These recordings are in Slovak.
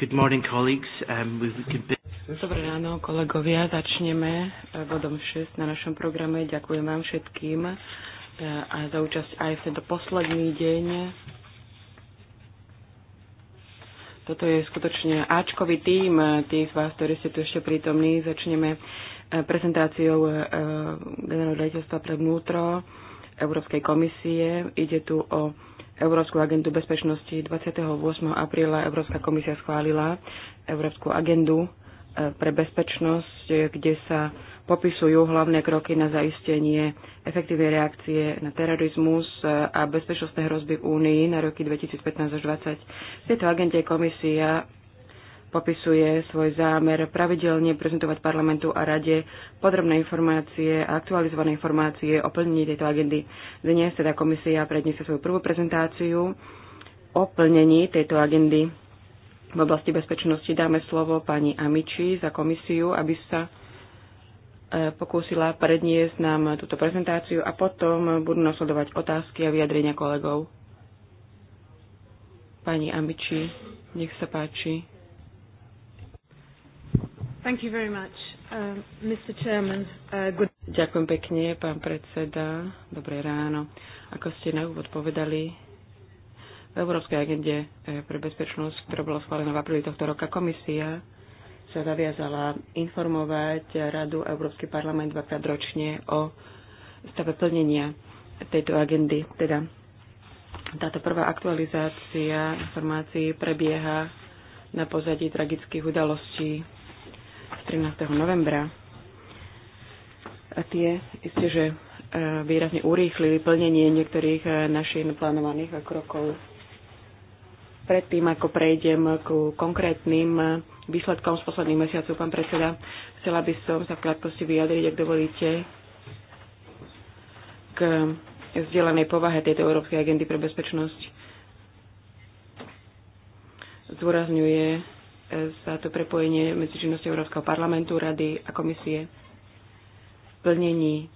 Good morning, colleagues. Um, we, Dobré ráno, kolegovia. Začneme eh, bodom 6 na našom programe. Ďakujem vám všetkým eh, a za účasť aj v tento posledný deň. Toto je skutočne Ačkový eh, tým, tí z vás, ktorí ste tu ešte prítomní. Začneme prezentáciou generálneho pre vnútro Európskej komisie. Ide tu o Európsku agendu bezpečnosti. 28. apríla Európska komisia schválila Európsku agendu e, pre bezpečnosť, e, kde sa popisujú hlavné kroky na zaistenie efektívnej reakcie na terorizmus e, a bezpečnostné hrozby v Únii na roky 2015 až 2020. V tejto agente komisia popisuje svoj zámer pravidelne prezentovať parlamentu a rade podrobné informácie a aktualizované informácie o plnení tejto agendy. Dnes teda komisia predniesie svoju prvú prezentáciu o plnení tejto agendy. V oblasti bezpečnosti dáme slovo pani Amiči za komisiu, aby sa e, pokúsila predniesť nám túto prezentáciu a potom budú nasledovať otázky a vyjadrenia kolegov. Pani Amiči, nech sa páči. Thank you very much, uh, Mr. Chairman. Uh, good... Ďakujem pekne, pán predseda. Dobré ráno. Ako ste na úvod povedali, v Európskej agende eh, pre bezpečnosť, ktorá bola schválená v apríli tohto roka, komisia sa zaviazala informovať Radu Európsky parlament dvakrát ročne o stave plnenia tejto agendy. Teda táto prvá aktualizácia informácií prebieha na pozadí tragických udalostí z 13. novembra. A tie isté, že e, výrazne urýchlili plnenie niektorých e, našich plánovaných krokov. Predtým, ako prejdem ku konkrétnym e, výsledkom z posledných mesiacov, pán predseda, chcela by som sa v krátkosti vyjadriť, ak dovolíte, k vzdelanej povahe tejto Európskej agendy pre bezpečnosť. Zdôrazňuje za to prepojenie medzi činnosťou Európskeho parlamentu, rady a komisie plnení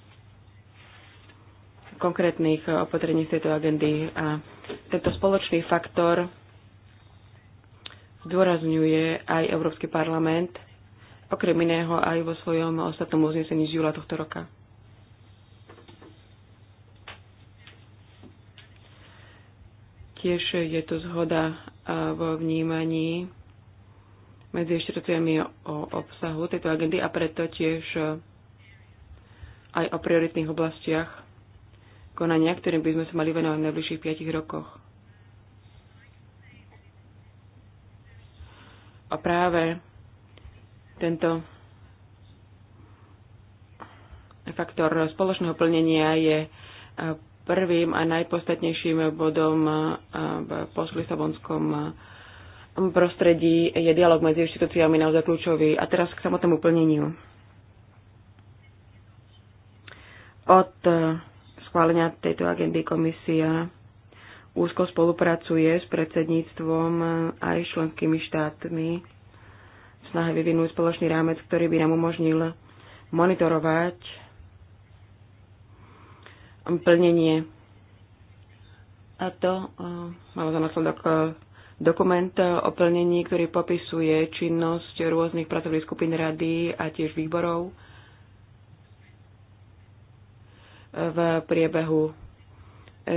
konkrétnych opatrení z tejto agendy. A tento spoločný faktor zdôrazňuje aj Európsky parlament, okrem iného aj vo svojom ostatnom uznesení z júla tohto roka. Tiež je tu zhoda vo vnímaní medzi inštitúciami o obsahu tejto agendy a preto tiež e, aj o prioritných oblastiach konania, ktorým by sme sa mali venovať v najbližších 5 rokoch. A práve tento faktor spoločného plnenia je e, prvým a najpostatnejším bodom e, v poslisabonskom prostredí je dialog medzi inštitúciami naozaj kľúčový. A teraz k samotnému plneniu. Od e, schválenia tejto agendy komisia úzko spolupracuje s predsedníctvom e, aj členskými štátmi v snahe vyvinúť spoločný rámec, ktorý by nám umožnil monitorovať plnenie. A to e, malo za následok Dokument o plnení, ktorý popisuje činnosť rôznych pracovných skupín rady a tiež výborov v priebehu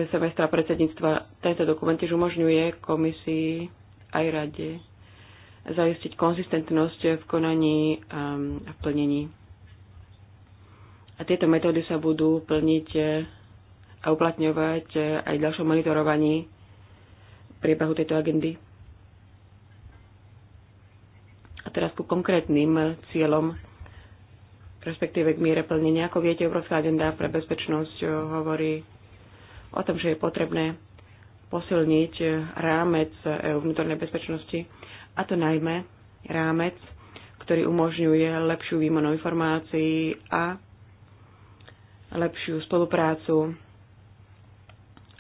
semestra predsedníctva. Tento dokument tiež umožňuje komisii aj rade zajistiť konzistentnosť v konaní um, a v plnení. A tieto metódy sa budú plniť eh, a uplatňovať eh, aj v ďalšom monitorovaní priebehu tejto agendy. A teraz ku konkrétnym cieľom, respektíve k miere plnenia. Ako viete, Európska agenda pre bezpečnosť hovorí o tom, že je potrebné posilniť rámec e vnútornej bezpečnosti, a to najmä rámec, ktorý umožňuje lepšiu výmenu informácií a lepšiu spoluprácu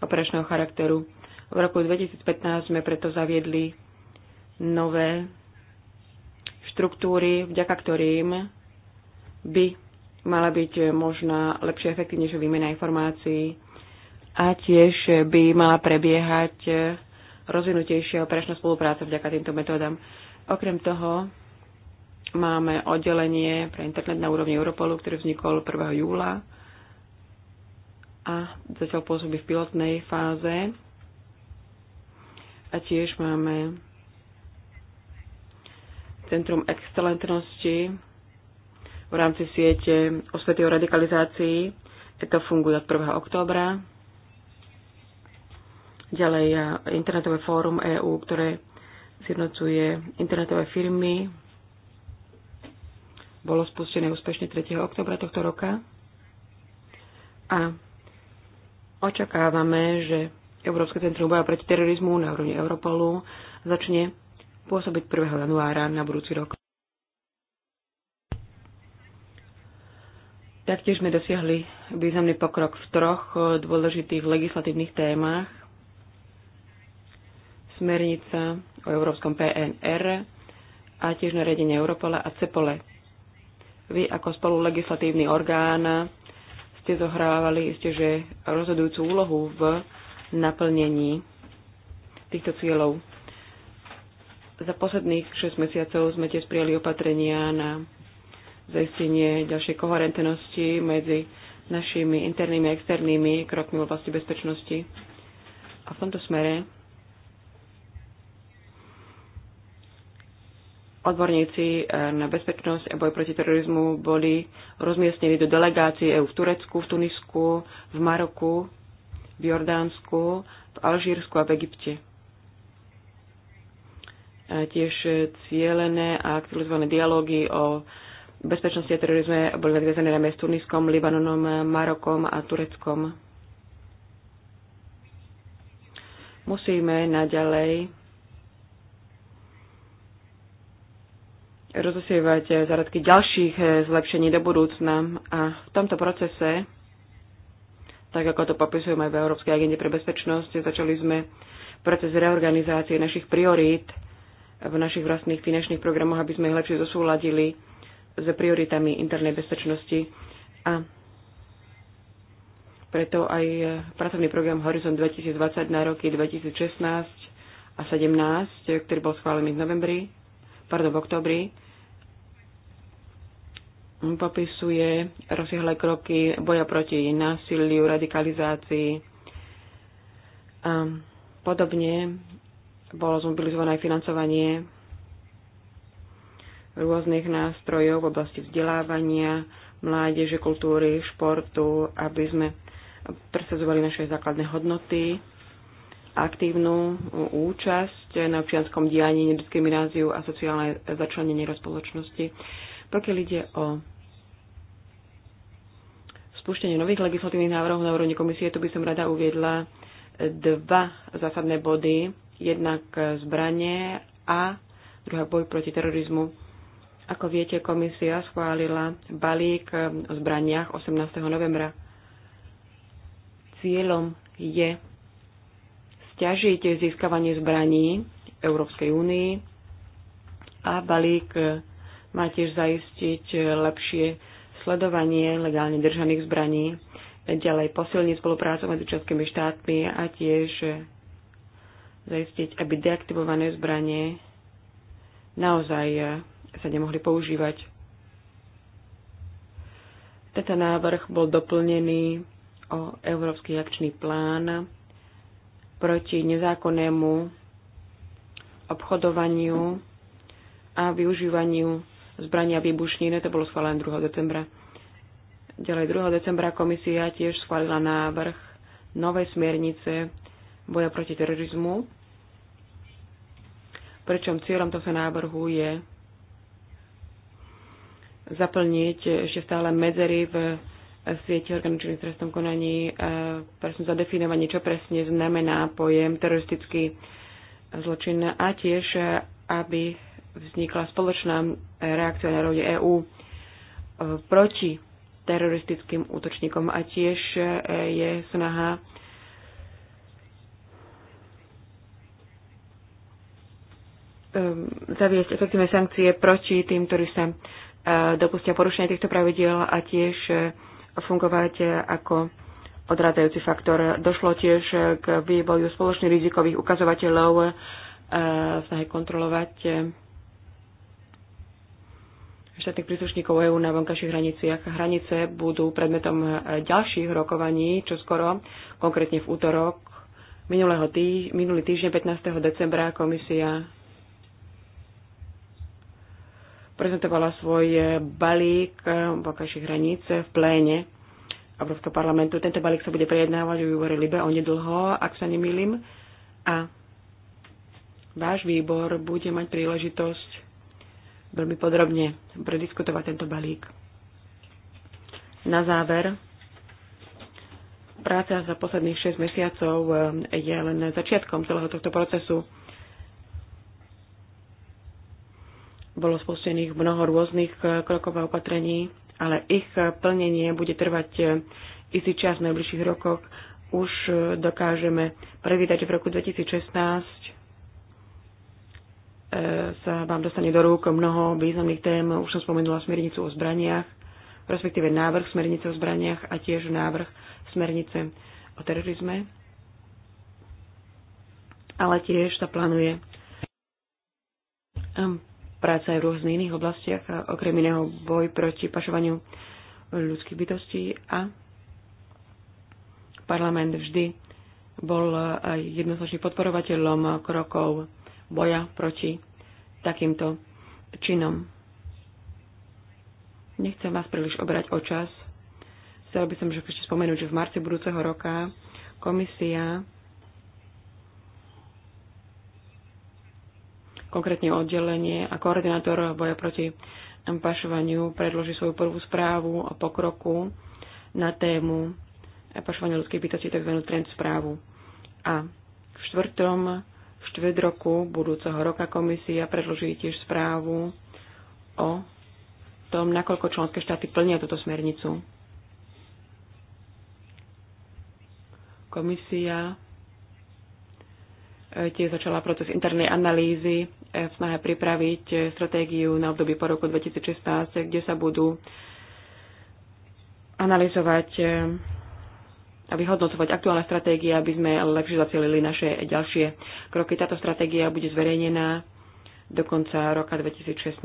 operačného charakteru v roku 2015 sme preto zaviedli nové štruktúry, vďaka ktorým by mala byť možná lepšia, efektívnejšia výmena informácií a tiež by mala prebiehať rozvinutejšia operačná spolupráca vďaka týmto metódam. Okrem toho máme oddelenie pre internet na úrovni Europolu, ktorý vznikol 1. júla a zatiaľ pôsobí v pilotnej fáze a tiež máme Centrum excelentnosti v rámci siete osvety o radikalizácii. E to funguje od 1. októbra. Ďalej internetové fórum EU, ktoré zjednocuje internetové firmy. Bolo spustené úspešne 3. oktobra tohto roka. A očakávame, že Európske centrum boja proti terorizmu na úrovni Europolu začne pôsobiť 1. januára na budúci rok. Taktiež sme dosiahli významný pokrok v troch dôležitých legislatívnych témach. Smernica o Európskom PNR a tiež nariadenie Europola a CEPOLE. Vy ako spolulegislatívny orgán ste zohrávali ste, že rozhodujúcu úlohu v naplnení týchto cieľov. Za posledných 6 mesiacov sme tiež prijali opatrenia na zaistenie ďalšej koherentnosti medzi našimi internými a externými krokmi v oblasti bezpečnosti. A v tomto smere odborníci eh, na bezpečnosť a boj proti terorizmu boli rozmiestnení do delegácií EU v Turecku, v Tunisku, v Maroku, v Jordánsku, v Alžírsku a v Egypte. A tiež cieľené a aktualizované dialógy o bezpečnosti a terorizme boli nadviazané najmä s Tuniskom, Libanonom, Marokom a Tureckom. Musíme naďalej rozosievať zárodky ďalších zlepšení do budúcna a v tomto procese tak ako to popisujeme v Európskej agende pre bezpečnosť. Začali sme proces reorganizácie našich priorít v našich vlastných finančných programoch, aby sme ich lepšie zosúladili s prioritami internej bezpečnosti. A preto aj pracovný program Horizon 2020 na roky 2016 a 17, ktorý bol schválený v novembri, pardon, v oktobri, popisuje rozsiahle kroky boja proti násiliu, radikalizácii a podobne. Bolo zmobilizované aj financovanie rôznych nástrojov v oblasti vzdelávania, mládeže, kultúry, športu, aby sme presadzovali naše základné hodnoty, aktívnu účasť na občianskom dianí, nediskrimináciu a sociálne začlenenie rozpoločnosti. spoločnosti. Pokiaľ ide o spúštenie nových legislatívnych návrhov na úrovni komisie, tu by som rada uviedla dva zásadné body. Jednak zbranie a druhá boj proti terorizmu. Ako viete, komisia schválila balík o zbraniach 18. novembra. Cieľom je stiažiť získavanie zbraní Európskej únii a balík má tiež zaistiť e, lepšie sledovanie legálne držaných zbraní, ďalej posilniť spoluprácu medzi členskými štátmi a tiež e, zaistiť, aby deaktivované zbranie naozaj e, sa nemohli používať. Tento návrh bol doplnený o Európsky akčný plán proti nezákonnému obchodovaniu a využívaniu zbrania výbušnín. To bolo schválené 2. decembra. Ďalej 2. decembra komisia tiež schválila návrh novej smernice boja proti terorizmu, pričom cieľom tohto návrhu je zaplniť ešte stále medzery v siete organičných trestnom konaní, presne e, zadefinovanie, čo presne znamená pojem teroristický zločin a tiež, e, aby vznikla spoločná reakcia na rode EÚ e, proti teroristickým útočníkom a tiež e, je snaha e, zaviesť efektívne sankcie proti tým, ktorí sa dopustia porušenia týchto pravidiel a tiež fungovať ako odrádzajúci faktor. Došlo tiež k vývoju spoločných rizikových ukazovateľov v snahe kontrolovať štátnych príslušníkov EÚ na vonkajších hraniciach. Hranice budú predmetom ďalších rokovaní, čo skoro, konkrétne v útorok minulého týž- minulý týždeň 15. decembra komisia prezentovala svoj balík vonkajších hraníc v pléne Európskeho parlamentu. Tento balík sa bude prejednávať v výbore Libe onedlho, ak sa nemýlim. A váš výbor bude mať príležitosť veľmi podrobne prediskutovať tento balík. Na záver, práca za posledných 6 mesiacov eh, je len začiatkom celého tohto procesu. Bolo spustených mnoho rôznych eh, krokov a opatrení, ale ich eh, plnenie bude trvať istý čas v najbližších rokoch. Už dokážeme predvídať, že v roku 2016 E, sa vám dostane do rúk mnoho významných tém. Už som spomenula smernicu o zbraniach, respektíve návrh smernice o zbraniach a tiež návrh smernice o terorizme. Ale tiež sa plánuje e, práca aj v rôznych iných oblastiach, okrem iného boj proti pašovaniu ľudských bytostí a parlament vždy bol aj e, jednoznačným podporovateľom krokov boja proti takýmto činom. Nechcem vás príliš obrať o čas. Chcel by som ešte spomenúť, že v marci budúceho roka komisia konkrétne oddelenie a koordinátor boja proti pašovaniu predloží svoju prvú správu o pokroku na tému pašovania ľudských bytostí, tzv. trend správu. A v štvrtom štvrť roku budúceho roka komisia predloží tiež správu o tom, nakoľko členské štáty plnia túto smernicu. Komisia e, tiež začala proces internej analýzy e, v snahe pripraviť e, stratégiu na obdobie po roku 2016, kde sa budú analyzovať a vyhodnocovať aktuálne stratégie, aby sme lepšie zacielili naše ďalšie kroky. Táto stratégia bude zverejnená do konca roka 2016.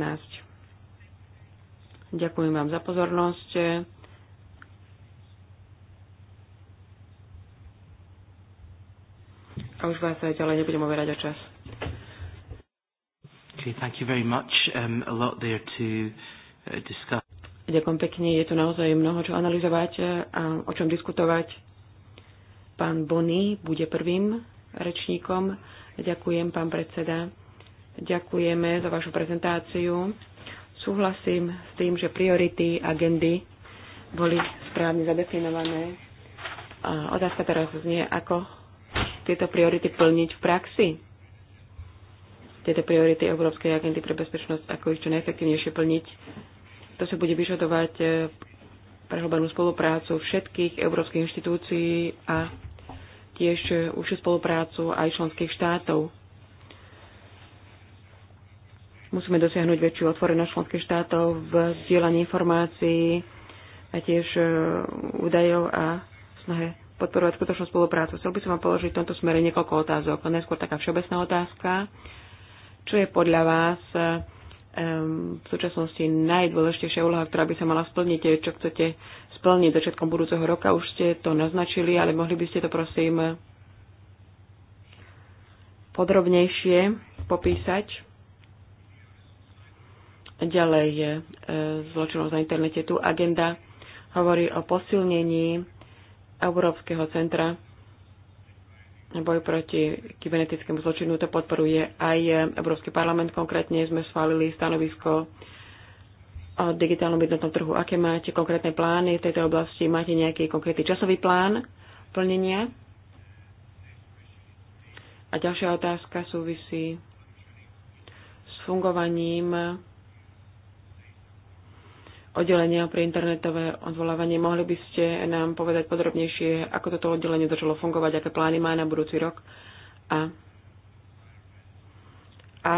Ďakujem vám za pozornosť. A už vás aj ďalej nebudem overať o čas. Okay, thank you very much. Um, a lot there to uh, discuss. Ďakujem pekne, je tu naozaj mnoho čo analyzovať uh, a o čom diskutovať. Pán Bony bude prvým rečníkom. Ďakujem, pán predseda. Ďakujeme za vašu prezentáciu. Súhlasím s tým, že priority agendy boli správne zadefinované. A otázka teraz znie, ako tieto priority plniť v praxi. Tieto priority Európskej agendy pre bezpečnosť, ako ich čo najefektívnejšie plniť. To sa bude vyžadovať eh, prehlbenú spoluprácu všetkých európskych inštitúcií a tiež užšiu spoluprácu aj členských štátov. Musíme dosiahnuť väčšiu otvorenosť členských štátov v zdieľaní informácií a tiež e, údajov a snahe podporovať skutočnú spoluprácu. Chcel by som vám položiť v tomto smere niekoľko otázok. Najskôr taká všeobecná otázka. Čo je podľa vás e, v súčasnosti najdôležitejšia úloha, ktorá by sa mala splniť, čo chcete splniť začiatkom budúceho roka. Už ste to naznačili, ale mohli by ste to prosím podrobnejšie popísať. Ďalej je zločinnosť na internete. Tu agenda hovorí o posilnení Európskeho centra boj proti kybernetickému zločinu. To podporuje aj Európsky parlament. Konkrétne sme schválili stanovisko o digitálnom jednotnom trhu. Aké máte konkrétne plány v tejto oblasti? Máte nejaký konkrétny časový plán plnenia? A ďalšia otázka súvisí s fungovaním oddelenia pre internetové odvolávanie. Mohli by ste nám povedať podrobnejšie, ako toto oddelenie začalo fungovať, aké plány má na budúci rok a, a,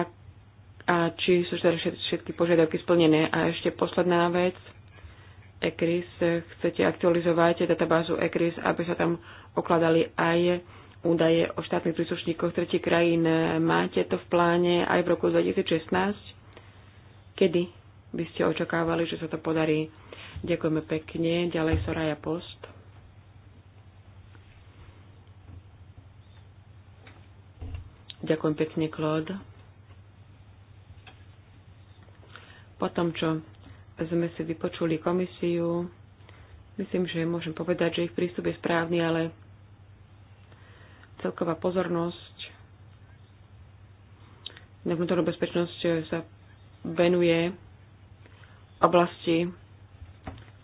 a či sú teda všetky požiadavky splnené. A ešte posledná vec. ECRIS, chcete aktualizovať databázu ECRIS, aby sa tam okladali aj údaje o štátnych príslušníkoch tretich krajín. Máte to v pláne aj v roku 2016? Kedy by ste očakávali, že sa to podarí. Ďakujeme pekne. Ďalej Soraya Post. Ďakujem pekne, Claude. Po tom, čo sme si vypočuli komisiu, myslím, že môžem povedať, že ich prístup je správny, ale celková pozornosť na vnútornú bezpečnosť sa venuje oblasti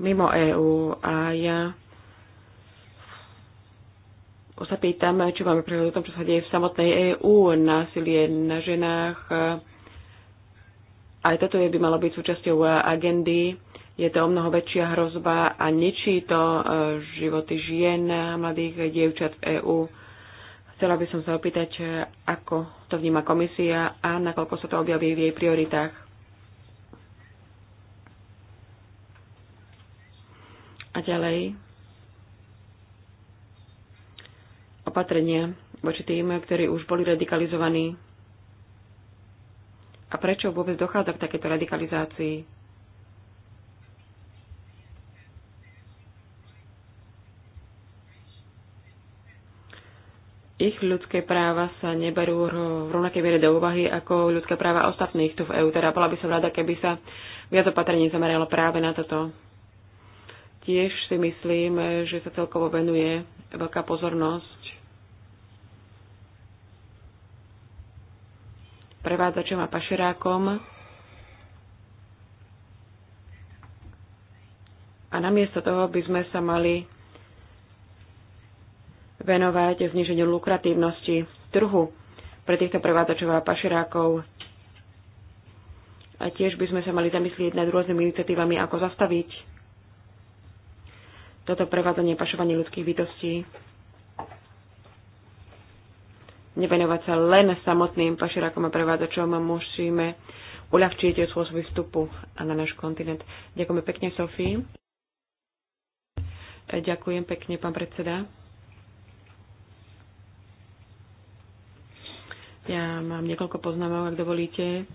mimo EÚ a ja sa pýtam, či máme prehľad o tom, čo sa deje v samotnej EÚ, násilie na ženách. Aj toto je, by malo byť súčasťou agendy. Je to o mnoho väčšia hrozba a ničí to e, životy žien, mladých dievčat v EÚ. Chcela by som sa opýtať, ako to vníma komisia a nakoľko sa to objaví v jej prioritách. A ďalej opatrenia voči tým, ktorí už boli radikalizovaní. A prečo vôbec dochádza k takéto radikalizácii? Ich ľudské práva sa neberú v rovnakej miere do úvahy ako ľudské práva ostatných tu v EU. Teda bola by som rada, keby sa viac opatrení zameralo práve na toto. Tiež si myslím, že sa celkovo venuje veľká pozornosť prevádzačom a pašerákom. A namiesto toho by sme sa mali venovať zniženiu lukratívnosti trhu pre týchto prevádzačov a pašerákov. A tiež by sme sa mali zamyslieť nad rôznymi iniciatívami, ako zastaviť toto prevádzanie pašovanie ľudských bytostí. Nevenovať sa len samotným pašerákom a prevádzačom musíme uľahčiť spôsob vstupu na náš kontinent. Ďakujeme pekne, Sofii. Ďakujem pekne, pán predseda. Ja mám niekoľko poznámov, ak dovolíte.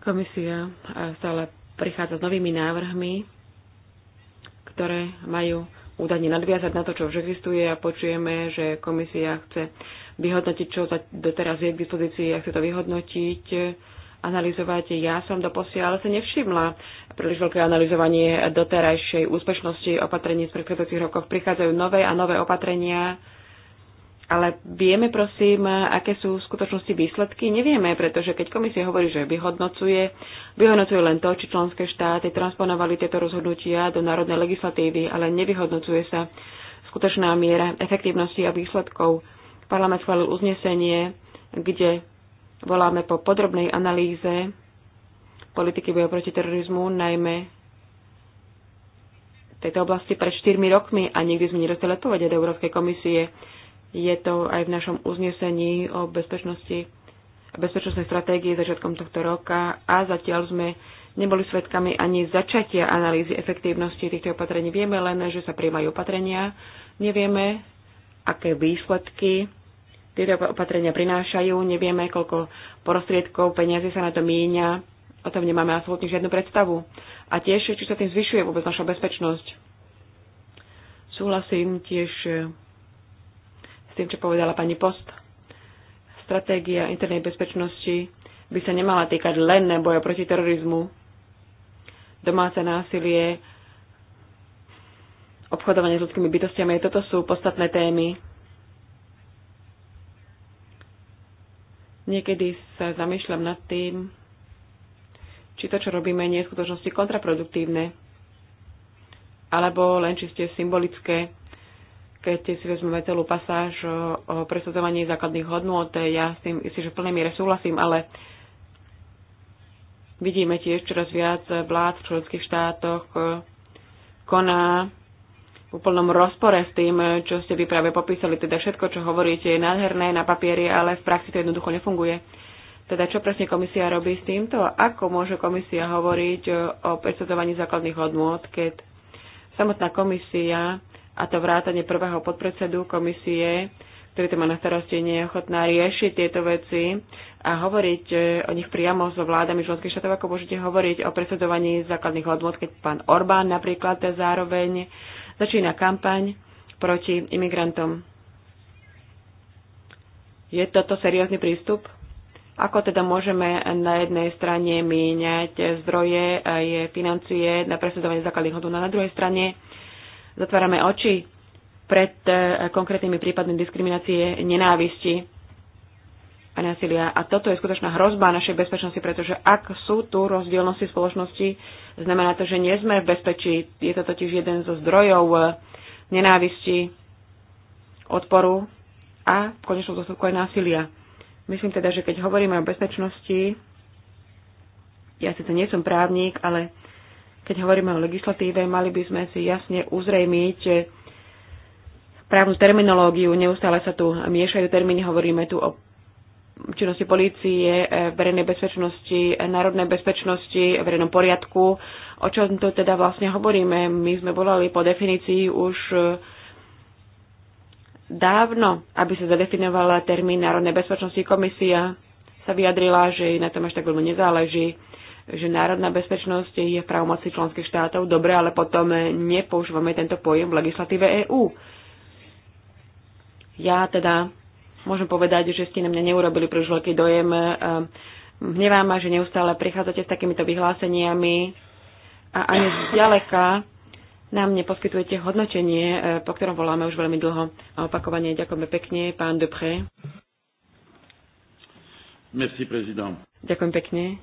Komisia stále prichádza s novými návrhmi ktoré majú údajne nadviazať na to, čo už existuje a počujeme, že komisia chce vyhodnotiť, čo doteraz je k dispozícii a chce to vyhodnotiť, analyzovať. Ja som do posiaľ sa nevšimla príliš veľké analyzovanie doterajšej úspešnosti opatrení z predchádzajúcich rokov. Prichádzajú nové a nové opatrenia, ale vieme, prosím, aké sú v skutočnosti výsledky? Nevieme, pretože keď komisia hovorí, že vyhodnocuje, vyhodnocuje len to, či členské štáty transponovali tieto rozhodnutia do národnej legislatívy, ale nevyhodnocuje sa skutočná miera efektívnosti a výsledkov. Parlament schválil uznesenie, kde voláme po podrobnej analýze politiky boja proti terorizmu, najmä v tejto oblasti pred 4 rokmi a nikdy sme nedostali odpovede do Európskej komisie je to aj v našom uznesení o bezpečnosti a bezpečnostnej stratégii začiatkom tohto roka a zatiaľ sme neboli svedkami ani začatia analýzy efektívnosti týchto opatrení. Vieme len, že sa príjmajú opatrenia, nevieme, aké výsledky tieto opatrenia prinášajú, nevieme, koľko prostriedkov, peniazy sa na to míňa, o tom nemáme absolútne žiadnu predstavu. A tiež, či sa tým zvyšuje vôbec naša bezpečnosť. Súhlasím tiež tým, čo povedala pani Post. Stratégia internej bezpečnosti by sa nemala týkať len boja proti terorizmu, domáce násilie, obchodovanie s ľudskými bytostiami. Toto sú podstatné témy. Niekedy sa zamýšľam nad tým, či to, čo robíme, nie je v skutočnosti kontraproduktívne, alebo len čiste symbolické keď si vezmeme celú pasáž o presadzovaní základných hodnôt, ja s tým si, že v plnej miere súhlasím, ale vidíme tiež čoraz viac vlád v členských štátoch e, koná v úplnom rozpore s tým, čo ste vy práve popísali. Teda všetko, čo hovoríte, je nádherné na papieri, ale v praxi to jednoducho nefunguje. Teda čo presne komisia robí s týmto? Ako môže komisia hovoriť o presadzovaní základných hodnôt, keď samotná komisia a to vrátanie prvého podpredsedu komisie, ktorý to má na starosti, nie je ochotná riešiť tieto veci a hovoriť e, o nich priamo so vládami členských štátov, ako môžete hovoriť o presedovaní základných hodnot, keď pán Orbán napríklad zároveň začína kampaň proti imigrantom. Je toto seriózny prístup? Ako teda môžeme na jednej strane míňať zdroje a je financie na presedovanie základných hodnot a na druhej strane zatvárame oči pred e, konkrétnymi prípadmi diskriminácie, nenávisti a násilia. A toto je skutočná hrozba našej bezpečnosti, pretože ak sú tu rozdielnosti spoločnosti, znamená to, že nie sme v bezpečí. Je to totiž jeden zo zdrojov e, nenávisti, odporu a v konečnom dôsledku aj násilia. Myslím teda, že keď hovoríme o bezpečnosti, ja sice nie som právnik, ale keď hovoríme o legislatíve, mali by sme si jasne uzrejmiť právnu terminológiu. Neustále sa tu miešajú termíny, hovoríme tu o činnosti polície, verejnej bezpečnosti, národnej bezpečnosti, verejnom poriadku. O čom tu teda vlastne hovoríme? My sme volali po definícii už dávno, aby sa zadefinovala termín národnej bezpečnosti. Komisia sa vyjadrila, že na tom až tak veľmi nezáleží že národná bezpečnosť je v právomoci členských štátov, dobre, ale potom eh, nepoužívame tento pojem v legislatíve EÚ. Ja teda môžem povedať, že ste na mňa neurobili príliš veľký dojem. Eh, eh, Hnevá ma, že neustále prichádzate s takýmito vyhláseniami a ani zďaleka nám neposkytujete hodnotenie, po ktorom voláme už veľmi dlho. A opakovane ďakujeme pekne, pán Dupré. Merci, Ďakujem pekne.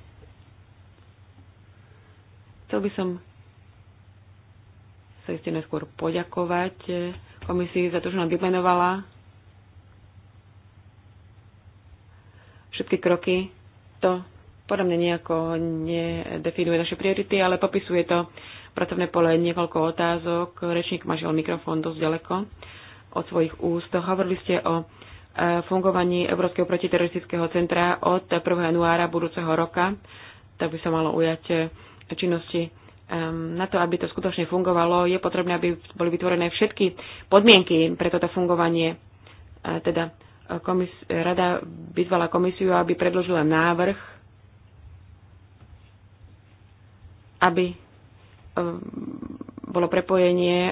Chcel by som sa ešte neskôr poďakovať komisii za to, že nám vymenovala všetky kroky. To podľa mňa nejako nedefinuje naše priority, ale popisuje to pracovné pole niekoľko otázok. Rečník mažil mikrofón dosť ďaleko od svojich úst. Hovorili ste o e, fungovaní Európskeho protiteroristického centra od 1. januára budúceho roka. Tak by sa malo ujať e, činnosti. Na to, aby to skutočne fungovalo, je potrebné, aby boli vytvorené všetky podmienky pre toto fungovanie. E, teda e, komis- e, rada vyzvala komisiu, aby predložila návrh, aby bolo prepojenie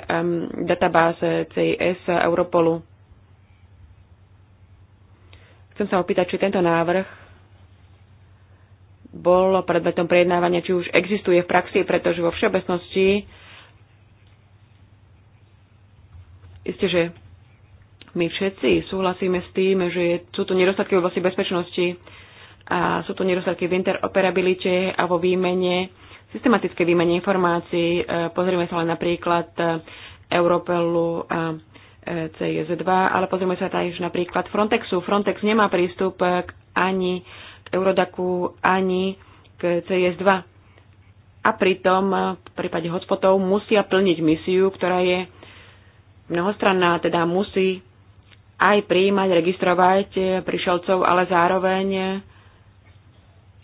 databáze CIS a Europolu. Chcem sa opýtať, či tento návrh bolo predmetom prejednávania, či už existuje v praxi, pretože vo všeobecnosti isté, že my všetci súhlasíme s tým, že sú tu nedostatky v oblasti bezpečnosti a sú tu nedostatky v interoperabilite a vo výmene, systematické výmene informácií. E, pozrieme sa len napríklad Europelu a e, CIS2, ale pozrieme sa aj napríklad Frontexu. Frontex nemá prístup ani Eurodaku ani k CS2. A pritom v prípade hotspotov musia plniť misiu, ktorá je mnohostranná, teda musí aj prijímať, registrovať prišelcov, ale zároveň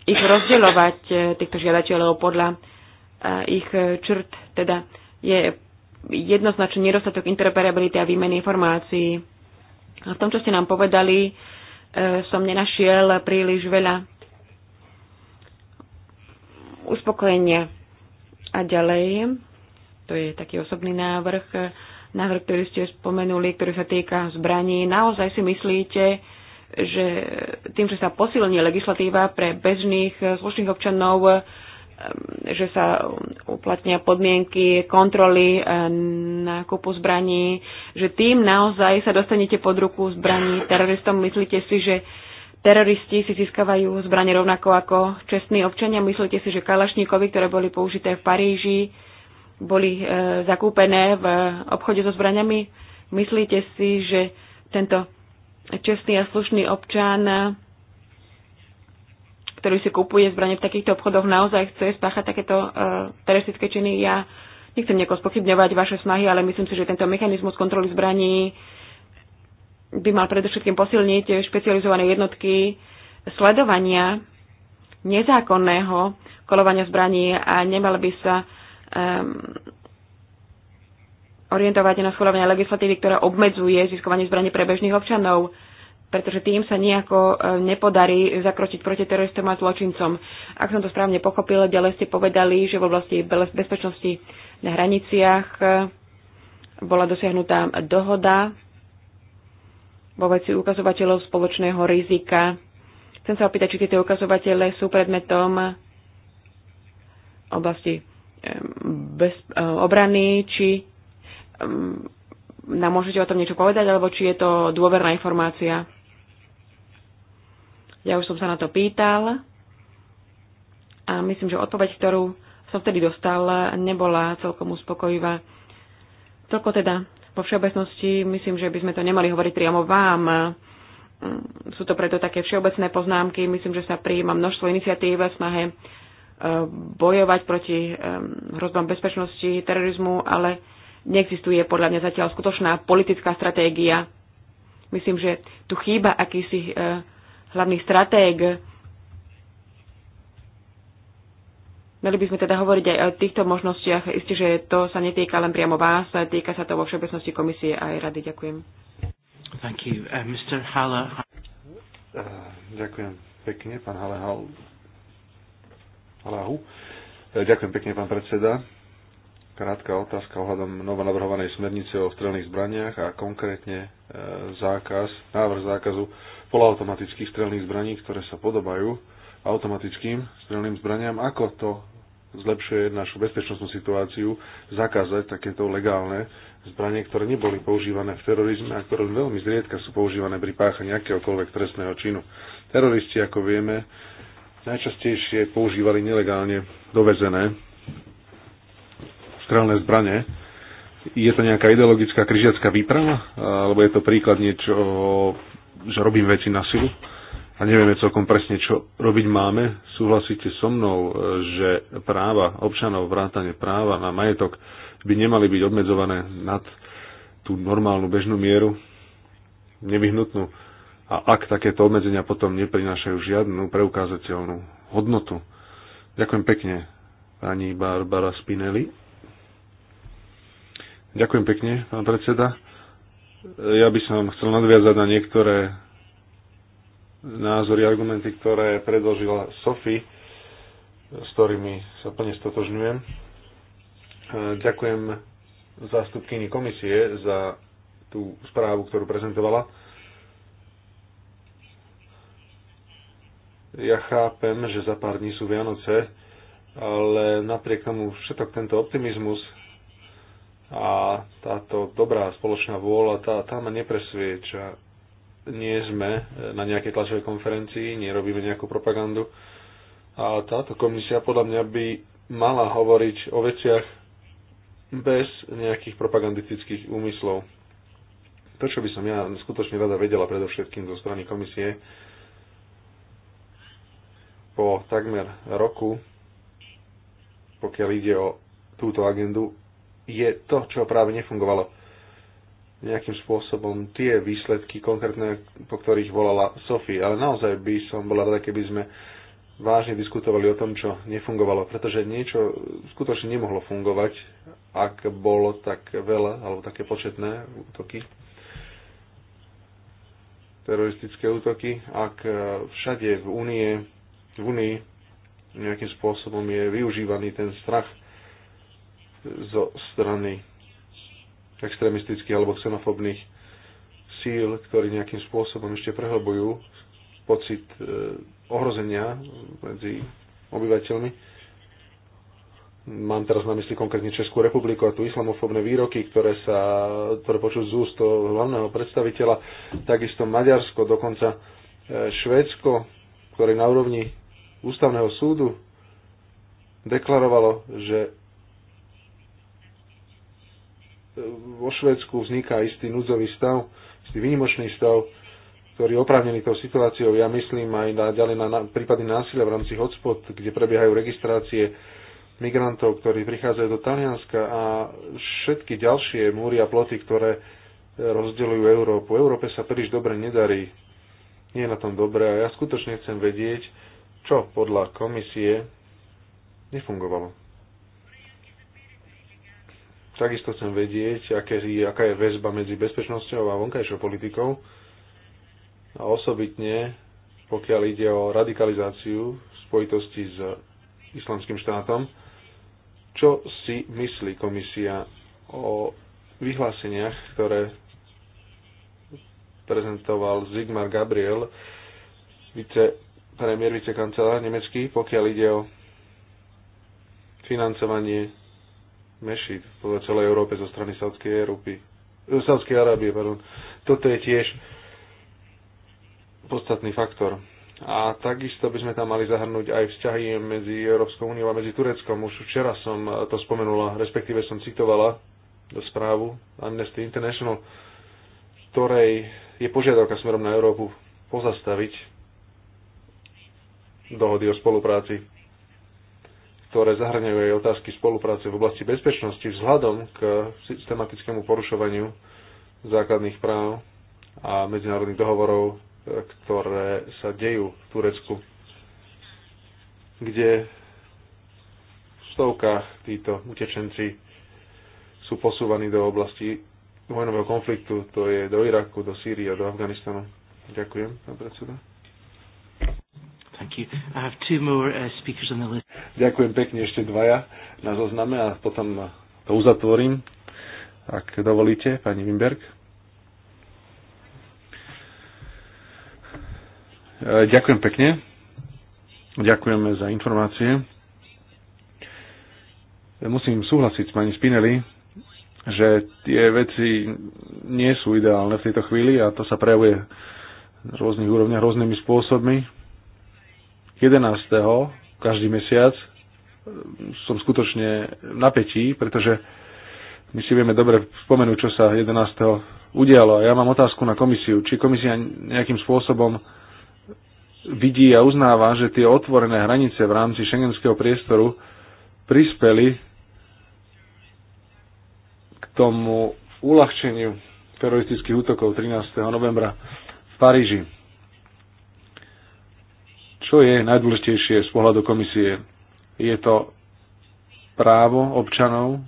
ich rozdielovať, týchto žiadateľov, podľa e, ich črt. Teda je jednoznačný nedostatok interoperability a výmeny informácií. A v tom, čo ste nám povedali, E, som nenašiel príliš veľa uspokojenia. A ďalej, to je taký osobný návrh, e, návrh, ktorý ste spomenuli, ktorý sa týka zbraní. Naozaj si myslíte, že tým, že sa posilní legislatíva pre bežných slušných e, občanov, že sa uplatnia podmienky kontroly nákupu zbraní, že tým naozaj sa dostanete pod ruku zbraní teroristom. Myslíte si, že teroristi si získavajú zbranie rovnako ako čestní občania? Myslíte si, že kalašníkovi, ktoré boli použité v Paríži, boli e, zakúpené v obchode so zbraniami? Myslíte si, že tento čestný a slušný občan ktorý si kupuje zbranie v takýchto obchodoch, naozaj chce spáchať takéto uh, teroristické činy. Ja nechcem nejako spochybňovať vaše snahy, ale myslím si, že tento mechanizmus kontroly zbraní by mal predovšetkým posilniť špecializované jednotky sledovania nezákonného kolovania zbraní a nemal by sa um, orientovať na schváľovanie legislatívy, ktorá obmedzuje získovanie zbraní pre bežných občanov pretože tým sa nejako e, nepodarí zakročiť proti teroristom a zločincom. Ak som to správne pochopila, ďalej ste povedali, že v oblasti bezpečnosti na hraniciach e, bola dosiahnutá dohoda vo veci ukazovateľov spoločného rizika. Chcem sa opýtať, či tieto ukazovatele sú predmetom oblasti e, bez, obrany, či nám môžete o tom niečo povedať, alebo či je to dôverná informácia. Ja už som sa na to pýtal a myslím, že odpoveď, ktorú som vtedy dostal, nebola celkom uspokojivá. Toľko teda vo všeobecnosti, myslím, že by sme to nemali hovoriť priamo vám. Mm, sú to preto také všeobecné poznámky. Myslím, že sa prijíma množstvo iniciatív v snahe e, bojovať proti e, hrozbám bezpečnosti, terorizmu, ale neexistuje podľa mňa zatiaľ skutočná politická stratégia. Myslím, že tu chýba akýsi e, hlavných stratég. Mali by sme teda hovoriť aj o týchto možnostiach. Isté, že to sa netýka len priamo vás, týka sa to vo všeobecnosti komisie a aj rady. Ďakujem. Thank you. Uh, Mr. Haller. Uh, ďakujem pekne, pán Halehu. Uh, ďakujem pekne, pán predseda. Krátka otázka ohľadom novonavrhovanej smernice o strelných zbraniach a konkrétne uh, zákaz, návrh zákazu polautomatických strelných zbraní, ktoré sa podobajú automatickým strelným zbraniam. Ako to zlepšuje našu bezpečnostnú situáciu zakázať takéto legálne zbranie, ktoré neboli používané v terorizme a ktoré veľmi zriedka sú používané pri páchaní akéhokoľvek trestného činu. Teroristi, ako vieme, najčastejšie používali nelegálne dovezené strelné zbranie. Je to nejaká ideologická križiacká výprava, alebo je to príklad niečo že robím veci na silu a nevieme celkom presne, čo robiť máme. Súhlasíte so mnou, e, že práva občanov, vrátane práva na majetok by nemali byť obmedzované nad tú normálnu bežnú mieru, nevyhnutnú. A ak takéto obmedzenia potom neprinášajú žiadnu preukázateľnú hodnotu. Ďakujem pekne, pani Barbara Spinelli. Ďakujem pekne, pán predseda. Ja by som chcel nadviazať na niektoré názory, argumenty, ktoré predložila Sofi, s ktorými sa plne stotožňujem. E, ďakujem zástupkyni komisie za tú správu, ktorú prezentovala. Ja chápem, že za pár dní sú Vianoce, ale napriek tomu všetok tento optimizmus, a táto dobrá spoločná vôľa, tá, tá ma nepresvieča. Nie sme e, na nejakej tlačovej konferencii, nerobíme nejakú propagandu. A táto komisia podľa mňa by mala hovoriť o veciach bez nejakých propagandistických úmyslov. To, čo by som ja skutočne rada vedela predovšetkým zo strany komisie, po takmer roku, pokiaľ ide o túto agendu, je to, čo práve nefungovalo nejakým spôsobom tie výsledky konkrétne, po ktorých volala Sofie. Ale naozaj by som bola rada, keby sme vážne diskutovali o tom, čo nefungovalo, pretože niečo skutočne nemohlo fungovať, ak bolo tak veľa alebo také početné útoky, teroristické útoky, ak všade v únie, v únii nejakým spôsobom je využívaný ten strach zo strany extremistických alebo xenofobných síl, ktorí nejakým spôsobom ešte prehlbujú pocit e, ohrozenia medzi obyvateľmi. Mám teraz na mysli konkrétne Českú republiku a tu islamofobné výroky, ktoré sa ktoré počuť z úst hlavného predstaviteľa, takisto Maďarsko, dokonca e, Švédsko, ktoré na úrovni ústavného súdu deklarovalo, že vo Švedsku vzniká istý núdzový stav, istý výnimočný stav, ktorý je oprávnený tou situáciou. Ja myslím aj na, ďalej na, na prípady násilia v rámci hotspot, kde prebiehajú registrácie migrantov, ktorí prichádzajú do Talianska a všetky ďalšie múry a ploty, ktoré e, rozdeľujú Európu. Európe sa príliš dobre nedarí. Nie je na tom dobre a ja skutočne chcem vedieť, čo podľa komisie nefungovalo. Takisto chcem vedieť, aké, aká je väzba medzi bezpečnosťou a vonkajšou politikou. A osobitne, pokiaľ ide o radikalizáciu v spojitosti s islamským štátom, čo si myslí komisia o vyhláseniach, ktoré prezentoval Zigmar Gabriel, vice, premiér, vicekancelár nemecký, pokiaľ ide o financovanie mešit v celej Európe zo strany Saudskej Európy. E, Saudskej Arábie, pardon. Toto je tiež podstatný faktor. A takisto by sme tam mali zahrnúť aj vzťahy medzi Európskou úniou a medzi Tureckom. Už včera som e, to spomenula, respektíve som citovala do správu Amnesty International, ktorej je požiadavka smerom na Európu pozastaviť dohody o spolupráci ktoré zahrňajú aj otázky spolupráce v oblasti bezpečnosti vzhľadom k systematickému porušovaniu základných práv a medzinárodných dohovorov, ktoré sa dejú v Turecku, kde v stovkách títo utečenci sú posúvaní do oblasti vojnového konfliktu, to je do Iraku, do Sýrie, do Afganistanu. Ďakujem, pán predseda. Thank you. I have two more uh, speakers on the list. Ďakujem pekne ešte dvaja na zozname a potom to uzatvorím, ak dovolíte, pani Wimberg. E, ďakujem pekne. Ďakujeme za informácie. E, musím súhlasiť s pani Spinelli, že tie veci nie sú ideálne v tejto chvíli a to sa prejavuje na rôznych úrovniach, rôznymi spôsobmi. 11 každý mesiac, som skutočne napätí, pretože my si vieme dobre spomenúť, čo sa 11. udialo. Ja mám otázku na komisiu. Či komisia nejakým spôsobom vidí a uznáva, že tie otvorené hranice v rámci šengenského priestoru prispeli k tomu uľahčeniu teroristických útokov 13. novembra v Paríži čo je najdôležitejšie z pohľadu komisie? Je to právo občanov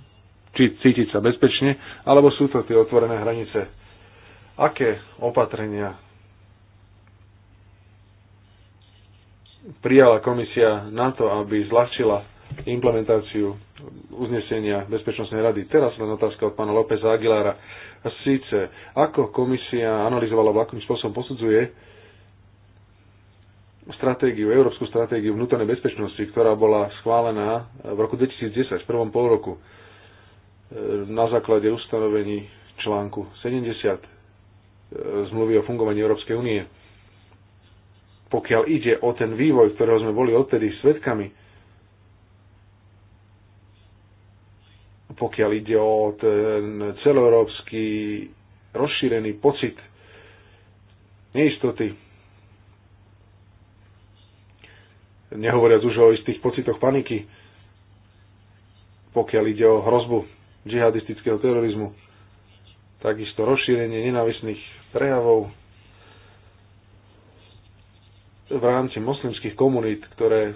či cítiť sa bezpečne, alebo sú to tie otvorené hranice? Aké opatrenia prijala komisia na to, aby zľahčila implementáciu uznesenia Bezpečnostnej rady. Teraz len otázka od pána Lópeza Aguilára. Sice, ako komisia analyzovala, v akým spôsobom posudzuje stratégiu, európsku stratégiu vnútornej bezpečnosti, ktorá bola schválená v roku 2010, v prvom roku e, na základe ustanovení článku 70 e, zmluvy o fungovaní Európskej únie. Pokiaľ ide o ten vývoj, ktorého sme boli odtedy svetkami, pokiaľ ide o ten celoeurópsky rozšírený pocit neistoty, nehovoriac už o istých pocitoch paniky, pokiaľ ide o hrozbu džihadistického terorizmu. Takisto rozšírenie nenávisných prejavov v rámci moslimských komunít, ktoré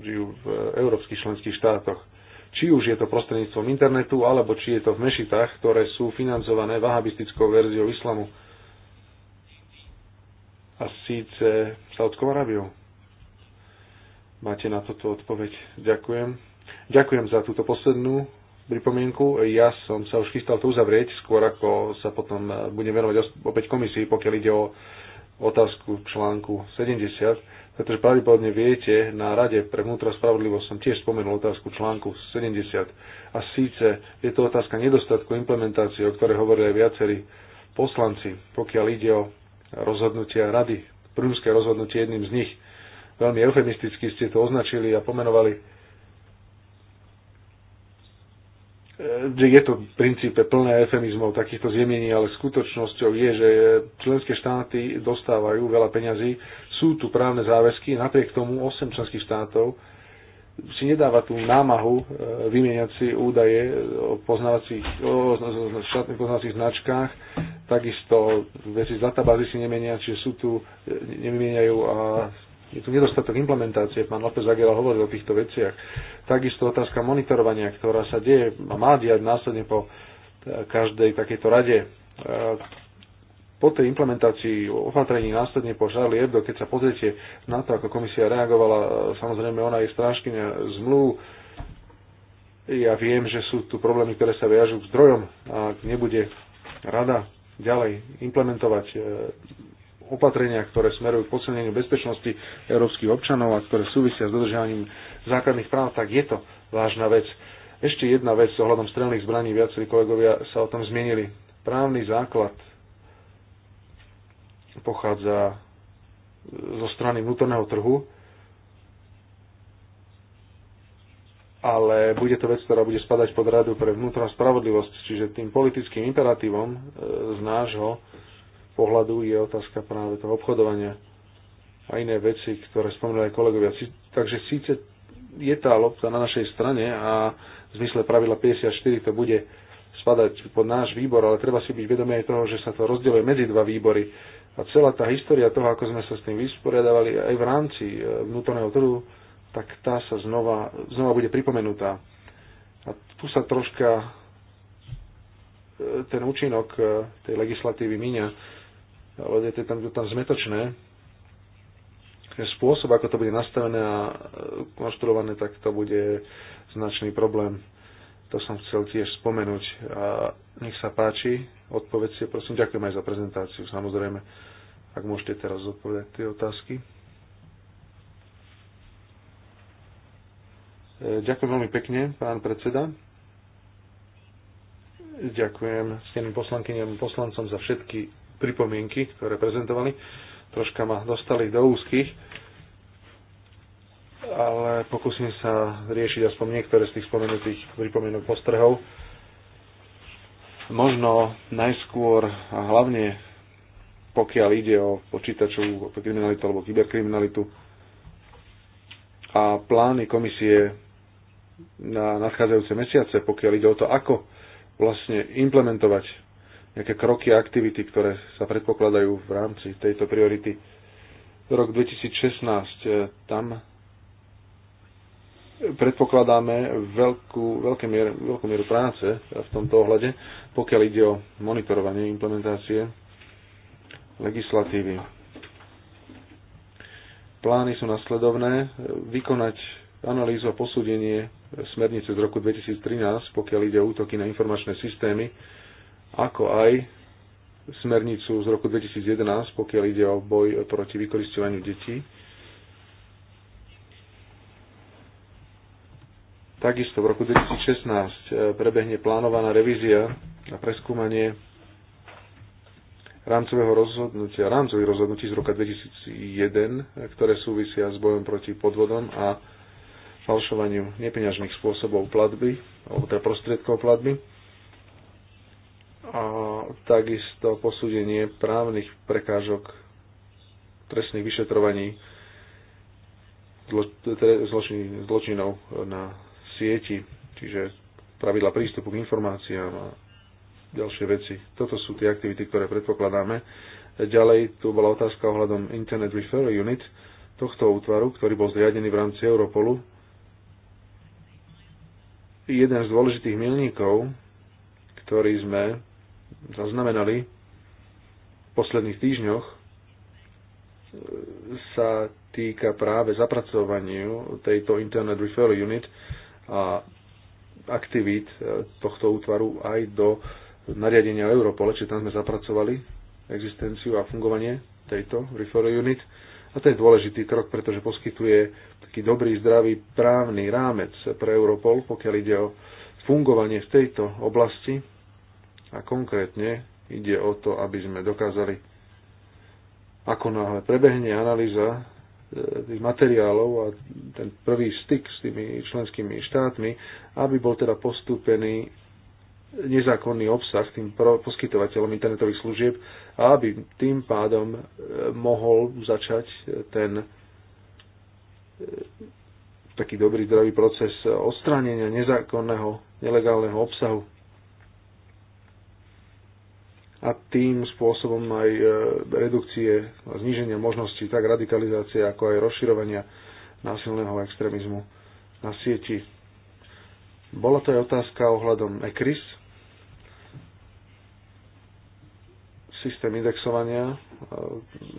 žijú v európskych členských štátoch. Či už je to prostredníctvom internetu, alebo či je to v mešitách, ktoré sú financované vahabistickou verziou islamu a síce Saudskou Arábiou. Máte na toto odpoveď. Ďakujem. Ďakujem za túto poslednú pripomienku. Ja som sa už chystal to uzavrieť, skôr ako sa potom budem venovať opäť komisii, pokiaľ ide o otázku článku 70, pretože pravdepodobne viete, na Rade pre vnútro spravodlivosť som tiež spomenul otázku článku 70. A síce je to otázka nedostatku implementácie, o ktorej hovorili aj viacerí poslanci, pokiaľ ide o rozhodnutia Rady, prúmské rozhodnutie jedným z nich – Veľmi eufemisticky ste to označili a pomenovali. že je to v princípe plné efemizmov takýchto zjemení, ale skutočnosťou je, že členské štáty dostávajú veľa peňazí, sú tu právne záväzky, napriek tomu 8 členských štátov si nedáva tú námahu e, vymieňať si údaje o, poznávacích, o štátnych poznávacích značkách, takisto veci z databázy si nemenia, čiže sú tu, e, nemieňajú a je tu nedostatok implementácie. Pán López Aguilar hovoril o týchto veciach. Takisto otázka monitorovania, ktorá sa deje a má diať následne po každej takejto rade. E, po tej implementácii opatrení následne po Charlie Hebdo, keď sa pozriete na to, ako komisia reagovala, samozrejme ona je strážkynia zmluv, ja viem, že sú tu problémy, ktoré sa viažú k zdrojom a ak nebude rada ďalej implementovať e, opatrenia, ktoré smerujú k posilneniu bezpečnosti európskych občanov a ktoré súvisia s dodržiavaním základných práv, tak je to vážna vec. Ešte jedna vec ohľadom strelných zbraní, viacerí kolegovia sa o tom zmienili. Právny základ pochádza zo strany vnútorného trhu, ale bude to vec, ktorá bude spadať pod radu pre vnútornú spravodlivosť, čiže tým politickým imperatívom e, z nášho pohľadu je otázka práve toho obchodovania a iné veci, ktoré spomínali aj kolegovia. Takže síce je tá lopta na našej strane a v zmysle pravidla 54 to bude spadať pod náš výbor, ale treba si byť vedomý aj toho, že sa to rozdeluje medzi dva výbory. A celá tá história toho, ako sme sa s tým vysporiadavali aj v rámci e, vnútorného trhu, tak tá sa znova, znova bude pripomenutá. A tu sa troška e, ten účinok e, tej legislatívy míňa ale je to tam, to tam zmetočné. Spôsob, ako to bude nastavené a e, konštruované, tak to bude značný problém. To som chcel tiež spomenúť. A nech sa páči, si prosím, ďakujem aj za prezentáciu, samozrejme, ak môžete teraz zodpovedať tie otázky. E, ďakujem veľmi pekne, pán predseda. Ďakujem s poslankyňam a poslancom za všetky pripomienky, ktoré prezentovali. Troška ma dostali do úzkých, ale pokúsim sa riešiť aspoň niektoré z tých spomenutých pripomienok postrehov. Možno najskôr a hlavne pokiaľ ide o počítačovú kriminalitu alebo kyberkriminalitu a plány komisie na nadchádzajúce mesiace, pokiaľ ide o to, ako vlastne implementovať nejaké kroky a aktivity, ktoré sa predpokladajú v rámci tejto priority. Rok 2016, e, tam predpokladáme veľkú, veľké mier, veľkú mieru práce v tomto ohľade, pokiaľ ide o monitorovanie implementácie legislatívy. Plány sú nasledovné. Vykonať analýzu a posúdenie smernice z roku 2013, pokiaľ ide o útoky na informačné systémy, ako aj smernicu z roku 2011, pokiaľ ide o boj proti vykoristovaniu detí. Takisto v roku 2016 e, prebehne plánovaná revízia a preskúmanie rámcového rozhodnutia, rámcových rozhodnutí z roka 2001, e, ktoré súvisia s bojom proti podvodom a falšovaniu nepeňažných spôsobov platby, alebo teda prostriedkov platby a takisto posúdenie právnych prekážok trestných vyšetrovaní zločinov na sieti, čiže pravidla prístupu k informáciám a ďalšie veci. Toto sú tie aktivity, ktoré predpokladáme. Ďalej tu bola otázka ohľadom Internet Referral Unit tohto útvaru, ktorý bol zriadený v rámci Europolu. Jeden z dôležitých milníkov, ktorý sme zaznamenali v posledných týždňoch, e, sa týka práve zapracovaniu tejto Internet Referral Unit a aktivít e, tohto útvaru aj do nariadenia Europole, čiže tam sme zapracovali existenciu a fungovanie tejto Referral Unit. A to je dôležitý krok, pretože poskytuje taký dobrý, zdravý právny rámec pre Europol, pokiaľ ide o fungovanie v tejto oblasti a konkrétne ide o to, aby sme dokázali, ako náhle prebehne analýza e, tých materiálov a ten prvý styk s tými členskými štátmi, aby bol teda postúpený nezákonný obsah tým poskytovateľom internetových služieb a aby tým pádom e, mohol začať ten e, taký dobrý, zdravý proces odstránenia nezákonného, nelegálneho obsahu a tým spôsobom aj e, redukcie a zníženia možností tak radikalizácie, ako aj rozširovania násilného extrémizmu na sieti. Bola to aj otázka ohľadom ECRIS, systém indexovania e,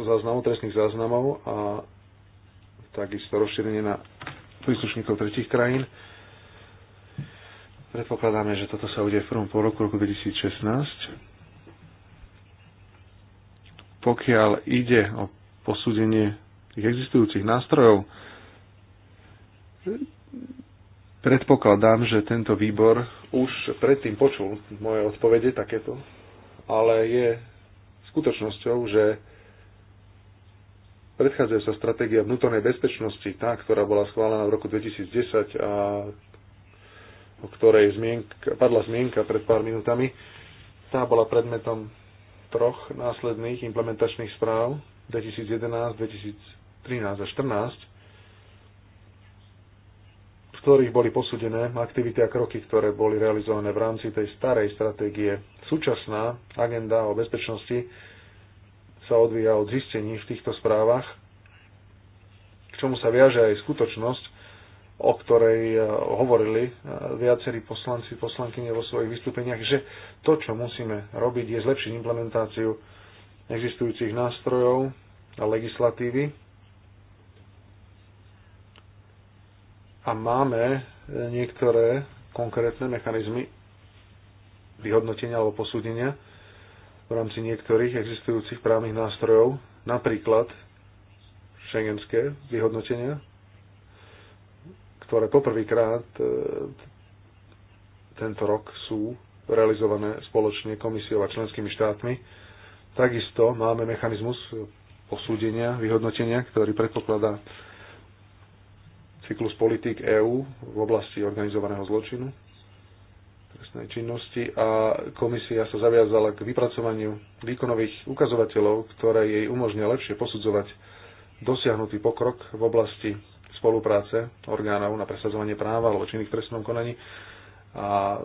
záznamov, trestných záznamov a takisto rozšírenie na príslušníkov tretich krajín. Predpokladáme, že toto sa udeje v prvom pol roku, roku 2016 pokiaľ ide o posúdenie tých existujúcich nástrojov, predpokladám, že tento výbor už predtým počul moje odpovede takéto, ale je skutočnosťou, že predchádzajú sa stratégia vnútornej bezpečnosti, tá, ktorá bola schválená v roku 2010 a o ktorej zmienka, padla zmienka pred pár minútami, tá bola predmetom troch následných implementačných správ 2011, 2013 a 2014, v ktorých boli posúdené aktivity a kroky, ktoré boli realizované v rámci tej starej stratégie. Súčasná agenda o bezpečnosti sa odvíja od zistení v týchto správach, k čomu sa viaže aj skutočnosť, o ktorej e, hovorili e, viacerí poslanci, poslankyne vo svojich vystúpeniach, že to, čo musíme robiť, je zlepšiť implementáciu existujúcich nástrojov a legislatívy. A máme e, niektoré konkrétne mechanizmy vyhodnotenia alebo posúdenia v rámci niektorých existujúcich právnych nástrojov, napríklad šengenské vyhodnotenia ktoré poprvýkrát e, tento rok sú realizované spoločne komisiou a členskými štátmi. Takisto máme mechanizmus posúdenia, vyhodnotenia, ktorý predpokladá cyklus politík EÚ v oblasti organizovaného zločinu, trestnej činnosti a komisia sa zaviazala k vypracovaniu výkonových ukazovateľov, ktoré jej umožnia lepšie posudzovať dosiahnutý pokrok v oblasti spolupráce orgánov na presadzovanie práva alebo činných v trestnom konaní a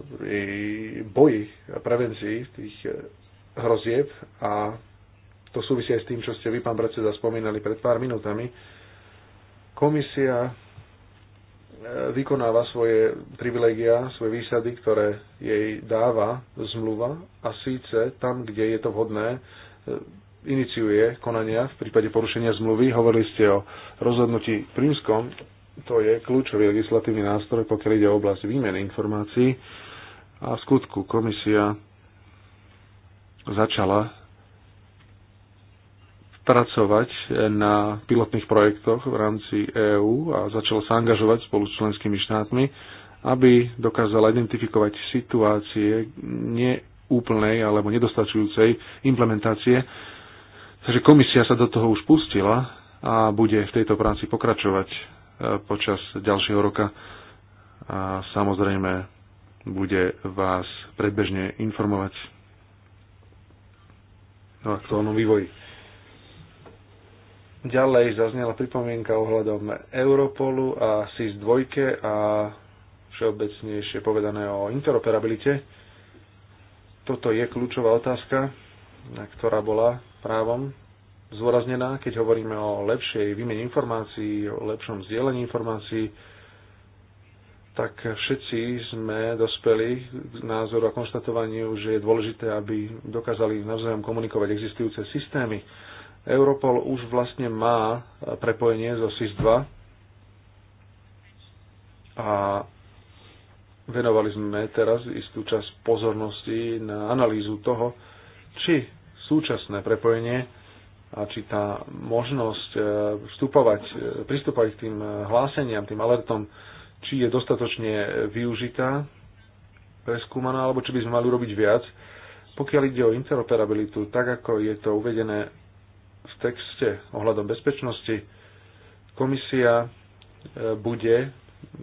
boji a prevencii tých e, hrozieb a to súvisí aj s tým, čo ste vy, pán predseda, spomínali pred pár minútami. Komisia e, vykonáva svoje privilegia, svoje výsady, ktoré jej dáva zmluva a síce tam, kde je to vhodné, e, iniciuje konania v prípade porušenia zmluvy. Hovorili ste o rozhodnutí prímskom, to je kľúčový legislatívny nástroj, pokiaľ ide o oblasť výmeny informácií. A v skutku komisia začala pracovať na pilotných projektoch v rámci EÚ a začala sa angažovať spolu s členskými štátmi, aby dokázala identifikovať situácie neúplnej alebo nedostačujúcej implementácie Takže komisia sa do toho už pustila a bude v tejto práci pokračovať e, počas ďalšieho roka a samozrejme bude vás predbežne informovať o aktuálnom vývoji. Ďalej zaznela pripomienka ohľadom Europolu a SIS-2 a všeobecnejšie povedané o interoperabilite. Toto je kľúčová otázka, ktorá bola právom zvoraznená, keď hovoríme o lepšej výmene informácií, o lepšom zdieľaní informácií, tak všetci sme dospeli k názoru a konštatovaniu, že je dôležité, aby dokázali navzájom komunikovať existujúce systémy. Europol už vlastne má prepojenie zo SIS-2 a venovali sme teraz istú časť pozornosti na analýzu toho, či súčasné prepojenie a či tá možnosť e, vstupovať, e, pristupovať k tým e, hláseniam, tým alertom, či je dostatočne využitá, preskúmaná, alebo či by sme mali urobiť viac. Pokiaľ ide o interoperabilitu, tak ako je to uvedené v texte ohľadom bezpečnosti, komisia bude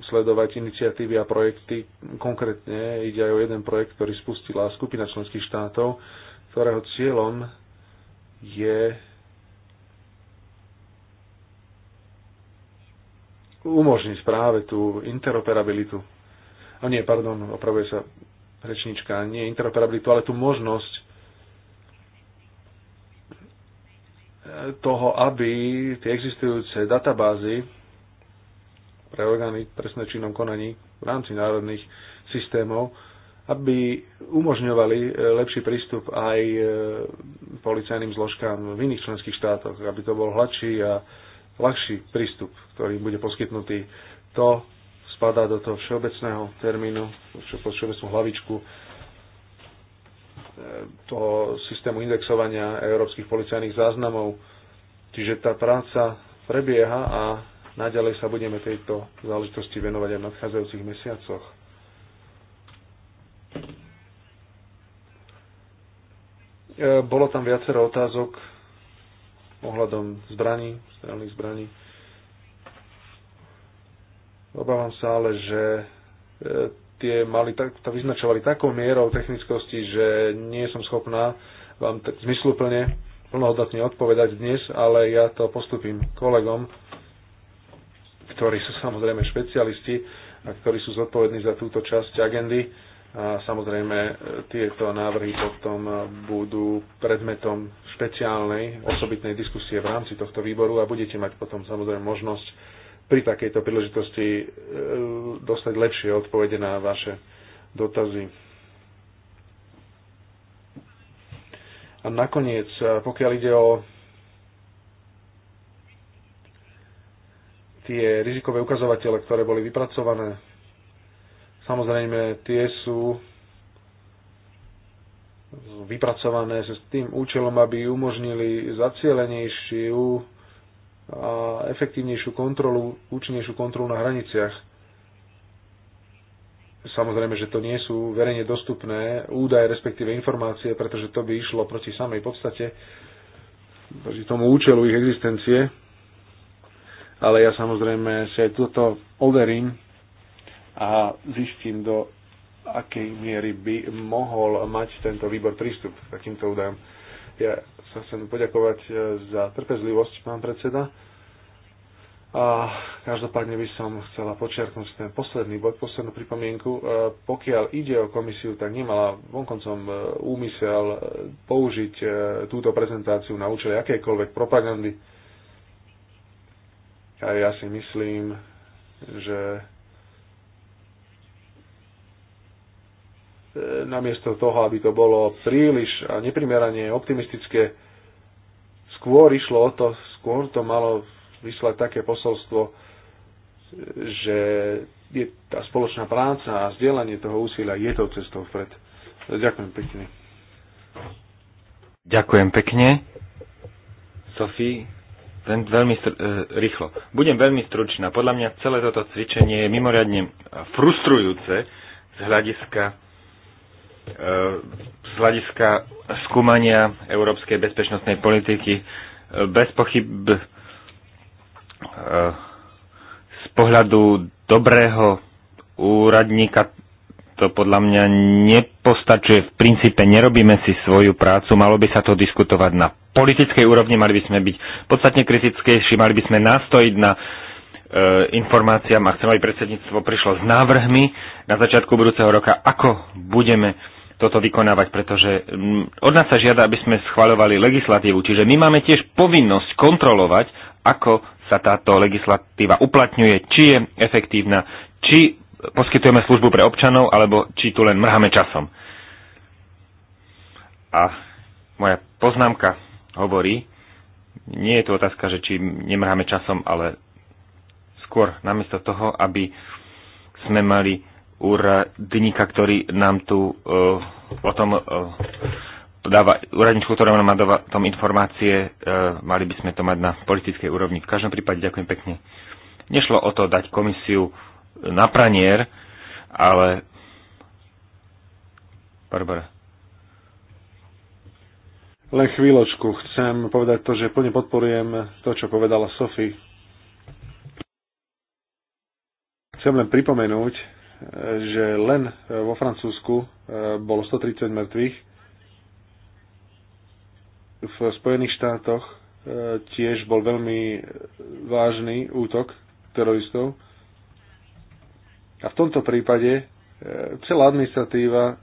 sledovať iniciatívy a projekty. Konkrétne ide aj o jeden projekt, ktorý spustila skupina členských štátov, ktorého cieľom je umožniť práve tú interoperabilitu. A nie, pardon, opravuje sa rečnička, nie interoperabilitu, ale tú možnosť toho, aby tie existujúce databázy pre orgány presné činnom konaní v rámci národných systémov aby umožňovali e, lepší prístup aj e, policajným zložkám v iných členských štátoch, aby to bol hladší a ľahší prístup, ktorý bude poskytnutý. To spadá do toho všeobecného termínu, pod všeobecnú hlavičku e, toho systému indexovania európskych policajných záznamov. Čiže tá práca prebieha a naďalej sa budeme tejto záležitosti venovať aj v nadchádzajúcich mesiacoch. E, bolo tam viacero otázok ohľadom zbraní, strelných zbraní. Obávam sa ale, že e, tie mali, tak, to vyznačovali takou mierou technickosti, že nie som schopná vám t- zmysluplne plnohodnotne odpovedať dnes, ale ja to postupím kolegom, ktorí sú samozrejme špecialisti a ktorí sú zodpovední za túto časť agendy a samozrejme e, tieto návrhy potom e, budú predmetom špeciálnej osobitnej diskusie v rámci tohto výboru a budete mať potom samozrejme možnosť pri takejto príležitosti e, dostať lepšie odpovede na vaše dotazy. A nakoniec, pokiaľ ide o tie rizikové ukazovatele, ktoré boli vypracované Samozrejme, tie sú vypracované s tým účelom, aby umožnili zacielenejšiu a efektívnejšiu kontrolu, účinnejšiu kontrolu na hraniciach. Samozrejme, že to nie sú verejne dostupné údaje, respektíve informácie, pretože to by išlo proti samej podstate, proti tomu účelu ich existencie. Ale ja samozrejme si aj toto overím a zistím, do akej miery by mohol mať tento výbor prístup k takýmto údajom. Ja sa chcem poďakovať e, za trpezlivosť, pán predseda. A každopádne by som chcela počiarknúť ten posledný bod, poslednú pripomienku. E, pokiaľ ide o komisiu, tak nemala vonkoncom e, úmysel použiť túto prezentáciu na účely akejkoľvek propagandy. A ja si myslím, že E, namiesto toho, aby to bolo príliš a neprimerane optimistické, skôr išlo o to, skôr to malo vyslať také posolstvo, e, že je tá spoločná práca a zdieľanie toho úsilia je tou cestou vpred. Ďakujem pekne. Ďakujem pekne. Sofí veľmi str- e, rýchlo. Budem veľmi stručná. Podľa mňa celé toto cvičenie je mimoriadne frustrujúce z hľadiska z hľadiska skúmania európskej bezpečnostnej politiky e, bez pochyb e, z pohľadu dobrého úradníka to podľa mňa nepostačuje. V princípe nerobíme si svoju prácu, malo by sa to diskutovať na politickej úrovni, mali by sme byť podstatne kritickejší, mali by sme nastojiť na uh, Eh, informáciám a chcem, aby predsedníctvo prišlo s návrhmi na začiatku budúceho roka, ako budeme toto vykonávať, pretože mm, od nás sa žiada, aby sme schvaľovali legislatívu. Čiže my máme tiež povinnosť kontrolovať, ako sa táto legislatíva uplatňuje, či je efektívna, či poskytujeme službu pre občanov, alebo či tu len mrháme časom. A moja poznámka hovorí, nie je tu otázka, že či nemrháme časom, ale skôr namiesto toho, aby sme mali úradníka, ktorý nám tu uh, o tom uh, dáva, úradničku, ktorá nám dáva tom informácie, uh, mali by sme to mať na politickej úrovni. V každom prípade ďakujem pekne. Nešlo o to dať komisiu na pranier, ale... Barbara. Len chvíľočku. Chcem povedať to, že plne podporujem to, čo povedala Sophie Chcem len pripomenúť, e, že len e, vo Francúzsku e, bolo 130 mŕtvych, v Spojených štátoch tiež bol veľmi vážny útok teroristov. A v tomto prípade celá administratíva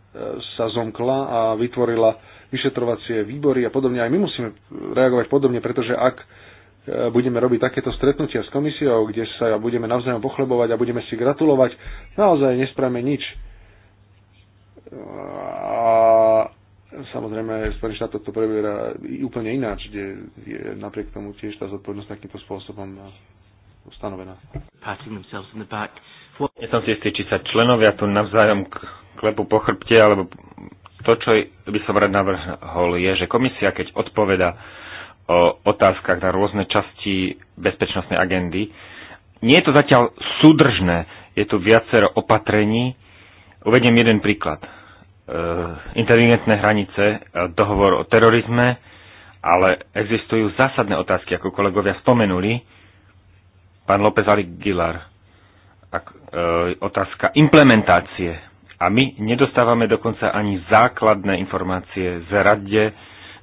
sa zomkla a vytvorila vyšetrovacie výbory a podobne. Aj my musíme reagovať podobne, pretože ak Eh, budeme robiť takéto stretnutia s komisiou, kde sa budeme navzájom pochlebovať a budeme si gratulovať, naozaj nespravíme nič. A samozrejme Spojené štáty to preberá úplne ináč, kde je napriek tomu tiež tá zodpovednosť takýmto spôsobom eh, ustanovená. Nie som si istý, či sa členovia tu navzájom klepu po chrbte, alebo to, čo by som rád navrhol, je, že komisia, keď odpoveda o otázkach na rôzne časti bezpečnostnej agendy. Nie je to zatiaľ súdržné, je tu viacero opatrení. Uvediem jeden príklad. E, inteligentné hranice, e, dohovor o terorizme, ale existujú zásadné otázky, ako kolegovia spomenuli. Pán López Aguilar, ak, e, otázka implementácie. A my nedostávame dokonca ani základné informácie z rade,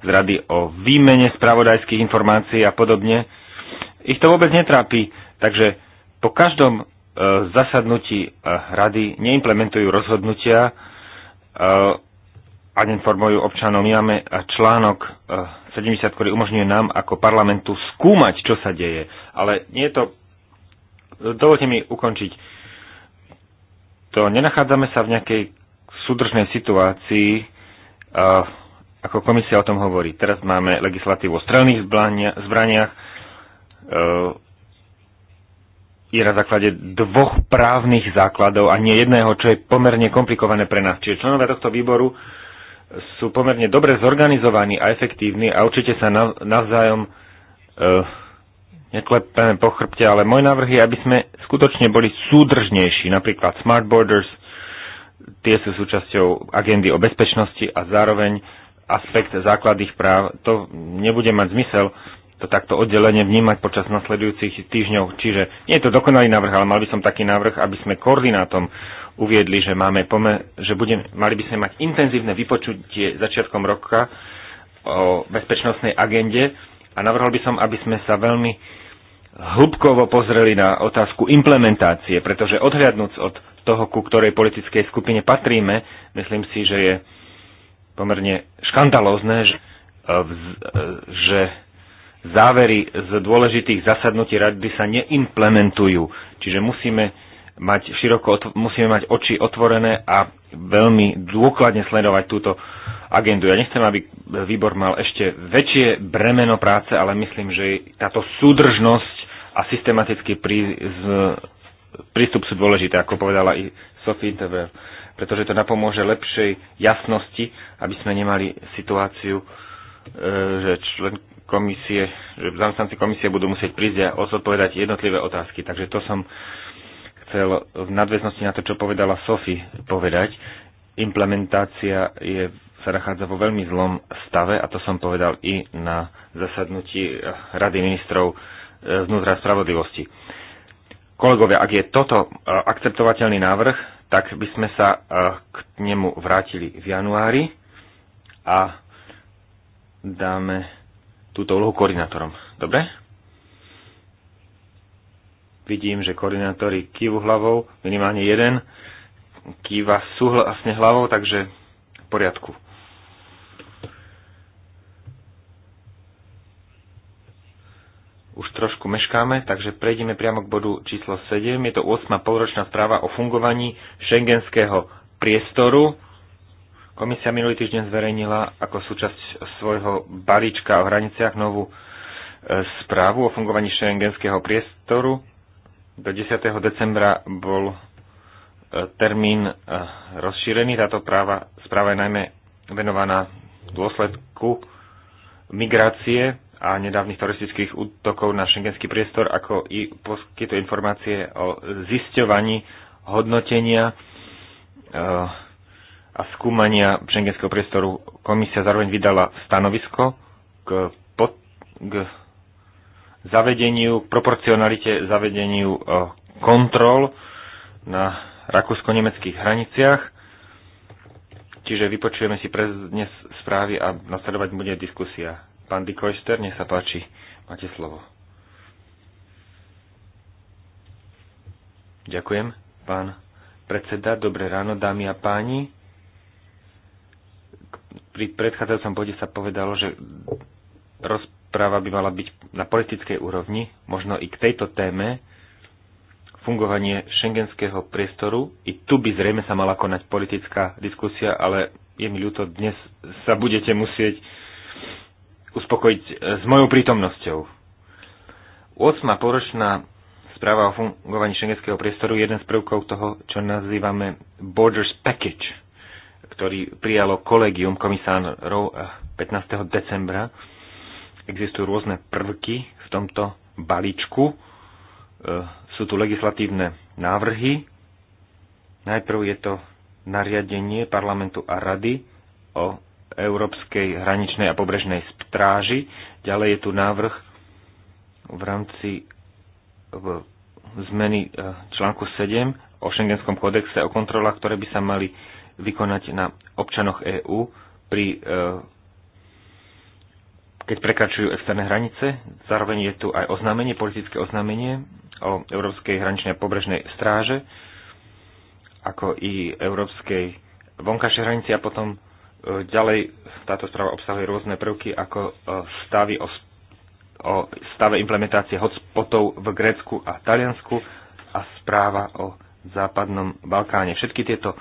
z rady o výmene spravodajských informácií a podobne. Ich to vôbec netrápi, takže po každom e, zasadnutí e, rady neimplementujú rozhodnutia e, a informujú občanov. My máme článok 70, ktorý umožňuje nám ako parlamentu skúmať, čo sa deje. Ale nie je to... Dovolte mi ukončiť. To nenachádzame sa v nejakej súdržnej situácii ako komisia o tom hovorí. Teraz máme legislatívu o strelných zbraniach. E, je na základe dvoch právnych základov a nie jedného, čo je pomerne komplikované pre nás. Čiže členovia tohto výboru sú pomerne dobre zorganizovaní a efektívni a určite sa navzájom e, neklepeme po chrbte, ale môj návrh je, aby sme skutočne boli súdržnejší, napríklad Smart Borders, tie sú súčasťou agendy o bezpečnosti a zároveň aspekt základných práv, to nebude mať zmysel to takto oddelenie vnímať počas nasledujúcich týždňov. Čiže nie je to dokonalý návrh, ale mal by som taký návrh, aby sme koordinátom uviedli, že, máme pome- že budem, mali by sme mať intenzívne vypočutie začiatkom roka o bezpečnostnej agende a navrhol by som, aby sme sa veľmi hĺbkovo pozreli na otázku implementácie, pretože odhľadnúc od toho, ku ktorej politickej skupine patríme, myslím si, že je pomerne škandalózne, že, e, e, že závery z dôležitých zasadnutí rady sa neimplementujú. Čiže musíme mať široko, musíme mať oči otvorené a veľmi dôkladne sledovať túto agendu. Ja nechcem, aby výbor mal ešte väčšie bremeno práce, ale myslím, že táto súdržnosť a systematický prí, z, prístup sú dôležité, ako povedala i Sophie Tever pretože to napomôže lepšej jasnosti, aby sme nemali situáciu, e, že člen komisie, že zamestnanci komisie budú musieť prísť a odpovedať jednotlivé otázky. Takže to som chcel v nadväznosti na to, čo povedala Sofi, povedať. Implementácia je, sa nachádza vo veľmi zlom stave a to som povedal i na zasadnutí Rady ministrov e, vnútra spravodlivosti. Kolegovia, ak je toto e, akceptovateľný návrh, tak by sme sa eh, k nemu vrátili v januári a dáme túto úlohu koordinátorom. Dobre? Vidím, že koordinátori kývu hlavou, minimálne jeden kýva súhlasne hlavou, takže v poriadku. už trošku meškáme, takže prejdeme priamo k bodu číslo 7. Je to 8. polročná správa o fungovaní šengenského priestoru. Komisia minulý týždeň zverejnila ako súčasť svojho balíčka o hraniciach novú e, správu o fungovaní šengenského priestoru. Do 10. decembra bol e, termín e, rozšírený. Táto práva, správa je najmä venovaná dôsledku migrácie a nedávnych teroristických útokov na šengenský priestor, ako i poskytuje informácie o zisťovaní hodnotenia eh, a skúmania šengenského priestoru. Komisia zároveň vydala stanovisko k, pod, k zavedeniu, k proporcionalite zavedeniu eh, kontrol na rakúsko-nemeckých hraniciach. Čiže vypočujeme si pre dnes správy a nasledovať bude diskusia. Pán Dikojster, nech sa páči, máte slovo. Ďakujem, pán predseda. Dobré ráno, dámy a páni. Pri predchádzajúcom bode sa povedalo, že rozpráva by mala byť na politickej úrovni, možno i k tejto téme, fungovanie šengenského priestoru. I tu by zrejme sa mala konať politická diskusia, ale je mi ľúto, dnes sa budete musieť uspokojiť e, s mojou prítomnosťou. 8. poročná správa o fungovaní šengenského priestoru je jeden z prvkov toho, čo nazývame Borders Package, ktorý prijalo kolegium komisárov 15. E, decembra. Existujú rôzne prvky v tomto balíčku. E, sú tu legislatívne návrhy. Najprv je to nariadenie parlamentu a rady o Európskej hraničnej a pobrežnej stráži. Ďalej je tu návrh v rámci zmeny e, článku 7 o Schengenskom kodexe o kontrolách, ktoré by sa mali vykonať na občanoch EÚ pri e, keď prekračujú externé hranice. Zároveň je tu aj oznámenie, politické oznámenie o Európskej hraničnej a pobrežnej stráže, ako i Európskej vonkajšej hranici a potom Ďalej táto správa obsahuje rôzne prvky ako e, stavy o, o stave implementácie hotspotov v Grécku a Taliansku a správa o západnom Balkáne. Všetky tieto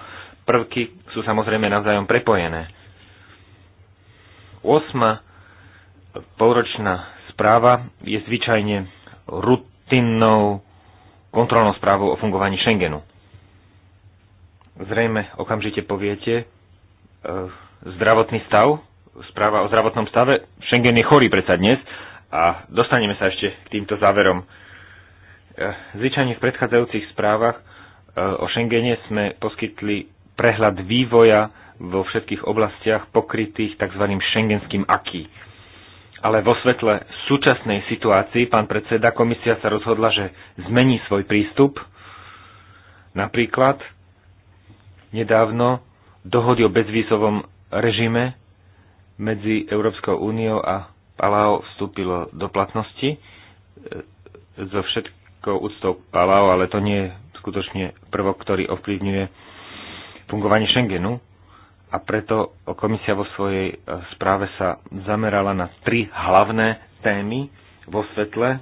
prvky sú samozrejme navzájom prepojené. 8. polročná správa je zvyčajne rutinnou kontrolnou správou o fungovaní Schengenu. Zrejme okamžite poviete, e, zdravotný stav, správa o zdravotnom stave. Schengen je chorý predsa dnes a dostaneme sa ešte k týmto záverom. E, Zvyčajne v predchádzajúcich správach e, o Schengene sme poskytli prehľad vývoja vo všetkých oblastiach pokrytých tzv. šengenským aký. Ale vo svetle súčasnej situácii pán predseda komisia sa rozhodla, že zmení svoj prístup. Napríklad nedávno dohody o bezvýzovom režime medzi Európskou úniou a Palau vstúpilo do platnosti e, so všetkou úctou Palau, ale to nie je skutočne prvok, ktorý ovplyvňuje fungovanie Schengenu a preto komisia vo svojej e, správe sa zamerala na tri hlavné témy vo svetle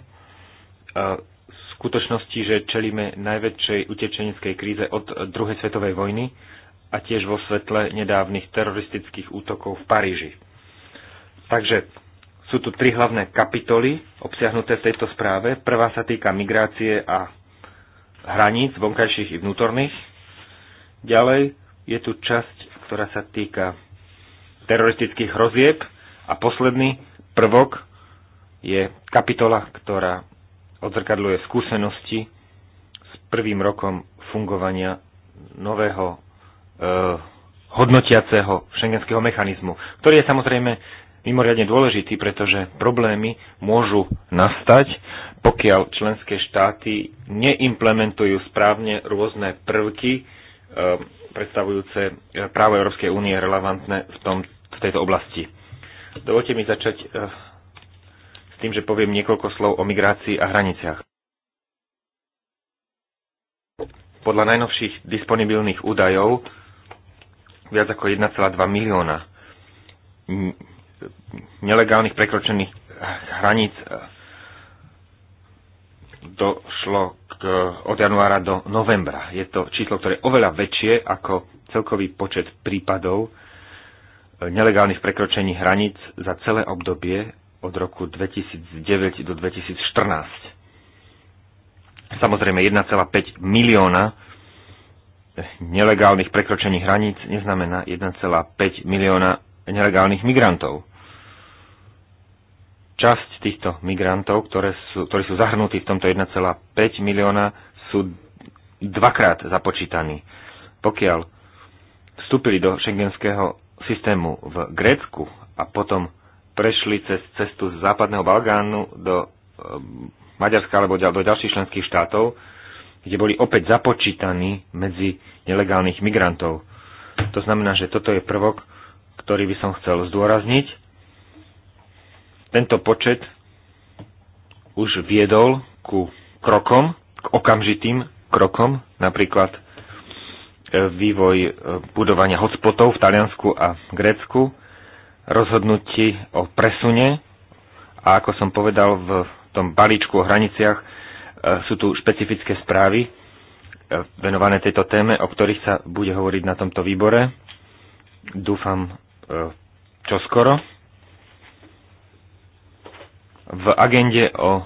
v e, skutočnosti, že čelíme najväčšej utečeneckej kríze od druhej svetovej vojny a tiež vo svetle nedávnych teroristických útokov v Paríži. Takže sú tu tri hlavné kapitoly obsiahnuté v tejto správe. Prvá sa týka migrácie a hraníc, vonkajších i vnútorných. Ďalej je tu časť, ktorá sa týka teroristických hrozieb a posledný prvok je kapitola, ktorá odzrkadluje skúsenosti s prvým rokom fungovania nového Eh, hodnotiaceho šengenského mechanizmu, ktorý je samozrejme mimoriadne dôležitý, pretože problémy môžu nastať, pokiaľ členské štáty neimplementujú správne rôzne prvky eh, predstavujúce právo Európskej únie relevantné v, tom, v tejto oblasti. Dovolte mi začať eh, s tým, že poviem niekoľko slov o migrácii a hraniciach. Podľa najnovších disponibilných údajov viac ako 1,2 milióna nelegálnych prekročených hraníc eh, došlo k, od januára do novembra. Je to číslo, ktoré je oveľa väčšie ako celkový počet prípadov eh, nelegálnych prekročení hraníc za celé obdobie od roku 2009 do 2014. Samozrejme 1,5 milióna nelegálnych prekročení hraníc neznamená 1,5 milióna nelegálnych migrantov. Časť týchto migrantov, ktoré sú, ktorí sú zahrnutí v tomto 1,5 milióna, sú dvakrát započítaní. Pokiaľ vstúpili do šengenského systému v Grécku a potom prešli cez cestu z západného Balgánu do ehm, Maďarska alebo do ďalších členských štátov, kde boli opäť započítaní medzi nelegálnych migrantov. To znamená, že toto je prvok, ktorý by som chcel zdôrazniť. Tento počet už viedol ku krokom, k okamžitým krokom, napríklad e, vývoj e, budovania hotspotov v Taliansku a Grécku, rozhodnutí o presune a ako som povedal v tom balíčku o hraniciach, sú tu špecifické správy e, venované tejto téme, o ktorých sa bude hovoriť na tomto výbore. Dúfam, e, čoskoro. V agende o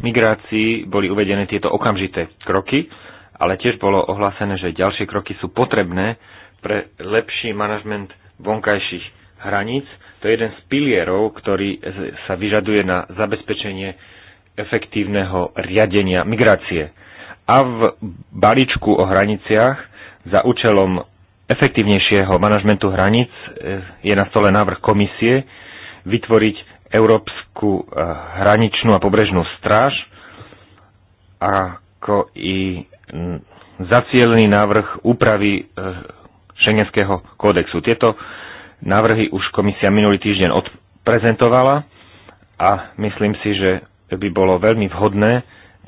migrácii boli uvedené tieto okamžité kroky, ale tiež bolo ohlásené, že ďalšie kroky sú potrebné pre lepší manažment vonkajších hraníc. To je jeden z pilierov, ktorý sa vyžaduje na zabezpečenie efektívneho riadenia migrácie. A v balíčku o hraniciach za účelom efektívnejšieho manažmentu hraníc eh, je na stole návrh komisie vytvoriť Európsku eh, hraničnú a pobrežnú stráž ako i mm, zacielený návrh úpravy eh, Schengenského kódexu. Tieto návrhy už komisia minulý týždeň odprezentovala a myslím si, že by bolo veľmi vhodné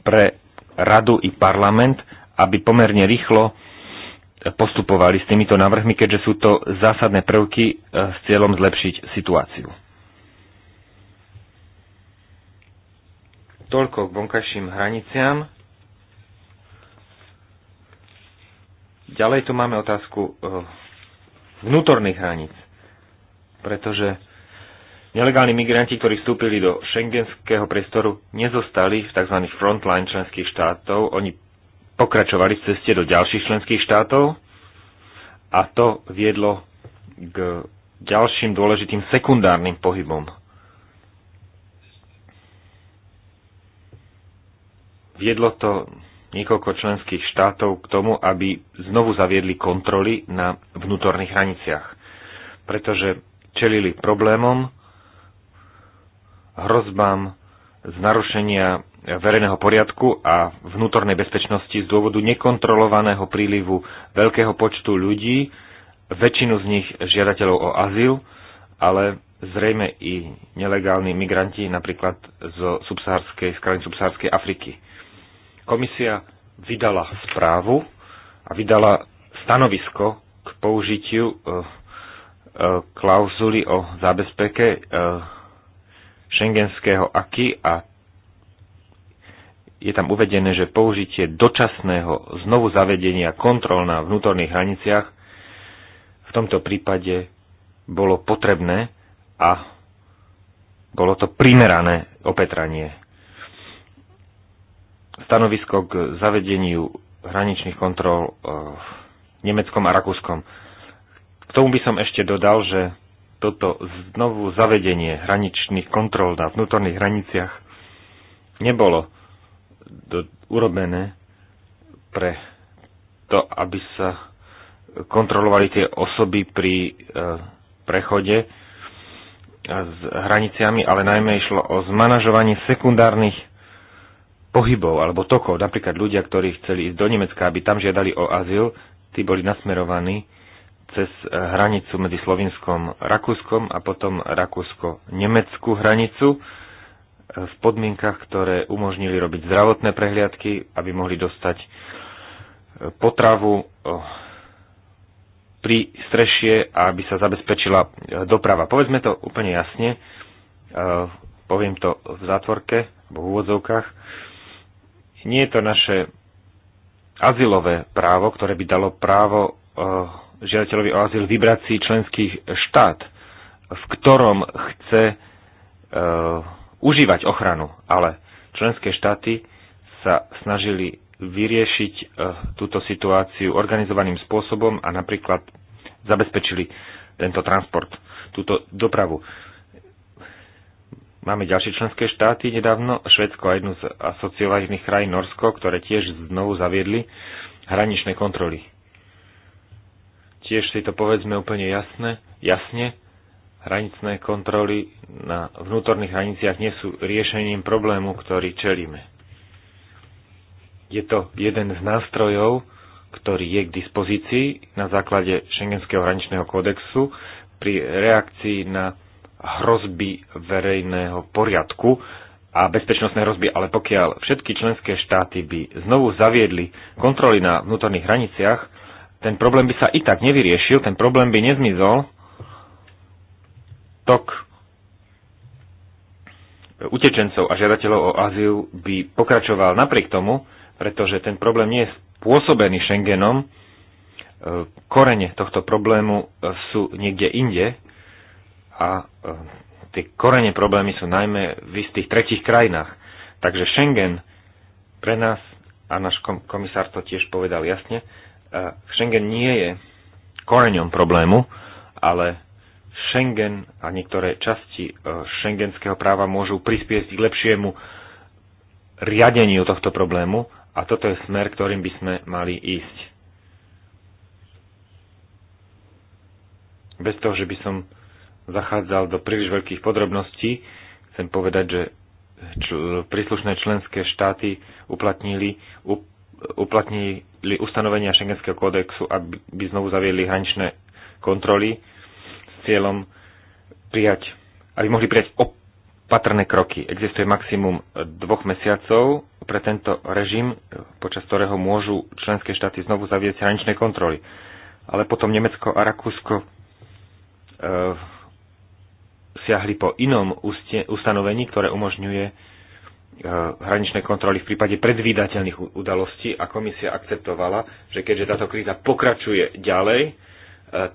pre radu i parlament, aby pomerne rýchlo e, postupovali s týmito návrhmi, keďže sú to zásadné prvky e, s cieľom zlepšiť situáciu. Toľko k vonkajším hraniciam. Ďalej tu máme otázku e, vnútorných hraníc, pretože Nelegálni migranti, ktorí vstúpili do šengenského priestoru, nezostali v tzv. frontline členských štátov, oni pokračovali v ceste do ďalších členských štátov a to viedlo k ďalším dôležitým sekundárnym pohybom. Viedlo to niekoľko členských štátov k tomu, aby znovu zaviedli kontroly na vnútorných hraniciach, pretože čelili problémom, hrozbám z narušenia verejného poriadku a vnútornej bezpečnosti z dôvodu nekontrolovaného prílivu veľkého počtu ľudí, väčšinu z nich žiadateľov o azyl, ale zrejme i nelegálni migranti napríklad zo subsahárskej, z krajín subsahárskej Afriky. Komisia vydala správu a vydala stanovisko k použitiu e, e, klauzuly o zábezpeke e, šengenského aky a je tam uvedené, že použitie dočasného znovu zavedenia kontrol na vnútorných hraniciach v tomto prípade bolo potrebné a bolo to primerané opetranie. Stanovisko k zavedeniu hraničných kontrol eh, v Nemeckom a Rakúskom. K tomu by som ešte dodal, že toto znovu zavedenie hraničných kontrol na vnútorných hraniciach nebolo do, urobené pre to, aby sa kontrolovali tie osoby pri e, prechode e, s hraniciami, ale najmä išlo o zmanažovanie sekundárnych pohybov alebo tokov. Napríklad ľudia, ktorí chceli ísť do Nemecka, aby tam žiadali o azyl, tí boli nasmerovaní cez eh, hranicu medzi Slovinskom a Rakúskom a potom Rakúsko-Nemeckú hranicu eh, v podmienkach, ktoré umožnili robiť zdravotné prehliadky, aby mohli dostať eh, potravu pri strešie a aby sa zabezpečila doprava. Povedzme to úplne jasne, poviem to v zátvorke, v úvodzovkách. Nie je to naše azylové právo, ktoré by dalo právo žiadateľovi o azyl vybrať si členský štát, v ktorom chce e, užívať ochranu. Ale členské štáty sa snažili vyriešiť e, túto situáciu organizovaným spôsobom a napríklad zabezpečili tento transport, túto dopravu. Máme ďalšie členské štáty, nedávno Švedsko a jednu z asociovaných krajín Norsko, ktoré tiež znovu zaviedli hraničné kontroly. Tiež si to povedzme úplne jasne, jasne hranicné kontroly na vnútorných hraniciach nie sú riešením problému, ktorý čelíme. Je to jeden z nástrojov, ktorý je k dispozícii na základe Schengenského hraničného kódexu pri reakcii na hrozby verejného poriadku a bezpečnostné hrozby, ale pokiaľ všetky členské štáty by znovu zaviedli kontroly na vnútorných hraniciach, ten problém by sa i tak nevyriešil, ten problém by nezmizol, tok utečencov a žiadateľov o azyl by pokračoval napriek tomu, pretože ten problém nie je spôsobený Schengenom, e, korene tohto problému e, sú niekde inde a e, tie korene problémy sú najmä v istých tretich krajinách. Takže Schengen pre nás, a náš komisár to tiež povedal jasne, Schengen nie je koreňom problému, ale Schengen a niektoré časti šengenského e, práva môžu prispieť k lepšiemu riadeniu tohto problému a toto je smer, ktorým by sme mali ísť. Bez toho, že by som zachádzal do príliš veľkých podrobností, chcem povedať, že príslušné členské štáty uplatnili, uplatnili zmenili ustanovenia Schengenského kódexu, aby znovu zaviedli hraničné kontroly s cieľom prijať, aby mohli prijať opatrné kroky. Existuje maximum dvoch mesiacov pre tento režim, počas ktorého môžu členské štáty znovu zaviesť hraničné kontroly. Ale potom Nemecko a Rakúsko e, siahli po inom ustanovení, ktoré umožňuje E, hraničné kontroly v prípade predvídateľných udalostí a komisia akceptovala, že keďže táto kríza pokračuje ďalej, e,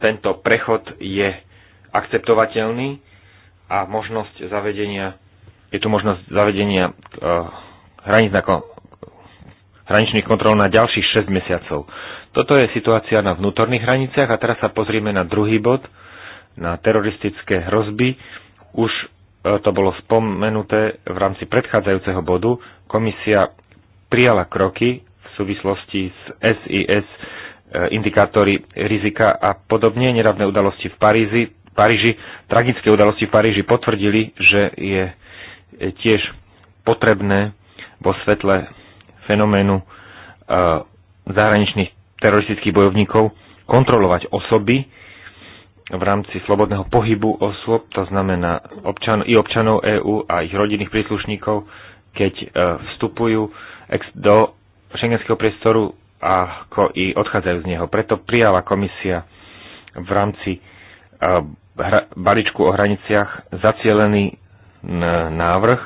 tento prechod je akceptovateľný a možnosť zavedenia, je tu možnosť zavedenia e, hraníc na, hraničných kontrol na ďalších 6 mesiacov. Toto je situácia na vnútorných hraniciach a teraz sa pozrieme na druhý bod, na teroristické hrozby. Už E, to bolo spomenuté v rámci predchádzajúceho bodu, komisia prijala kroky v súvislosti s SIS, e, indikátory rizika a podobne. Nedávne udalosti v Paríži, Paríži, tragické udalosti v Paríži potvrdili, že je e, tiež potrebné vo svetle fenoménu zahraničných teroristických bojovníkov kontrolovať osoby, v rámci slobodného pohybu osôb, to znamená občan, i občanov EÚ a ich rodinných príslušníkov, keď e, vstupujú do šengenského priestoru a ako i odchádzajú z neho. Preto prijala komisia v rámci e, baličku o hraniciach zacielený návrh,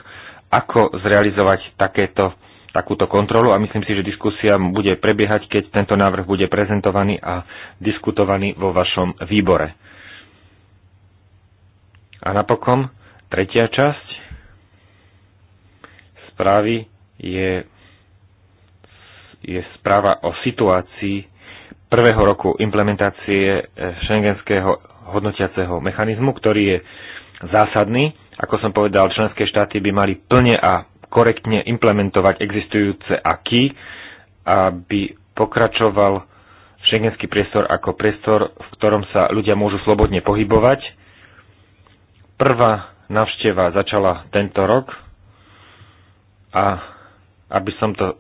ako zrealizovať takéto, takúto kontrolu a myslím si, že diskusia bude prebiehať, keď tento návrh bude prezentovaný a diskutovaný vo vašom výbore. A napokon tretia časť správy je, je správa o situácii prvého roku implementácie eh, šengenského hodnotiaceho mechanizmu, ktorý je zásadný. Ako som povedal, členské štáty by mali plne a korektne implementovať existujúce aky, aby pokračoval šengenský priestor ako priestor, v ktorom sa ľudia môžu slobodne pohybovať prvá navšteva začala tento rok a aby som to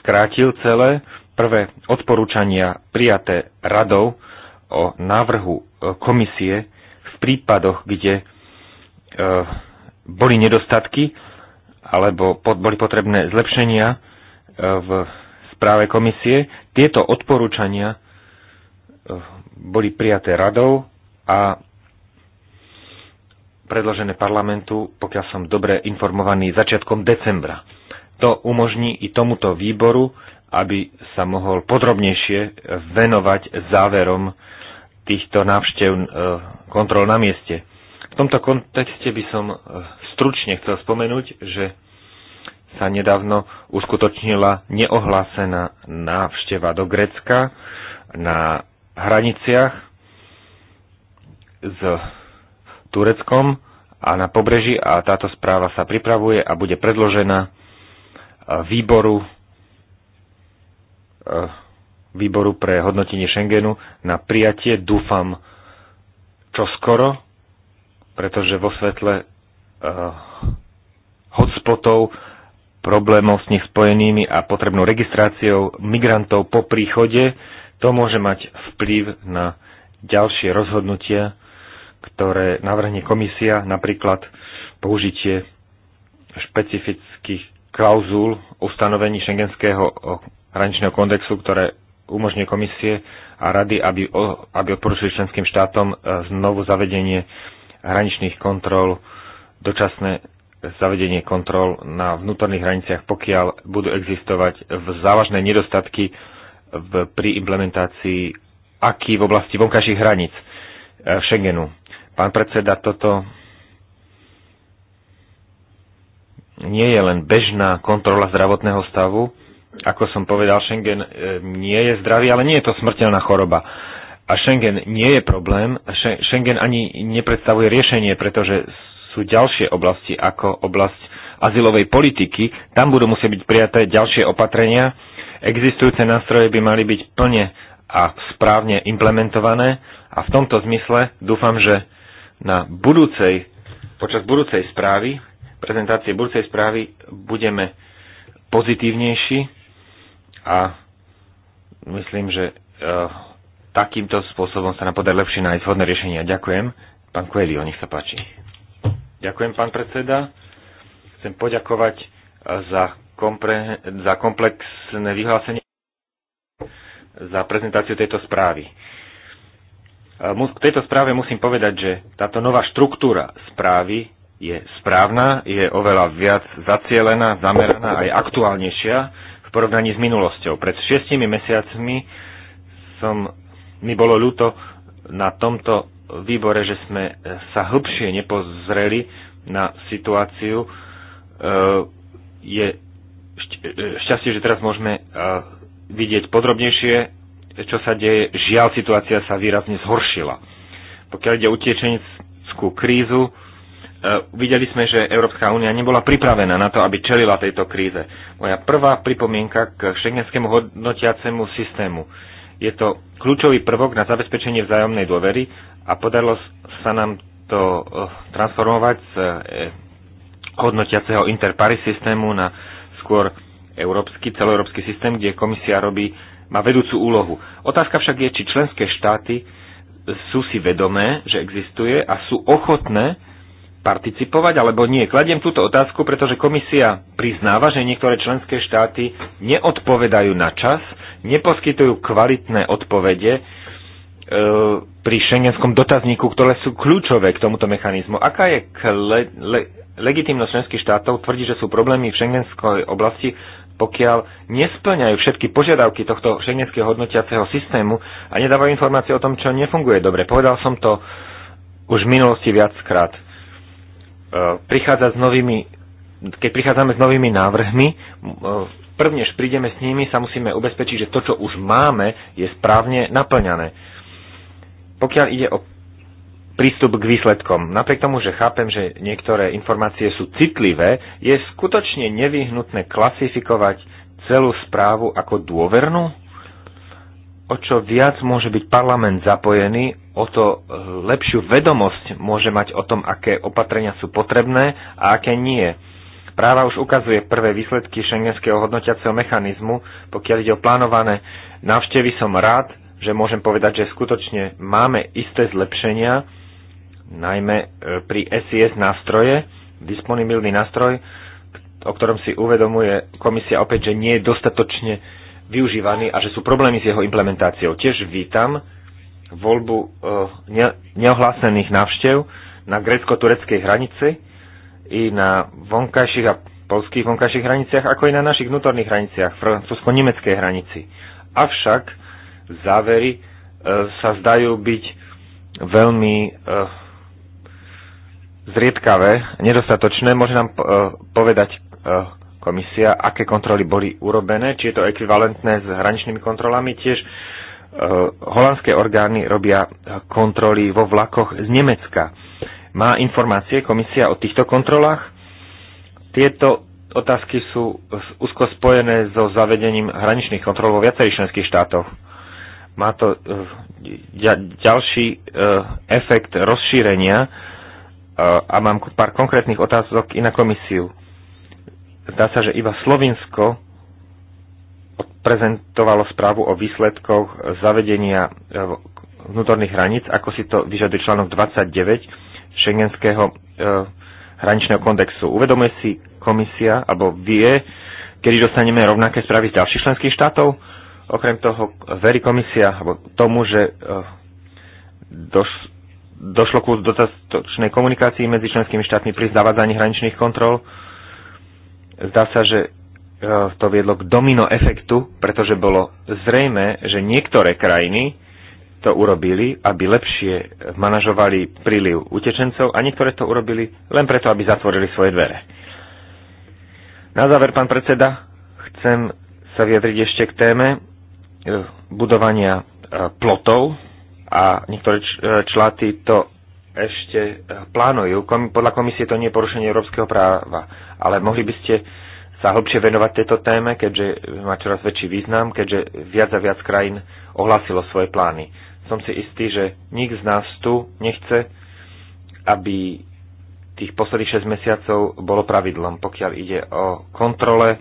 skrátil celé, prvé odporúčania prijaté radou o návrhu e, komisie v prípadoch, kde e, boli nedostatky alebo boli potrebné zlepšenia e, v správe komisie. Tieto odporúčania boli prijaté radou a predložené parlamentu, pokiaľ som dobre informovaný, začiatkom decembra. To umožní i tomuto výboru, aby sa mohol podrobnejšie venovať záverom týchto návštev e, kontrol na mieste. V tomto kontexte by som e, stručne chcel spomenúť, že sa nedávno uskutočnila neohlásená návšteva do Grecka na hraniciach s Tureckom a na pobreží a táto správa sa pripravuje a bude predložená e, výboru e, výboru pre hodnotenie Schengenu na prijatie dúfam čo skoro, pretože vo svetle uh, hotspotov, problémov s nich spojenými a potrebnou registráciou migrantov po príchode, to môže mať vplyv na ďalšie rozhodnutia ktoré navrhne komisia, napríklad použitie špecifických klauzul ustanovení šengenského hraničného kondexu, ktoré umožňuje komisie a rady, aby, aby odporúčili členským štátom e, znovu zavedenie hraničných kontrol, dočasné zavedenie kontrol na vnútorných hraniciach, pokiaľ budú existovať v závažné nedostatky v, pri implementácii aký v oblasti vonkajších hraníc e, Schengenu. Pán predseda, toto nie je len bežná kontrola zdravotného stavu. Ako som povedal, Schengen e, nie je zdravý, ale nie je to smrteľná choroba. A Schengen nie je problém. Schengen ani nepredstavuje riešenie, pretože sú ďalšie oblasti ako oblasť azylovej politiky. Tam budú musieť byť prijaté ďalšie opatrenia. Existujúce nástroje by mali byť plne a správne implementované. A v tomto zmysle dúfam, že na budúcej, počas budúcej správy, prezentácie budúcej správy budeme pozitívnejší a myslím, že e, takýmto spôsobom sa nám podarí lepšie nájsť vhodné riešenia. Ďakujem. Pán Coelho, nech sa páči. Ďakujem, pán predseda. Chcem poďakovať e, za, kompre, za komplexné vyhlásenie, za prezentáciu tejto správy. E, k tejto správe musím povedať, že táto nová štruktúra správy je správna, je oveľa viac zacielená, zameraná aj aktuálnejšia v porovnaní s minulosťou. Pred šiestimi mesiacmi som, mi bolo ľúto na tomto výbore, že sme e, sa hĺbšie nepozreli na situáciu. E, je šťastie, že teraz môžeme vidieť podrobnejšie čo sa deje, žiaľ situácia sa výrazne zhoršila. Pokiaľ ide o utečeneckú krízu, e, videli sme, že Európska únia nebola pripravená na to, aby čelila tejto kríze. Moja prvá pripomienka k šengenskému hodnotiacemu systému. Je to kľúčový prvok na zabezpečenie vzájomnej dôvery a podarilo sa nám to e, transformovať z e, hodnotiaceho interparis systému na skôr európsky, celoeurópsky systém, kde komisia robí má vedúcu úlohu. Otázka však je, či členské štáty sú si vedomé, že existuje a sú ochotné participovať alebo nie. Kladiem túto otázku, pretože komisia priznáva, že niektoré členské štáty neodpovedajú na čas, neposkytujú kvalitné odpovede e, pri šengenskom dotazníku, ktoré sú kľúčové k tomuto mechanizmu. Aká je le, le, legitimnosť členských štátov tvrdí, že sú problémy v šengenskej oblasti pokiaľ nesplňajú všetky požiadavky tohto šengenského hodnotiaceho systému a nedávajú informácie o tom, čo nefunguje dobre. Povedal som to už v minulosti viackrát. E, prichádza s novými keď prichádzame s novými návrhmi, prvne prvnež prídeme s nimi, sa musíme ubezpečiť, že to, čo už máme, je správne naplňané. Pokiaľ ide o prístup k výsledkom. Napriek tomu, že chápem, že niektoré informácie sú citlivé, je skutočne nevyhnutné klasifikovať celú správu ako dôvernú? O čo viac môže byť parlament zapojený, o to eh, lepšiu vedomosť môže mať o tom, aké opatrenia sú potrebné a aké nie. Práva už ukazuje prvé výsledky šengenského hodnotiaceho mechanizmu. Pokiaľ ide o plánované návštevy, som rád, že môžem povedať, že skutočne máme isté zlepšenia najmä e, pri SIS nástroje, disponibilný nástroj, o ktorom si uvedomuje komisia opäť, že nie je dostatočne využívaný a že sú problémy s jeho implementáciou. Tiež vítam voľbu e, neohlásených návštev na grecko-tureckej hranici i na vonkajších a polských vonkajších hraniciach, ako aj na našich vnútorných hraniciach, francúzsko-nemeckej hranici. Avšak závery e, sa zdajú byť veľmi zriedkavé, nedostatočné. Môže nám eh, povedať eh, komisia, aké kontroly boli urobené, či je to ekvivalentné s hraničnými kontrolami. Tiež eh, holandské orgány robia kontroly vo vlakoch z Nemecka. Má informácie komisia o týchto kontrolách? Tieto otázky sú úzko spojené so zavedením hraničných kontrol vo viacerých členských štátoch. Má to ďalší efekt rozšírenia a mám pár konkrétnych otázok i na komisiu. Zdá sa, že iba Slovinsko prezentovalo správu o výsledkoch zavedenia e, vnútorných hraníc, ako si to vyžaduje článok 29 šengenského e, hraničného kondexu. Uvedomuje si komisia, alebo vie, kedy dostaneme rovnaké správy z ďalších členských štátov? Okrem toho verí komisia alebo tomu, že e, došlo ku dostatočnej komunikácii medzi členskými štátmi pri zavádzaní hraničných kontrol. Zdá sa, že e, to viedlo k domino efektu, pretože bolo zrejme, že niektoré krajiny to urobili, aby lepšie manažovali príliv utečencov a niektoré to urobili len preto, aby zatvorili svoje dvere. Na záver, pán predseda, chcem sa vyjadriť ešte k téme e, budovania e, plotov a niektoré e, čláty to ešte e, plánujú. Podľa komisie to nie je porušenie európskeho práva, ale mohli by ste sa hlbšie venovať tejto téme, keďže má čoraz väčší význam, keďže viac a viac krajín ohlásilo svoje plány. Som si istý, že nik z nás tu nechce, aby tých posledných 6 mesiacov bolo pravidlom, pokiaľ ide o kontrole,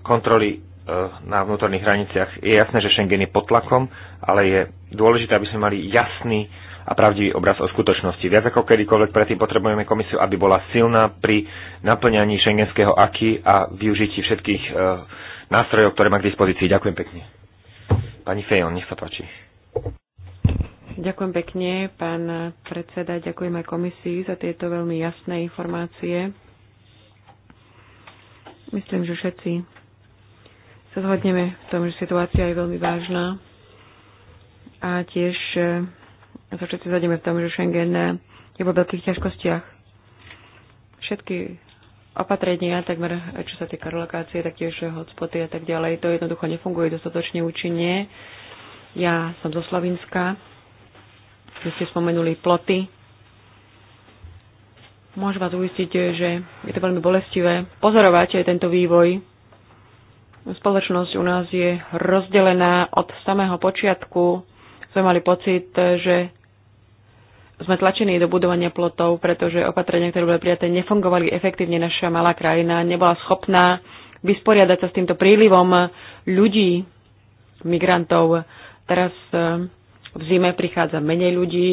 kontroly Eh, na vnútorných hraniciach. Je jasné, že Schengen je pod tlakom, ale je dôležité, aby sme mali jasný a pravdivý obraz o skutočnosti. Viac ako kedykoľvek predtým potrebujeme komisiu, aby bola silná pri naplňaní šengenského aky a využití všetkých e, nástrojov, ktoré má k dispozícii. Ďakujem pekne. Pani Fejon, nech sa páči. Ďakujem pekne, pán predseda. Ďakujem aj komisii za tieto veľmi jasné informácie. Myslím, že všetci sa zhodneme v tom, že situácia je veľmi vážna a tiež e, sa všetci zhodneme v tom, že Schengen e, je vo veľkých ťažkostiach. Všetky opatrenia, takmer čo sa týka relokácie, taktiež e, hotspoty a tak ďalej, to jednoducho nefunguje dostatočne účinne. Ja som zo Slovenska, vy ste spomenuli ploty. Môžem vás uistiť, že je to veľmi bolestivé pozorovať aj tento vývoj Spoločnosť u nás je rozdelená od samého počiatku. Sme mali pocit, že sme tlačení do budovania plotov, pretože opatrenia, ktoré boli prijaté, nefungovali efektívne. Naša malá krajina nebola schopná vysporiadať sa s týmto prílivom ľudí, migrantov. Teraz eh, v zime prichádza menej ľudí,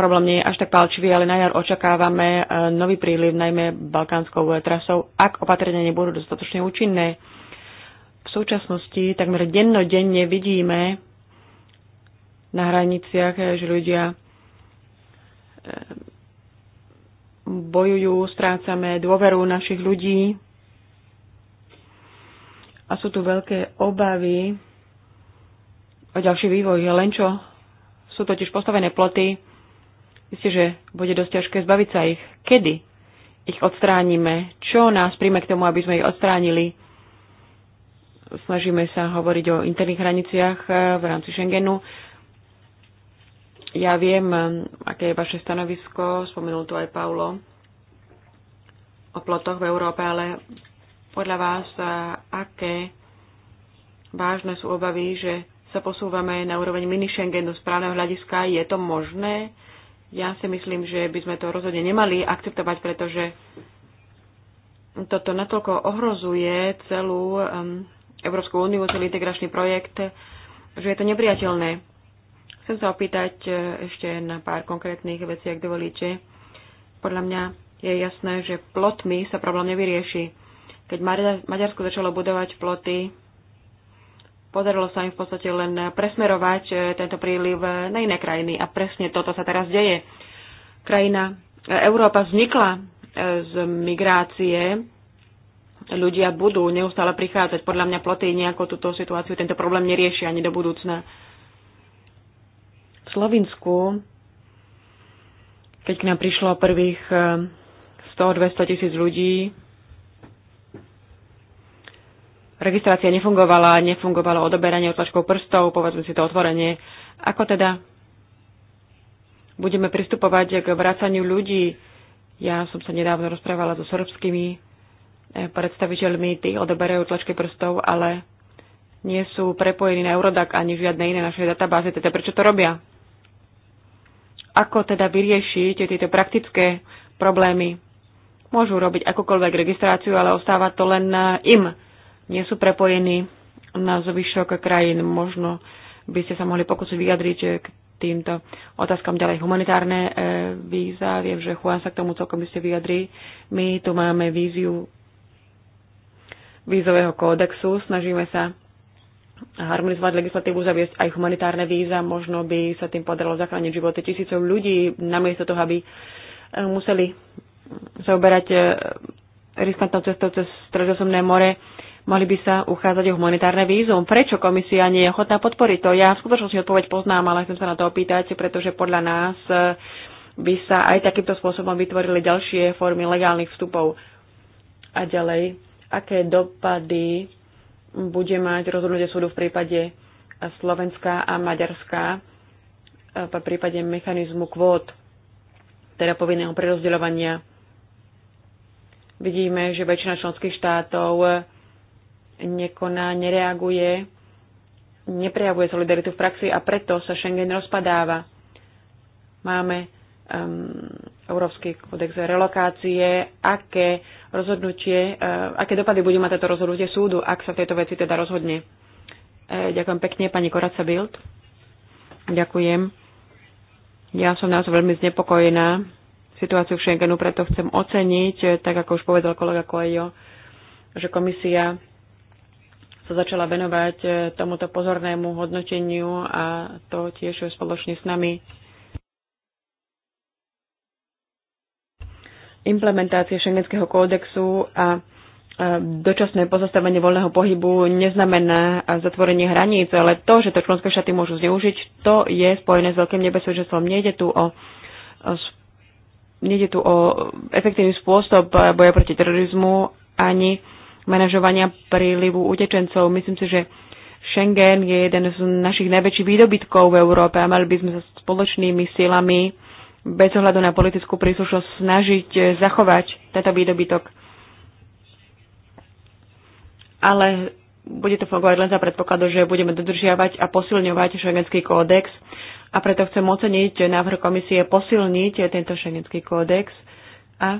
problém nie je až tak palčivý, ale na jar očakávame e, nový príliv, najmä balkánskou e, trasou, ak opatrenia nebudú dostatočne účinné. V súčasnosti takmer dennodenne vidíme na hraniciach, e, že ľudia bojujú, strácame dôveru našich ľudí a sú tu veľké obavy o ďalší vývoj. Len čo sú totiž postavené ploty Myslíte, že bude dosť ťažké zbaviť sa ich. Kedy ich odstránime? Čo nás príjme k tomu, aby sme ich odstránili? Snažíme sa hovoriť o interných hraniciach eh, v rámci Schengenu. Ja viem, eh, aké je vaše stanovisko, spomenul to aj Paulo, o plotoch v Európe, ale podľa vás, eh, aké vážne sú obavy, že sa posúvame na úroveň mini Schengenu z právneho hľadiska. Je to možné? Ja si myslím, že by sme to rozhodne nemali akceptovať, pretože toto natoľko ohrozuje celú um, Európsku úniu, celý integračný projekt, že je to nepriateľné. Chcem sa opýtať e, ešte na pár konkrétnych vecí, ak dovolíte. Podľa mňa je jasné, že plotmi sa problém nevyrieši. Keď Maďarsko začalo budovať ploty, Podarilo sa im v podstate len presmerovať e, tento príliv na iné krajiny a presne toto sa teraz deje. Krajina e, Európa vznikla e, z migrácie, ľudia budú neustále prichádzať. Podľa mňa ploty nejako túto situáciu, tento problém neriešia ani do budúcna. V Slovensku, keď k nám prišlo prvých 100-200 tisíc ľudí, registrácia nefungovala, nefungovalo odoberanie otlačkov prstov, povedzme si to otvorenie. Ako teda budeme pristupovať k vracaniu ľudí? Ja som sa nedávno rozprávala so srbskými eh, predstaviteľmi, tí odoberajú tlačky prstov, ale nie sú prepojení na Eurodac ani žiadne žiadnej našej databáze. Teda prečo to robia? Ako teda vyriešiť tieto praktické problémy? Môžu robiť akúkoľvek registráciu, ale ostáva to len im nie sú prepojení na zvyšok krajín. Možno by ste sa mohli pokúsiť vyjadriť k týmto otázkam ďalej humanitárne e, víza. Viem, že Juan sa k tomu celkom by ste vyjadri. My tu máme víziu vízového kódexu. Snažíme sa harmonizovať legislatívu, zaviesť aj humanitárne víza. Možno by sa tým podarilo zachrániť životy tisícov ľudí, namiesto toho, aby e, museli zaoberať e, riskantnou cestou cez Stredozemné more. Mali by sa uchádzať o humanitárne vízum. Prečo komisia nie je ochotná podporiť to? Ja v skutočnosti odpoveď poznám, ale chcem sa na to opýtať, pretože podľa nás eh, by sa aj takýmto spôsobom vytvorili ďalšie formy legálnych vstupov. A ďalej, aké dopady bude mať rozhodnutie súdu v prípade Slovenska a Maďarska eh, v prípade mechanizmu kvót, teda povinného prerozdeľovania. Vidíme, že väčšina členských štátov eh, nekoná, nereaguje, neprejavuje solidaritu v praxi a preto sa Schengen rozpadáva. Máme um, Európsky kodex relokácie, aké rozhodnutie, uh, aké dopady bude mať toto rozhodnutie súdu, ak sa v tejto veci teda rozhodne. E, ďakujem pekne, pani Koraca Bild. Ďakujem. Ja som nás veľmi znepokojená situáciu v Schengenu, preto chcem oceniť, eh, tak ako už povedal kolega Koejo, že komisia sa začala venovať e, tomuto pozornému hodnoteniu a to tiež spoločne s nami. Implementácie šengenského kódexu a e, dočasné pozastavenie voľného pohybu neznamená zatvorenie hraníc, ale to, že to členské štáty môžu zneužiť, to je spojené s veľkým nebezpečenstvom. Nejde tu o, o nejde tu o efektívny spôsob boja proti terorizmu ani manažovania prílivu utečencov. Myslím si, že Schengen je jeden z našich najväčších výdobytkov v Európe a mali by sme sa spoločnými silami bez ohľadu na politickú príslušnosť snažiť eh, zachovať tento výdobytok. Ale bude to fungovať len za predpokladu, že budeme dodržiavať a posilňovať šengenský kódex a preto chcem oceniť návrh komisie posilniť tento šengenský kódex a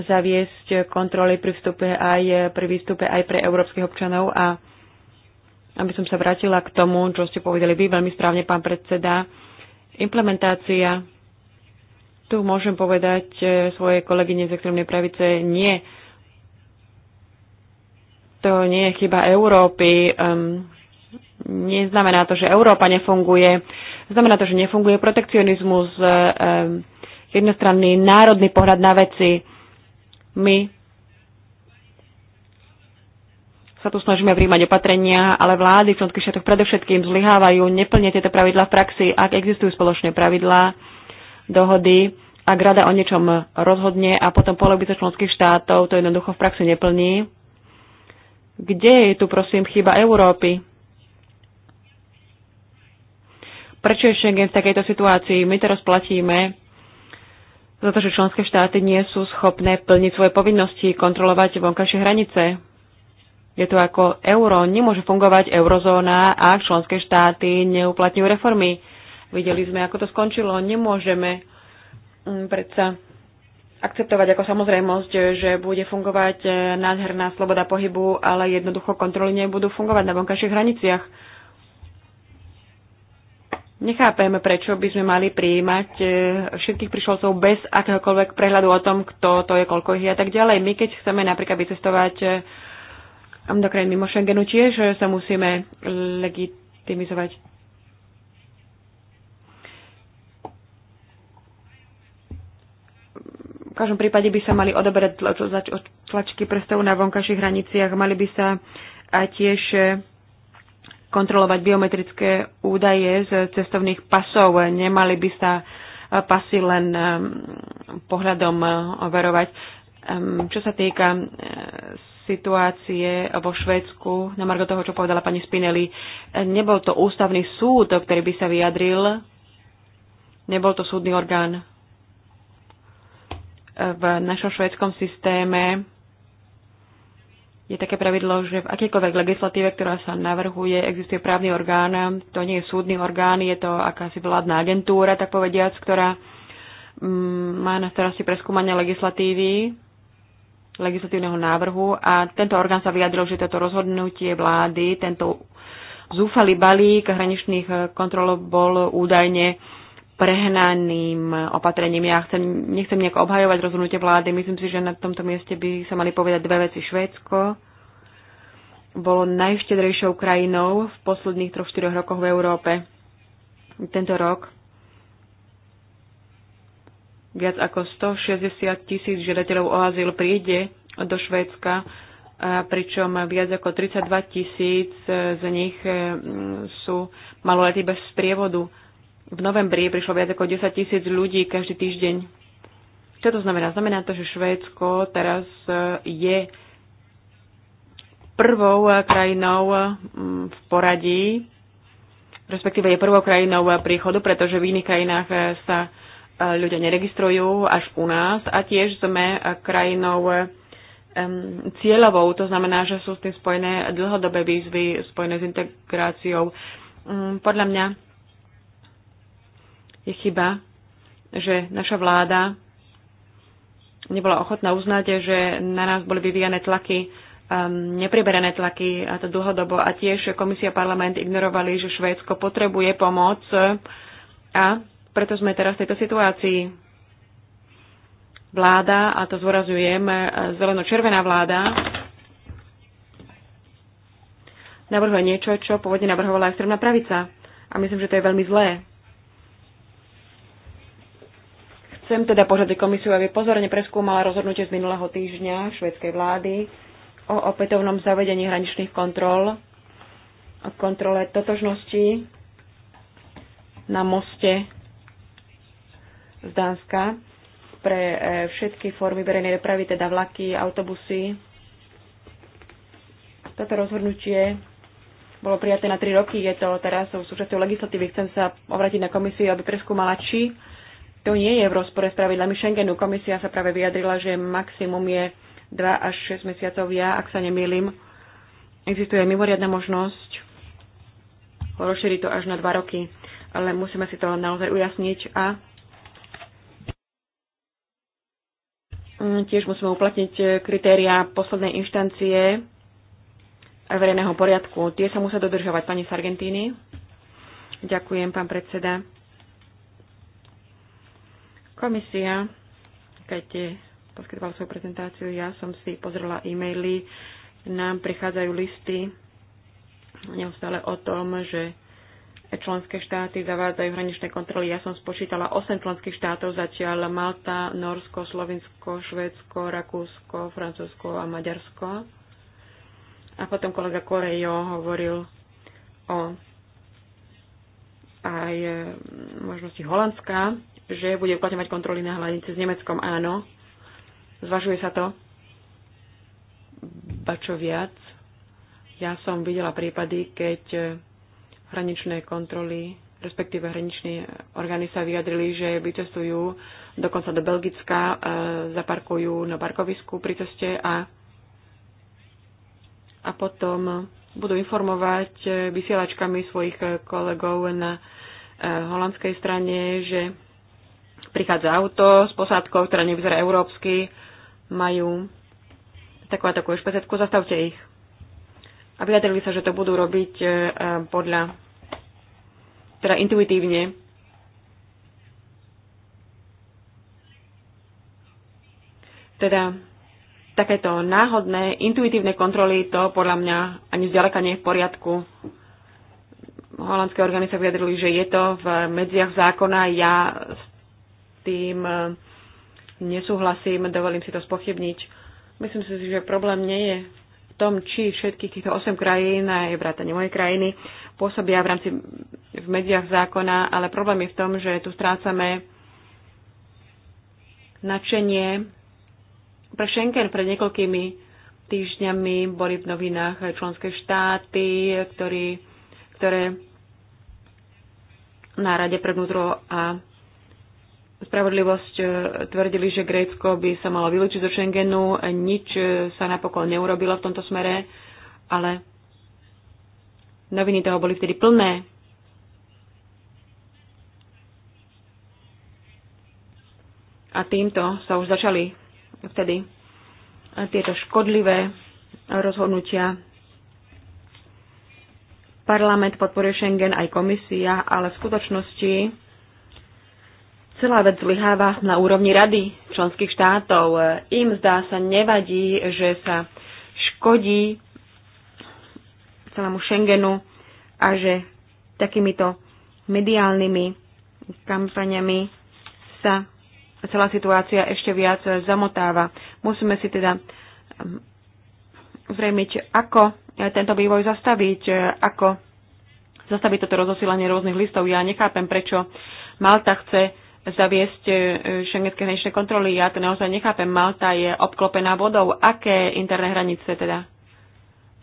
zaviesť kontroly pri vstupe aj pri výstupe aj pre európskych občanov a aby som sa vrátila k tomu, čo ste povedali vy veľmi správne, pán predseda, implementácia, tu môžem povedať e, svojej kolegyne z extrémnej pravice, nie. To nie je chyba Európy. Um, neznamená to, že Európa nefunguje. Znamená to, že nefunguje protekcionizmus, um, jednostranný národný pohľad na veci my sa tu snažíme príjmať opatrenia, ale vlády v členských štátoch predovšetkým zlyhávajú neplne tieto pravidlá v praxi, ak existujú spoločné pravidlá, dohody, ak rada o niečom rozhodne a potom polovica členských štátov to jednoducho v praxi neplní. Kde je tu prosím chyba Európy? Prečo je Schengen v takejto situácii? My teraz platíme za to, že členské štáty nie sú schopné plniť svoje povinnosti, kontrolovať vonkajšie hranice. Je to ako euro. Nemôže fungovať eurozóna, a členské štáty neuplatňujú reformy. Videli sme, ako to skončilo. Nemôžeme mm, predsa akceptovať ako samozrejmosť, že bude fungovať eh, nádherná sloboda pohybu, ale jednoducho kontroly nebudú fungovať na vonkajších hraniciach. Nechápeme, prečo by sme mali prijímať e, všetkých prišlovcov bez akéhokoľvek prehľadu o tom, kto to je, koľko ich je a tak ďalej. My, keď chceme napríklad vycestovať e, do krajín mimo Schengenu, tiež e, sa musíme legitimizovať. V každom prípade by sa mali odoberať tlačky prstov na vonkajších hraniciach, mali by sa a tiež kontrolovať biometrické údaje z cestovných pasov. Nemali by sa eh, pasy len eh, pohľadom overovať. Eh, ehm, čo sa týka situácie vo Švédsku, na margo toho, čo povedala pani Spinelli, nebol to ústavný súd, ktorý by sa vyjadril, nebol to súdny orgán. V našom švédskom systéme je také pravidlo, že v akejkoľvek legislatíve, ktorá sa navrhuje, existuje právny orgán, to nie je súdny orgán, je to akási vládna agentúra, tak povediac, ktorá mm, má na starosti preskúmanie legislatívy, legislatívneho návrhu a tento orgán sa vyjadril, že toto rozhodnutie vlády, tento zúfalý balík hraničných kontrol bol údajne prehnaným opatrením. Ja chcem, nechcem nejak obhajovať rozhodnutie vlády. Myslím si, že na tomto mieste by sa mali povedať dve veci. Švédsko bolo najštedrejšou krajinou v posledných 3-4 rokoch v Európe. Tento rok viac ako 160 tisíc žiadateľov o azyl príde do Švédska, pričom viac ako 32 tisíc z nich mm, sú maloletí bez sprievodu. V novembri prišlo viac ako 10 tisíc ľudí každý týždeň. Čo to znamená? Znamená to, že Švédsko teraz e, je prvou e, krajinou e, v poradí, respektíve je prvou krajinou príchodu, pretože v iných krajinách sa ľudia neregistrujú až u nás a tiež sme krajinou cieľovou, to znamená, že sú s tým spojené dlhodobé výzvy spojené s integráciou. Mm, podľa mňa je chyba, že naša vláda nebola ochotná uznať, že na nás boli vyvíjane tlaky, um, nepriberené tlaky a to dlhodobo a tiež komisia a parlament ignorovali, že Švédsko potrebuje pomoc a preto sme teraz v tejto situácii. Vláda, a to zvorazujem, zeleno-červená vláda, navrhuje niečo, čo pôvodne navrhovala aj extrémna pravica. A myslím, že to je veľmi zlé. Chcem teda požiadať komisiu, aby pozorne preskúmala rozhodnutie z minulého týždňa švedskej vlády o opätovnom zavedení hraničných kontrol a kontrole totožnosti na moste z Dánska pre e, všetky formy verejnej dopravy, teda vlaky, autobusy. Toto rozhodnutie bolo prijaté na 3 roky, je to teraz v súčasťou legislatívy. Chcem sa obrátiť na komisiu, aby preskúmala, či to nie je v rozpore s pravidlami Schengenu. Komisia sa práve vyjadrila, že maximum je 2 až 6 mesiacov. Ja, ak sa nemýlim, existuje mimoriadna možnosť rozšíriť to až na 2 roky. Ale musíme si to naozaj ujasniť a tiež musíme uplatniť kritéria poslednej inštancie a verejného poriadku. Tie sa musia dodržovať. Pani Sargentini. Ďakujem, pán predseda. Komisia, keď poskytoval svoju prezentáciu, ja som si pozrela e-maily, nám prichádzajú listy neustále o tom, že členské štáty zavádzajú hraničné kontroly. Ja som spočítala 8 členských štátov zatiaľ Malta, Norsko, Slovinsko, Švédsko, Rakúsko, Francúzsko a Maďarsko. A potom kolega Korejo hovoril o aj e, možnosti Holandska že bude uplatňovať kontroly na hranici s Nemeckom. Áno, zvažuje sa to. Ba čo viac, ja som videla prípady, keď hraničné kontroly, respektíve hraničné orgány sa vyjadrili, že vycestujú dokonca do Belgicka, e, zaparkujú na parkovisku pri ceste a, a potom budú informovať e, vysielačkami svojich kolegov na e, holandskej strane, že prichádza auto s posádkou, ktorá nevyzerá európsky, majú takú a takú špeciatku, zastavte ich. A vyjadrili sa, že to budú robiť e, podľa, teda intuitívne. Teda takéto náhodné, intuitívne kontroly, to podľa mňa ani zďaleka nie je v poriadku. Holandské orgány sa vyjadrili, že je to v medziach zákona. Ja s tým e, nesúhlasím, dovolím si to spochybniť. Myslím si, že problém nie je v tom, či všetkých týchto 8 krajín, aj vrátane mojej krajiny, pôsobia v rámci v mediach zákona, ale problém je v tom, že tu strácame nadšenie pre Schengen pred niekoľkými týždňami boli v novinách členské štáty, ktorý, ktoré na Rade pre vnútro a spravodlivosť e, tvrdili, že Grécko by sa malo vylúčiť zo Schengenu. Nič e, sa napokon neurobilo v tomto smere, ale noviny toho boli vtedy plné. A týmto sa už začali vtedy tieto škodlivé rozhodnutia. Parlament podporuje Schengen aj komisia, ale v skutočnosti celá vec zlyháva na úrovni rady členských štátov. E, Im zdá sa nevadí, že sa škodí celému Schengenu a že takýmito mediálnymi kampaniami sa celá situácia ešte viac zamotáva. Musíme si teda zrejmiť, ako tento vývoj zastaviť, e, ako zastaviť toto rozosilanie rôznych listov. Ja nechápem, prečo Malta chce zaviesť e, šengenské hraničné kontroly. Ja to naozaj nechápem. Malta je obklopená vodou. Aké interné hranice teda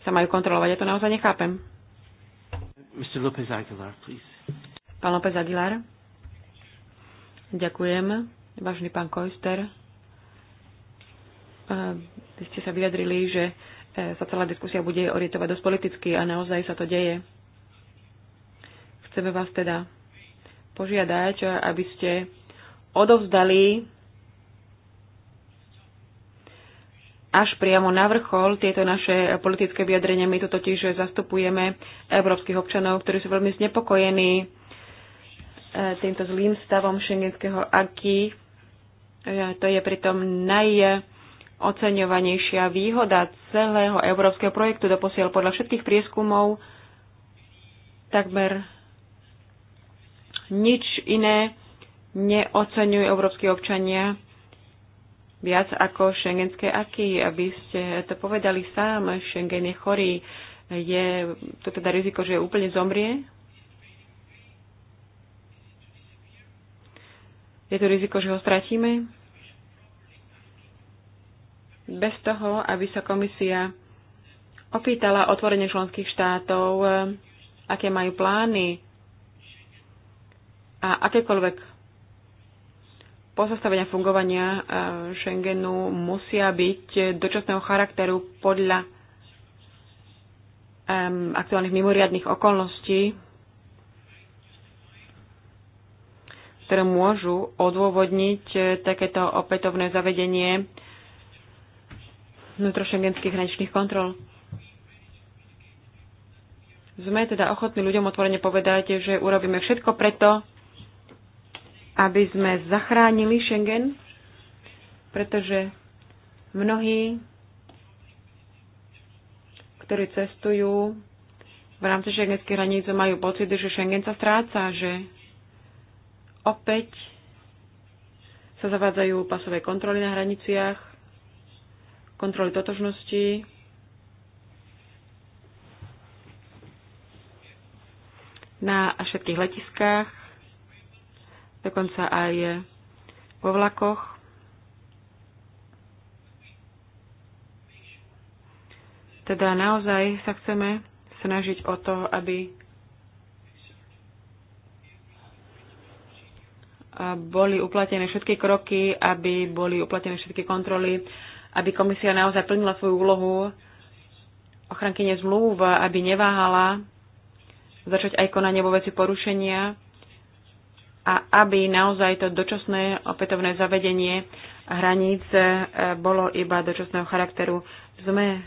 sa majú kontrolovať? Ja to naozaj nechápem. Mr. López Aguilar, please. Pán López Aguilar. Ďakujem. Vážený pán Koister. E, vy ste sa vyjadrili, že e, sa celá diskusia bude orientovať dosť politicky a naozaj sa to deje. Chceme vás teda požiadať, aby ste odovzdali až priamo na vrchol tieto naše politické vyjadrenia. My tu totiž zastupujeme európskych občanov, ktorí sú veľmi znepokojení e, týmto zlým stavom šengenského aký. E, to je pritom najoceňovanejšia výhoda celého európskeho projektu doposiaľ podľa všetkých prieskumov takmer nič iné neoceňujú európsky občania viac ako šengenské aky. Aby ste to povedali sám, Schengen je chorý. Je to teda riziko, že úplne zomrie? Je to riziko, že ho stratíme? Bez toho, aby sa komisia opýtala otvorenie členských štátov, aké majú plány a akékoľvek pozastavenia fungovania eh, Schengenu musia byť dočasného charakteru podľa aktuálnych mimoriadných okolností, ktoré môžu odôvodniť eh, takéto opätovné zavedenie vnútrošengenských hraničných kontrol. Sme teda ochotní ľuďom otvorene povedať, že urobíme všetko preto, aby sme zachránili Schengen, pretože mnohí, ktorí cestujú v rámci šengenských hraníc, majú pocit, že Schengen sa stráca, že opäť sa zavádzajú pasové kontroly na hraniciach, kontroly totožnosti, na všetkých letiskách dokonca aj vo vlakoch. Teda naozaj sa chceme snažiť o to, aby boli uplatené všetky kroky, aby boli uplatené všetky kontroly, aby komisia naozaj plnila svoju úlohu ochrankyne zmluv, aby neváhala začať aj konanie vo veci porušenia aby naozaj to dočasné opätovné zavedenie hraníc e, bolo iba dočasného charakteru. Sme e,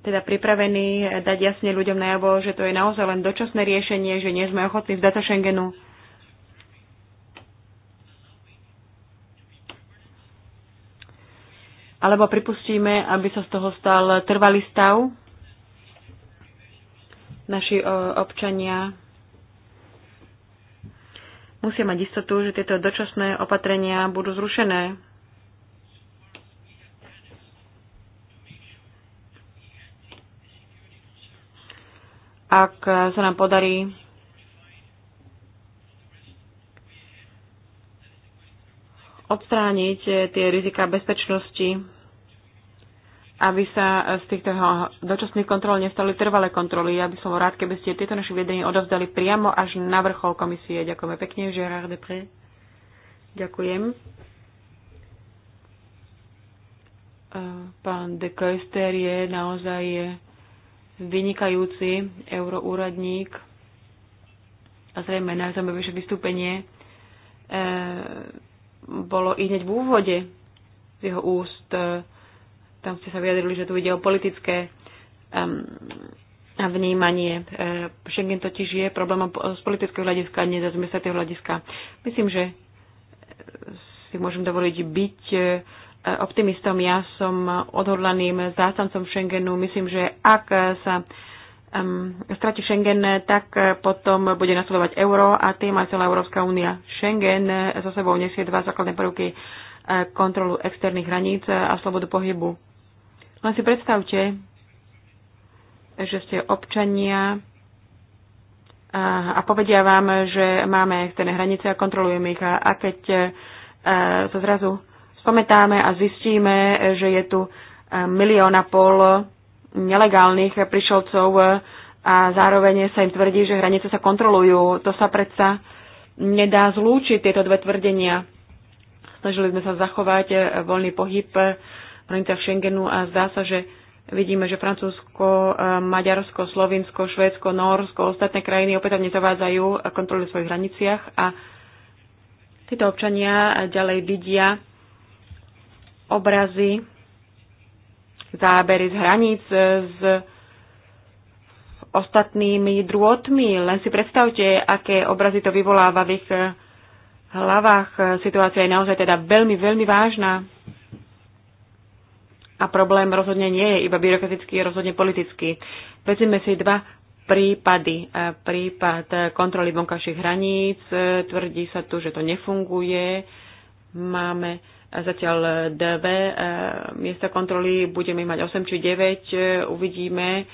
teda pripravení dať jasne ľuďom najavo, že to je naozaj len dočasné riešenie, že nie sme ochotní vzdať sa Schengenu. Alebo pripustíme, aby sa z toho stal trvalý stav. Naši e, občania musia mať istotu, že tieto dočasné opatrenia budú zrušené. Ak sa nám podarí odstrániť tie rizika bezpečnosti aby sa z týchto dočasných kontrol nestali trvalé kontroly. Ja by som rád, keby ste tieto naše vedenie odovzdali priamo až na vrchol komisie. Ďakujeme pekne, Gérard Depré. Ďakujem. E, pán de Koester je naozaj vynikajúci euroúradník a zrejme najzaujímavejšie vystúpenie e, bolo i hneď v úvode z jeho úst. E, tam ste sa vyjadrili, že tu ide o politické um, vnímanie. E, Schengen totiž je problémom z politického hľadiska, nie z mestského hľadiska. Myslím, že si môžem dovoliť byť e, optimistom. Ja som odhodlaným zástancom Schengenu. Myslím, že ak sa um, strati Schengen, tak potom bude nasledovať euro a tým aj celá Európska únia. Schengen za sebou nesie dva základné prvky e, kontrolu externých hraníc a slobodu pohybu len si predstavte, že ste občania a, a povedia vám, že máme externé hranice a kontrolujeme ich. A, a keď e, sa zrazu spometáme a zistíme, že je tu e, milión a pol nelegálnych prišelcov e, a zároveň sa im tvrdí, že hranice sa kontrolujú. To sa predsa nedá zlúčiť, tieto dve tvrdenia. Snažili sme sa zachovať voľný pohyb hraniciach Schengenu a zdá sa, že vidíme, že Francúzsko, e, Maďarsko, Slovinsko, Švédsko, Norsko, ostatné krajiny opätovne zavádzajú kontroly v svojich hraniciach a títo občania ďalej vidia obrazy, zábery z hraníc, z e, ostatnými drôtmi. Len si predstavte, aké obrazy to vyvoláva v ich e, hlavách. Situácia je naozaj teda veľmi, veľmi vážna. A problém rozhodne nie je iba byrokratický, je rozhodne politický. Vezmeme si dva prípady. E, prípad e, kontroly vonkajších hraníc. E, tvrdí sa tu, že to nefunguje. Máme zatiaľ dve miesta kontroly. Budeme mať 8 či 9. Uvidíme,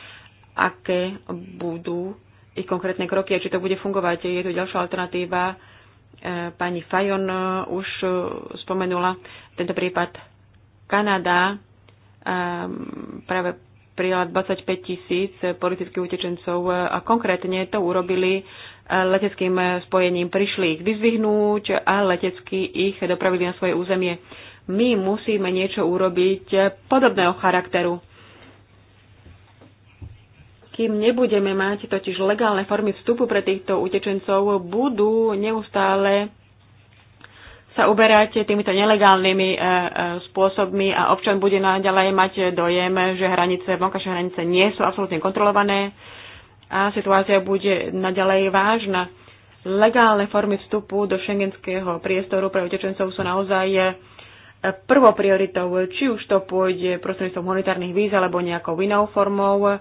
aké budú ich konkrétne kroky a či to bude fungovať. Je tu ďalšia alternatíva. Pani Fajon už spomenula tento prípad Kanada Ehm, práve prijala 25 tisíc politických utečencov a konkrétne to urobili e, leteckým spojením. Prišli ich vyzvihnúť a letecky ich dopravili na svoje územie. My musíme niečo urobiť podobného charakteru. Kým nebudeme mať totiž legálne formy vstupu pre týchto utečencov, budú neustále sa uberáte týmito nelegálnymi e, e, spôsobmi a občan bude naďalej mať dojem, že hranice, vonkajšie hranice nie sú absolútne kontrolované a situácia bude naďalej vážna. Legálne formy vstupu do šengenského priestoru pre utečencov sú naozaj e, prvou prioritou, či už to pôjde prostredníctvom humanitárnych víz alebo nejakou inou formou.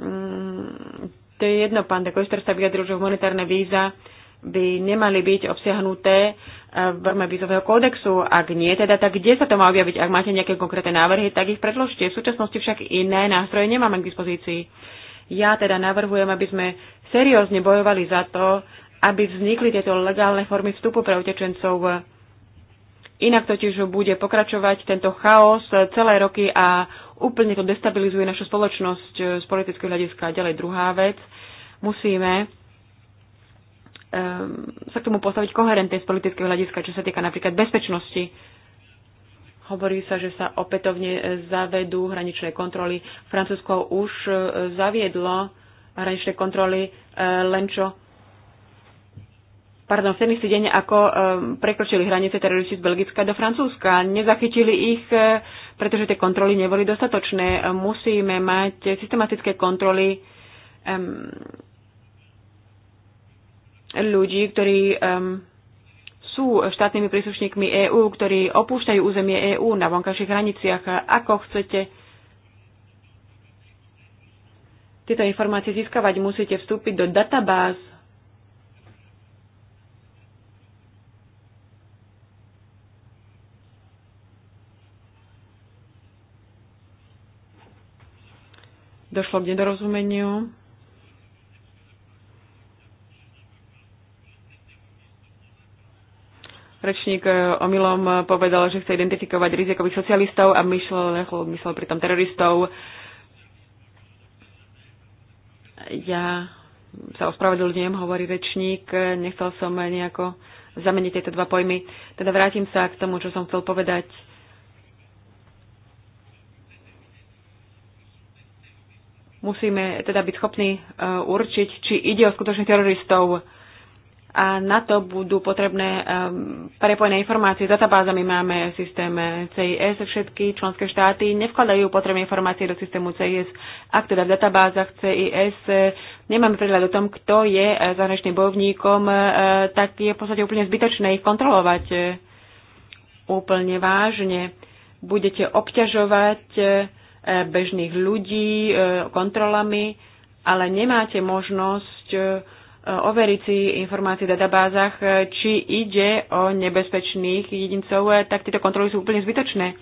Mm, to je jedno, pán Dekoister sa vyjadril, že humanitárne víza by nemali byť obsiahnuté v forme vízového kódexu. Ak nie, teda tak kde sa to má objaviť? Ak máte nejaké konkrétne návrhy, tak ich predložte. V súčasnosti však iné nástroje nemáme k dispozícii. Ja teda navrhujem, aby sme seriózne bojovali za to, aby vznikli tieto legálne formy vstupu pre utečencov. Inak totiž bude pokračovať tento chaos celé roky a úplne to destabilizuje našu spoločnosť z politického hľadiska. Ďalej druhá vec. Musíme Ehm, sa k tomu postaviť koherentne z politického hľadiska, čo sa týka napríklad bezpečnosti. Hovorí sa, že sa opätovne zavedú hraničné kontroly. Francúzsko už e, zaviedlo hraničné kontroly e, len čo pardon, v ten istý deň, ako e, prekročili hranice teroristi z Belgicka do Francúzska. Nezachytili ich, e, pretože tie kontroly neboli dostatočné. Musíme mať systematické kontroly ehm, ľudí, ktorí um, sú štátnymi príslušníkmi EÚ, ktorí opúšťajú územie EÚ na vonkajších hraniciach. Ako chcete tieto informácie získavať, musíte vstúpiť do databáz. Došlo k nedorozumeniu. Rečník e, omylom e, povedal, že chce identifikovať rizikových socialistov a myslel, myslel pritom teroristov. Ja sa ospravedlňujem, hovorí rečník, nechcel som nejako zameniť tieto dva pojmy. Teda vrátim sa k tomu, čo som chcel povedať. Musíme teda byť schopní e, určiť, či ide o skutočných teroristov a na to budú potrebné ehm, prepojené informácie. S databázami máme systém CIS, všetky členské štáty nevkladajú potrebné informácie do systému CIS. Ak teda v databázach CIS eh, nemáme prehľad o tom, kto je eh, zahraničným bojovníkom, eh, tak je v podstate úplne zbytočné ich kontrolovať úplne vážne. Budete obťažovať bežných ľudí kontrolami, ale nemáte možnosť overiť si informácie v databázach, či ide o nebezpečných jedincov, tak tieto kontroly sú úplne zbytočné.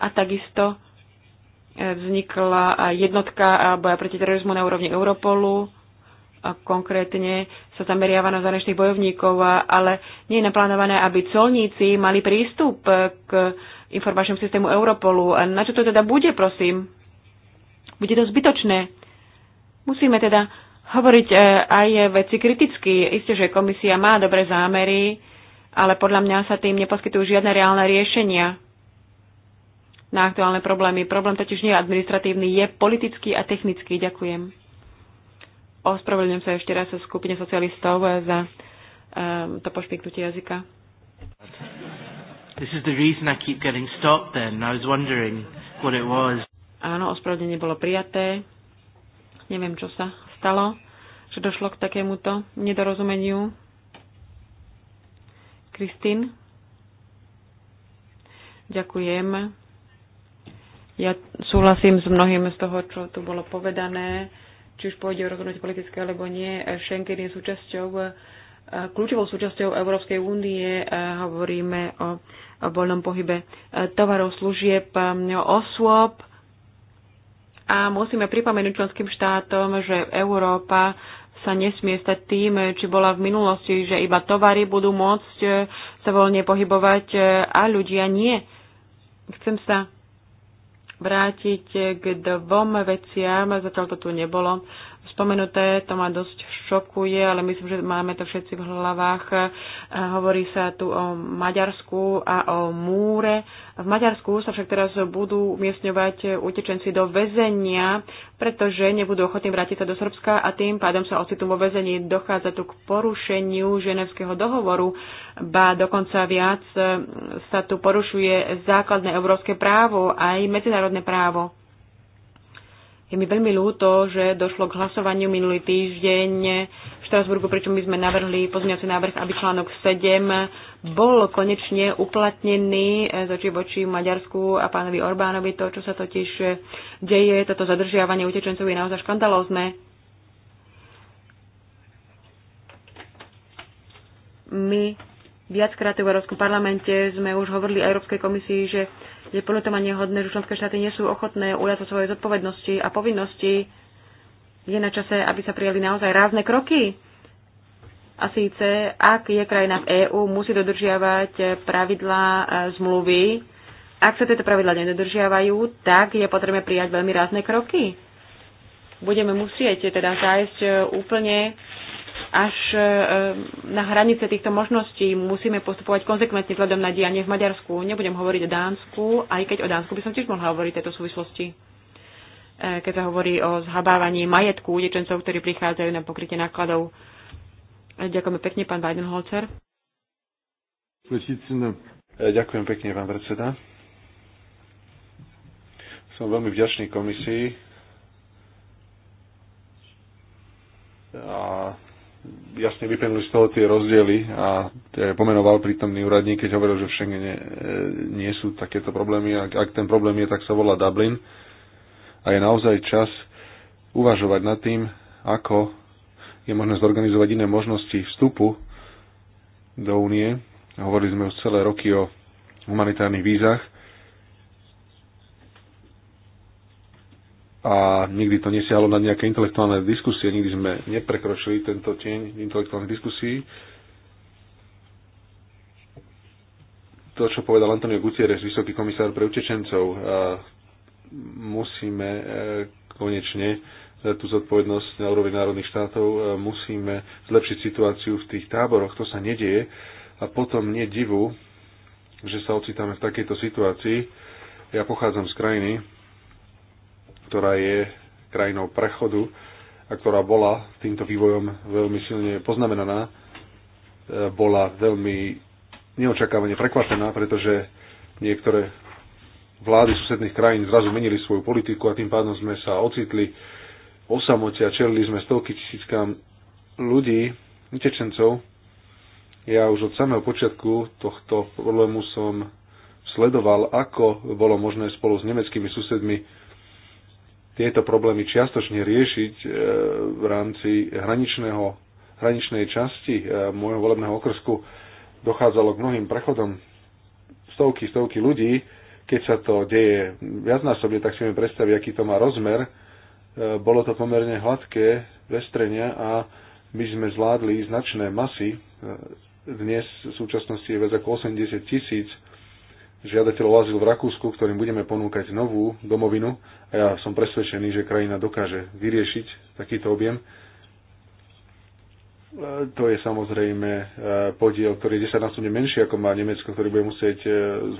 A takisto e, vznikla jednotka boja proti terorizmu na úrovni Europolu, a konkrétne sa zameriava na zahraničných bojovníkov, ale nie je naplánované, aby colníci mali prístup k informačnému systému Europolu. A na čo to teda bude, prosím? Bude to zbytočné. Musíme teda hovoriť e, aj veci kriticky. Isté, že komisia má dobré zámery, ale podľa mňa sa tým neposkytujú žiadne reálne riešenia na aktuálne problémy. Problém totiž nie je administratívny, je politický a technický. Ďakujem. Ospravedlňujem sa ešte raz so skupine socialistov za um, to pošpiknutie jazyka. This is the reason I keep getting stopped then. I was wondering what it was. Áno, ospravedlnenie bolo prijaté. Neviem, čo sa stalo, že došlo k takémuto nedorozumeniu. Kristín, ďakujem. Ja súhlasím s mnohým z toho, čo tu bolo povedané, či už pôjde o rozhodnutie politické alebo nie. Schengen je súčasťou, kľúčovou súčasťou Európskej únie. Hovoríme o voľnom pohybe tovarov, služieb, osôb a musíme pripomenúť členským štátom, že Európa sa nesmie stať tým, či bola v minulosti, že iba tovary budú môcť e, sa voľne pohybovať e, a ľudia nie. Chcem sa vrátiť k dvom veciam, zatiaľ to tu nebolo spomenuté, to ma dosť šokuje, ale myslím, že máme to všetci v hlavách. E, hovorí sa tu o Maďarsku a o múre. V Maďarsku sa však teraz budú umiestňovať utečenci do väzenia, pretože nebudú ochotní vrátiť sa do Srbska a tým pádom sa ocitú vo väzení. Dochádza tu k porušeniu ženevského dohovoru, ba dokonca viac e, sa tu porušuje základné európske právo aj medzinárodné právo. Je mi veľmi ľúto, že došlo k hlasovaniu minulý týždeň v Štrasburgu, pričom my sme navrhli pozmeňovací návrh, aby článok 7 bol konečne uplatnený z oči voči Maďarsku a pánovi Orbánovi. To, čo sa totiž deje, toto zadržiavanie utečencov je naozaj škandalózne. My viackrát v Európskom parlamente sme už hovorili Európskej komisii, že je polutovanie hodné, že členské štáty nie sú ochotné ujať sa svojej zodpovednosti a povinnosti. Je na čase, aby sa prijali naozaj rázne kroky. A síce, ak je krajina v EÚ, musí dodržiavať eh, pravidlá eh, zmluvy. Ak sa tieto pravidlá nedodržiavajú, tak je potrebné prijať veľmi rázne kroky. Budeme musieť eh, teda zájsť úplne až e, e, na hranice týchto možností musíme postupovať konsekventne vzhľadom na dianie v Maďarsku. Nebudem hovoriť o Dánsku, aj keď o Dánsku by som tiež mohla hovoriť v tejto súvislosti e, keď sa hovorí o zhabávaní majetku utečencov, ktorí prichádzajú na pokrytie nákladov. Ďakujeme pekne, pán Weidenholzer. No. Ďakujem pekne, pán predseda. Som veľmi vďačný komisii a jasne vyplynuli z toho tie rozdiely a pomenoval prítomný úradník, keď hovoril, že v Schengene e, nie sú takéto problémy. Ak, ak ten problém je, tak sa volá Dublin a je naozaj čas uvažovať nad tým, ako je možné zorganizovať iné možnosti vstupu do únie. Hovorili sme už celé roky o humanitárnych vízach a nikdy to nesiahlo na nejaké intelektuálne diskusie, nikdy sme neprekročili tento tieň intelektuálnych diskusí. To, čo povedal Antonio Gutierrez, vysoký komisár pre utečencov, musíme e, konečne e, tú zodpovednosť na úroveň národných štátov, e, musíme zlepšiť situáciu v tých táboroch, to sa nedieje a potom nie divu, že sa ocitáme v takejto situácii. Ja pochádzam z krajiny, ktorá je krajinou prechodu a ktorá bola týmto vývojom veľmi silne poznamenaná, e, bola veľmi neočakávane prekvapená, pretože niektoré vlády susedných krajín zrazu menili svoju politiku a tým pádom sme sa ocitli o samote a čelili sme stovky tisíckam ľudí, utečencov. Ja už od samého počiatku tohto problému som sledoval, ako bolo možné spolu s nemeckými susedmi tieto problémy čiastočne riešiť e, v rámci hraničného, hraničnej časti e, môjho volebného okrsku dochádzalo k mnohým prechodom stovky, stovky ľudí. Keď sa to deje viacnásobne, tak si mi predstaviť, aký to má rozmer. E, bolo to pomerne hladké vestrenia a my sme zvládli značné masy. Dnes v súčasnosti je viac ako 80 tisíc žiadateľov azyl v Rakúsku, ktorým budeme ponúkať novú domovinu a ja som presvedčený, že krajina dokáže vyriešiť takýto objem. E, to je samozrejme e, podiel, ktorý je 10 násobne menší, ako má Nemecko, ktorý bude musieť e,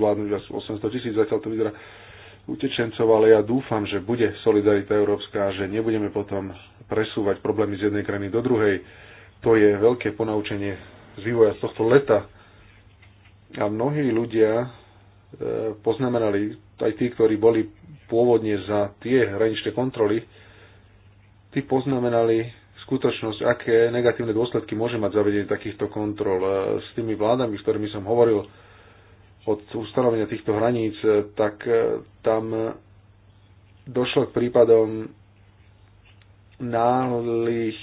zvládnuť asi 800 tisíc, zatiaľ to vyzerá utečencov, ale ja dúfam, že bude solidarita európska, že nebudeme potom presúvať problémy z jednej krajiny do druhej. To je veľké ponaučenie z vývoja z tohto leta. A mnohí ľudia poznamenali aj tí, ktorí boli pôvodne za tie hraničné kontroly, tí poznamenali skutočnosť, aké negatívne dôsledky môže mať zavedenie takýchto kontrol. E, s tými vládami, s ktorými som hovoril od ustanovenia týchto hraníc, e, tak e, tam došlo k prípadom náhlých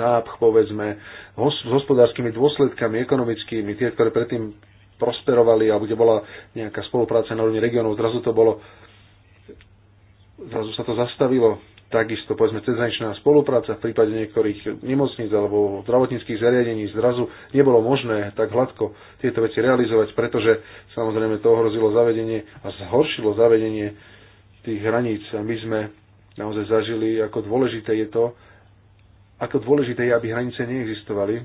zápch, povedzme, s hospodárskymi dôsledkami, ekonomickými, tie, ktoré predtým prosperovali, alebo kde bola nejaká spolupráca na úrovni regionov, zrazu to bolo, zrazu sa to zastavilo. Takisto, povedzme, cezhraničná spolupráca v prípade niektorých nemocníc alebo zdravotníckých zariadení zrazu nebolo možné tak hladko tieto veci realizovať, pretože samozrejme to ohrozilo zavedenie a zhoršilo zavedenie tých hraníc. A my sme naozaj zažili, ako dôležité je to, ako dôležité je, aby hranice neexistovali,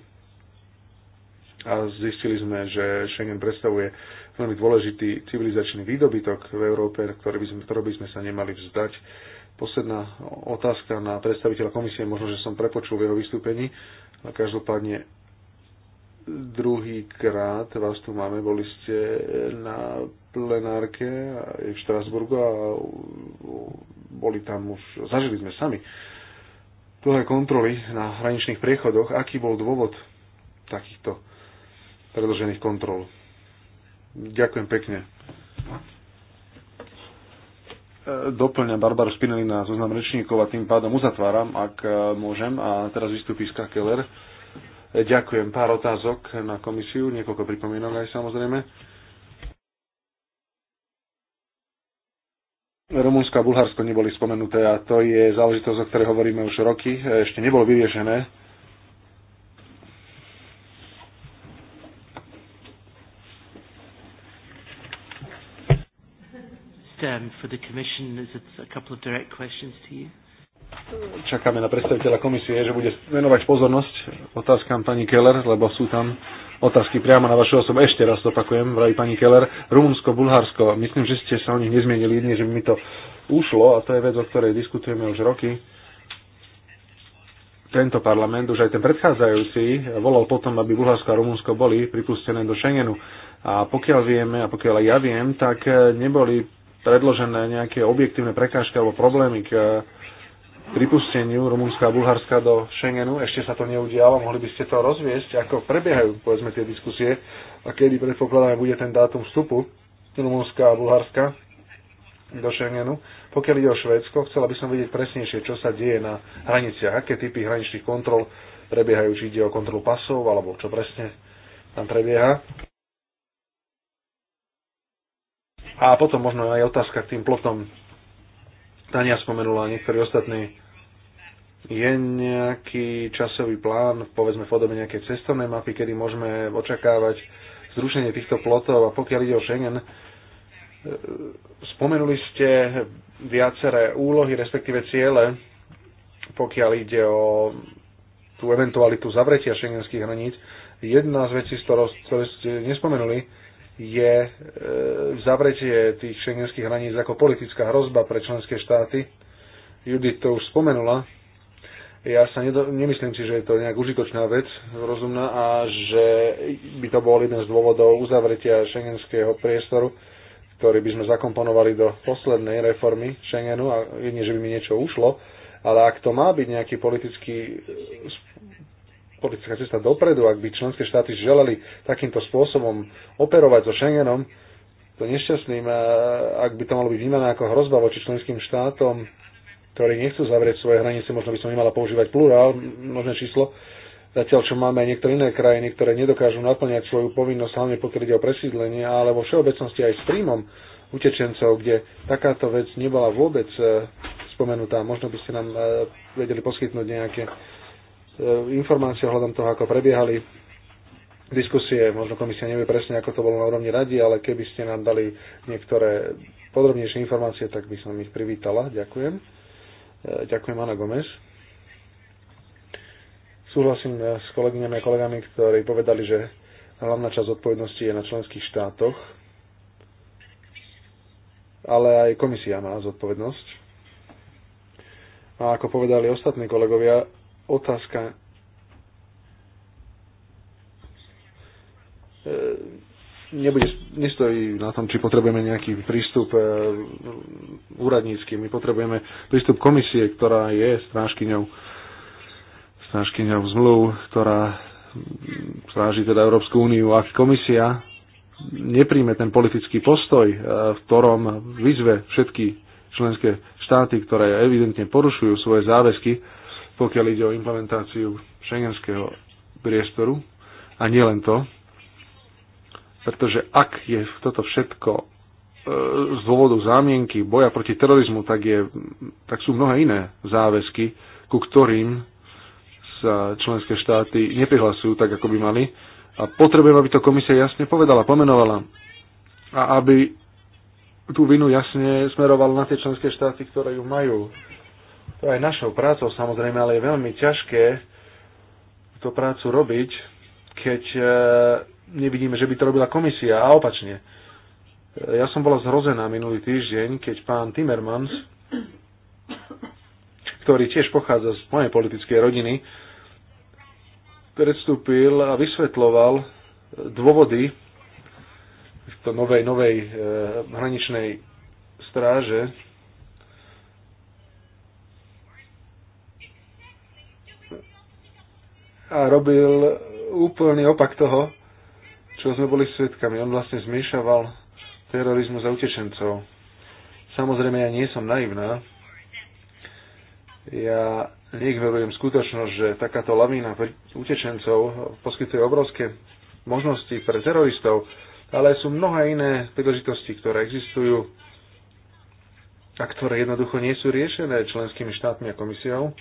a zistili sme, že Schengen predstavuje veľmi dôležitý civilizačný výdobytok v Európe, ktorý by sme, ktorý by sme sa nemali vzdať. Posledná otázka na predstaviteľa komisie, možno, že som prepočul v jeho vystúpení, ale každopádne druhýkrát vás tu máme, boli ste na plenárke v Štrasburgu a boli tam už, zažili sme sami dlhé kontroly na hraničných priechodoch. Aký bol dôvod takýchto predložených kontrol. Ďakujem pekne. E, Doplňam Barbaru Spinelli na zoznam rečníkov a tým pádom uzatváram, ak e, môžem. A teraz vystupí Ska Keller. E, ďakujem. Pár otázok na komisiu, niekoľko pripomienok aj samozrejme. Rumunsko a Bulharsko neboli spomenuté a to je záležitosť, o ktorej hovoríme už roky. Ešte nebolo vyriešené um, for the Commission is a couple of direct questions to you. Čakáme na predstaviteľa komisie, že bude venovať pozornosť otázkam pani Keller, lebo sú tam otázky priamo na vašu osobu. Ešte raz opakujem, vraj pani Keller, Rumunsko, Bulharsko, myslím, že ste sa o nich nezmienili jedne, že mi to ušlo a to je vec, o ktorej diskutujeme už roky. Tento parlament, už aj ten predchádzajúci, volal potom, aby Bulharsko a Rumunsko boli pripustené do Schengenu. A pokiaľ vieme, a pokiaľ aj ja viem, tak neboli predložené nejaké objektívne prekážky alebo problémy k eh, pripusteniu Rumunska a Bulharska do Schengenu. Ešte sa to neudialo, mohli by ste to rozviesť, ako prebiehajú povedzme tie diskusie a kedy predpokladáme bude ten dátum vstupu Rumunska a Bulharska do Schengenu. Pokiaľ ide o Švédsko, chcela by som vedieť presnejšie, čo sa deje na hraniciach, aké typy hraničných kontrol prebiehajú, či ide o kontrolu pasov, alebo čo presne tam prebieha. A potom možno aj otázka k tým plotom. Tania spomenula a niektorí ostatní. Je nejaký časový plán, povedzme v podobe nejakej cestovnej mapy, kedy môžeme očakávať zrušenie týchto plotov a pokiaľ ide o Schengen, e, spomenuli ste viaceré úlohy, respektíve ciele, pokiaľ ide o tú eventualitu zavretia šengenských hraníc. Jedna z vecí, z ktorou ste nespomenuli, je e, zavretie tých šengenských hraníc ako politická hrozba pre členské štáty. Judith to už spomenula. Ja sa nedo, nemyslím si, že je to nejak užitočná vec, rozumná, a že by to bol jeden z dôvodov uzavretia šengenského priestoru, ktorý by sme zakomponovali do poslednej reformy Schengenu, a jedne, že by mi niečo ušlo, ale ak to má byť nejaký politický politická cesta dopredu, ak by členské štáty želali takýmto spôsobom operovať so Schengenom, to nešťastným, ak by to malo byť vnímané ako hrozba voči členským štátom, ktorí nechcú zavrieť svoje hranice, možno by som nemala používať plurál, možné číslo, zatiaľ čo máme aj niektoré iné krajiny, ktoré nedokážu naplňať svoju povinnosť, hlavne pokiaľ ide o presídlenie, ale vo všeobecnosti aj s príjmom utečencov, kde takáto vec nebola vôbec eh, spomenutá. Možno by ste nám eh, vedeli poskytnúť nejaké Eh, informácie ohľadom toho, ako prebiehali diskusie. Možno komisia nevie presne, ako to bolo na úrovni radi, ale keby ste nám dali niektoré podrobnejšie informácie, tak by som ich privítala. Ďakujem. Eh, ďakujem, Ana Gomez. Súhlasím eh, s kolegyňami a kolegami, ktorí povedali, že hlavná časť odpovednosti je na členských štátoch, ale aj komisia má zodpovednosť. A ako povedali ostatní kolegovia, otázka e, nebude, nestojí na tom, či potrebujeme nejaký prístup e, úradnícky. My potrebujeme prístup komisie, ktorá je strážkyňou, strážkyňou zmluv, ktorá stráži teda Európsku úniu. Ak komisia nepríjme ten politický postoj, e, v ktorom vyzve všetky členské štáty, ktoré evidentne porušujú svoje záväzky, pokiaľ ide o implementáciu šengenského priestoru a nielen to, pretože ak je toto všetko e, z dôvodu zámienky boja proti terorizmu, tak, je, tak sú mnohé iné záväzky, ku ktorým sa členské štáty neprihlasujú tak, ako by mali. A potrebujem, aby to komisia jasne povedala, pomenovala. A aby tú vinu jasne smerovala na tie členské štáty, ktoré ju majú to je našou prácou samozrejme, ale je veľmi ťažké tú prácu robiť, keď e, nevidíme, že by to robila komisia a opačne. E, ja som bola zhrozená minulý týždeň, keď pán Timmermans, ktorý tiež pochádza z mojej politickej rodiny, predstúpil a vysvetloval dôvody v novej, novej e, hraničnej stráže a robil úplný opak toho, čo sme boli svetkami. On vlastne zmiešaval terorizmus a utečencov. Samozrejme, ja nie som naivná. Ja neignorujem skutočnosť, že takáto lavína utečencov poskytuje obrovské možnosti pre teroristov, ale sú mnohé iné príležitosti, ktoré existujú a ktoré jednoducho nie sú riešené členskými štátmi a komisiou.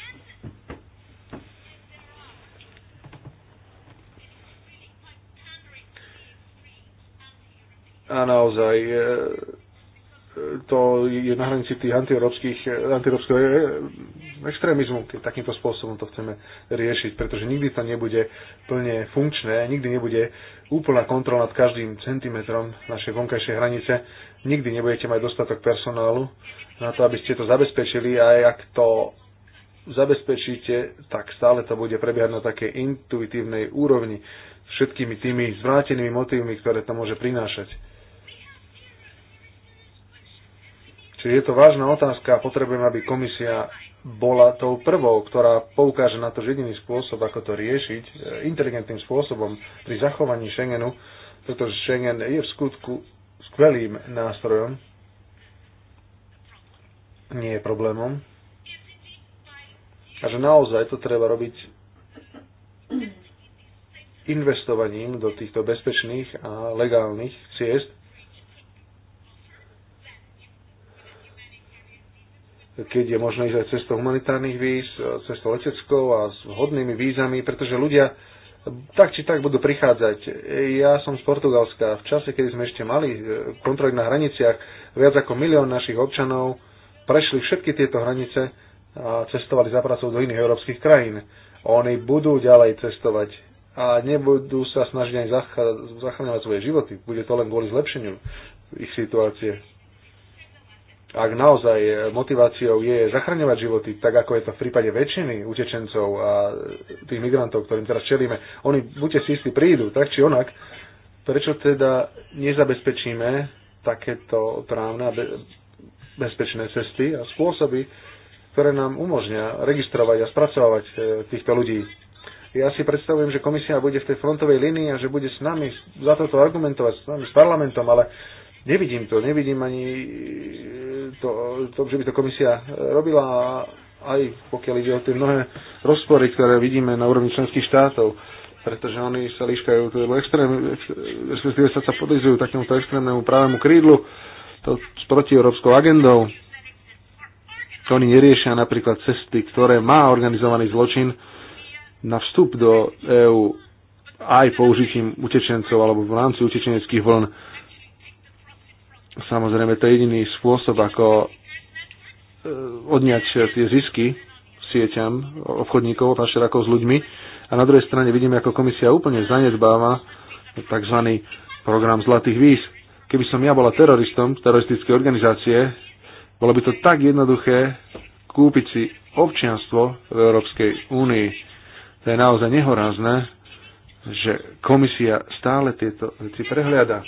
a naozaj e, to je na hranici tých antieurópskeho e, extrémizmu, keď takýmto spôsobom to chceme riešiť, pretože nikdy to nebude plne funkčné, nikdy nebude úplná kontrola nad každým centimetrom našej vonkajšej hranice, nikdy nebudete mať dostatok personálu na to, aby ste to zabezpečili a ak to zabezpečíte, tak stále to bude prebiehať na takej intuitívnej úrovni všetkými tými zvrátenými motívmi, ktoré to môže prinášať Čiže je to vážna otázka a potrebujem, aby komisia bola tou prvou, ktorá poukáže na to, že jediný spôsob, ako to riešiť, e, inteligentným spôsobom pri zachovaní Schengenu, pretože Schengen je v skutku skvelým nástrojom, nie je problémom. A že naozaj to treba robiť investovaním do týchto bezpečných a legálnych ciest, keď je možné ísť aj cestou humanitárnych víz, e, cestou leteckou a s vhodnými vízami, pretože ľudia tak či tak budú prichádzať. Ja som z Portugalska. V čase, kedy sme ešte mali e, kontroly na hraniciach, viac ako milión našich občanov prešli všetky tieto hranice a cestovali za pracou do iných európskych krajín. Oni budú ďalej cestovať a nebudú sa snažiť ani zachraňovať svoje životy. Bude to len kvôli zlepšeniu ich situácie ak naozaj motiváciou je zachraňovať životy, tak ako je to v prípade väčšiny utečencov a tých migrantov, ktorým teraz čelíme, oni buďte si istí prídu, tak či onak, prečo teda nezabezpečíme takéto právne a bezpečné cesty a spôsoby, ktoré nám umožňa registrovať a spracovávať e, týchto ľudí. Ja si predstavujem, že komisia bude v tej frontovej línii a že bude s nami za toto argumentovať, s nami, s parlamentom, ale Nevidím to, nevidím ani e, to, to že by to komisia e, robila, aj pokiaľ ide o tie mnohé rozpory, ktoré vidíme na úrovni členských štátov pretože oni sa líškajú, lebo extrém, respektíve sa, podlizujú takémuto extrémnemu právému krídlu, to s protieurópskou agendou. Oni neriešia napríklad cesty, ktoré má organizovaný zločin na vstup do EÚ aj použitím utečencov alebo v rámci utečeneckých vln. Samozrejme, to je jediný spôsob, ako e, odňať tie zisky sieťam obchodníkov, pašer ako s ľuďmi. A na druhej strane vidíme, ako komisia úplne zanedbáva tzv. program zlatých víz. Keby som ja bola teroristom teroristické organizácie, bolo by to tak jednoduché kúpiť si občianstvo v Európskej únii. To je naozaj nehorázne, že komisia stále tieto veci prehliada.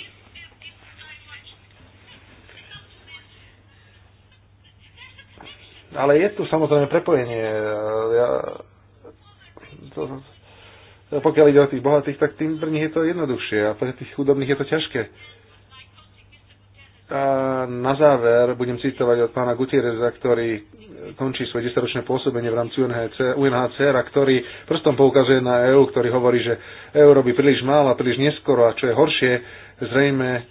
Ale je tu samozrejme prepojenie. Ja, to, pokiaľ ide o tých bohatých, tak tým pre nich je to jednoduchšie a pre tých chudobných je to ťažké. A na záver budem citovať od pána Gutierreza, ktorý končí svoje 10 pôsobenie v rámci UNHCR a ktorý prstom poukazuje na EÚ, ktorý hovorí, že EÚ robí príliš málo a príliš neskoro a čo je horšie, zrejme e,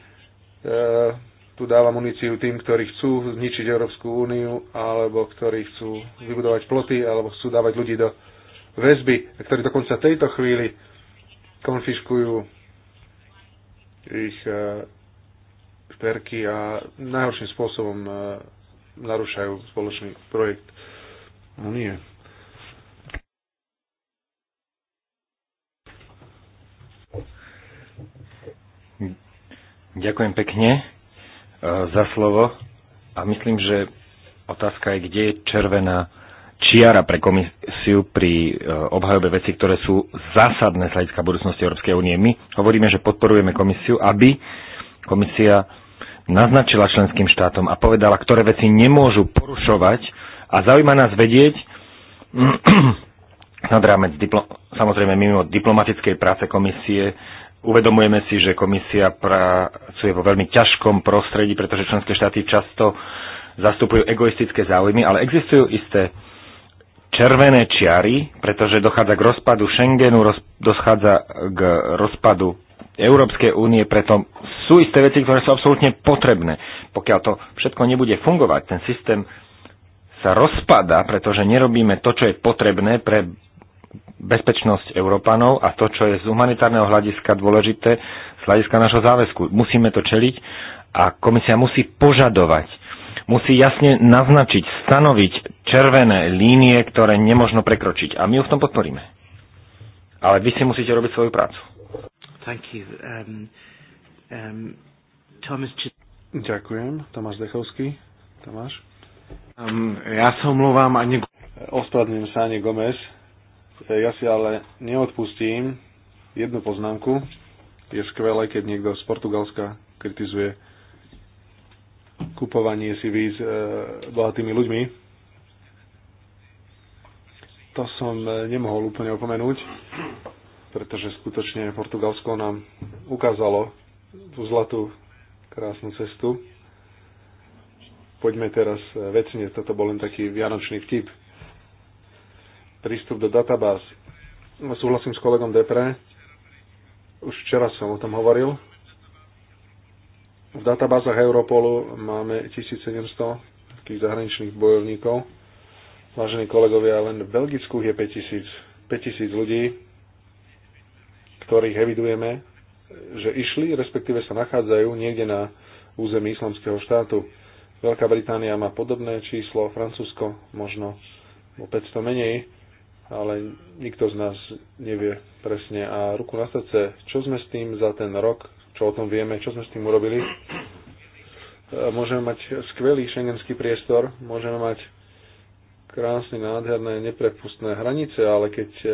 tu dáva muníciu tým, ktorí chcú zničiť Európsku úniu, alebo ktorí chcú vybudovať ploty, alebo chcú dávať ľudí do väzby, ktorí dokonca tejto chvíli konfiškujú ich šperky eh, a najhorším spôsobom eh, narúšajú spoločný projekt únie. Hm. Ďakujem pekne Eh, za slovo a myslím, že otázka je, kde je červená čiara pre komisiu pri eh, obhajobe veci, ktoré sú zásadné z hľadiska budúcnosti Európskej únie. My hovoríme, že podporujeme komisiu, aby komisia naznačila členským štátom a povedala, ktoré veci nemôžu porušovať a zaujíma nás vedieť nad rámec, samozrejme mimo diplomatickej práce komisie, Uvedomujeme si, že komisia pracuje vo veľmi ťažkom prostredí, pretože členské štáty často zastupujú egoistické záujmy, ale existujú isté červené čiary, pretože dochádza k rozpadu Schengenu, roz, dochádza k rozpadu Európskej únie, preto sú isté veci, ktoré sú absolútne potrebné. Pokiaľ to všetko nebude fungovať, ten systém sa rozpada, pretože nerobíme to, čo je potrebné pre bezpečnosť Európanov a to, čo je z humanitárneho hľadiska dôležité, z hľadiska našho záväzku. Musíme to čeliť a komisia musí požadovať, musí jasne naznačiť, stanoviť červené línie, ktoré nemožno prekročiť. A my ju v tom podporíme. Ale vy si musíte robiť svoju prácu. Thank you. Um, um, Thomas... Ďakujem. Tomáš Dechovský. Tomáš. Um, ja sa omluvám ani... Ospravedlňujem sa ani Gomez ja si ale neodpustím jednu poznámku. Je skvelé, keď niekto z Portugalska kritizuje kupovanie si víz e, bohatými ľuďmi. To som e, nemohol úplne opomenúť, pretože skutočne Portugalsko nám ukázalo tú zlatú krásnu cestu. Poďme teraz e, vecne, toto bol len taký vianočný vtip prístup do databáz. No, súhlasím s kolegom Depre, už včera som o tom hovoril. V databázach Europolu máme 1700 takých zahraničných bojovníkov. Vážení kolegovia, len v Belgicku je 5000, 5000 ľudí, ktorých evidujeme, že išli, respektíve sa nachádzajú niekde na území islamského štátu. Veľká Británia má podobné číslo, Francúzsko možno o 500 menej ale nikto z nás nevie presne. A ruku na srdce, čo sme s tým za ten rok, čo o tom vieme, čo sme s tým urobili. E, môžeme mať skvelý šengenský priestor, môžeme mať krásne, nádherné, neprepustné hranice, ale keď e,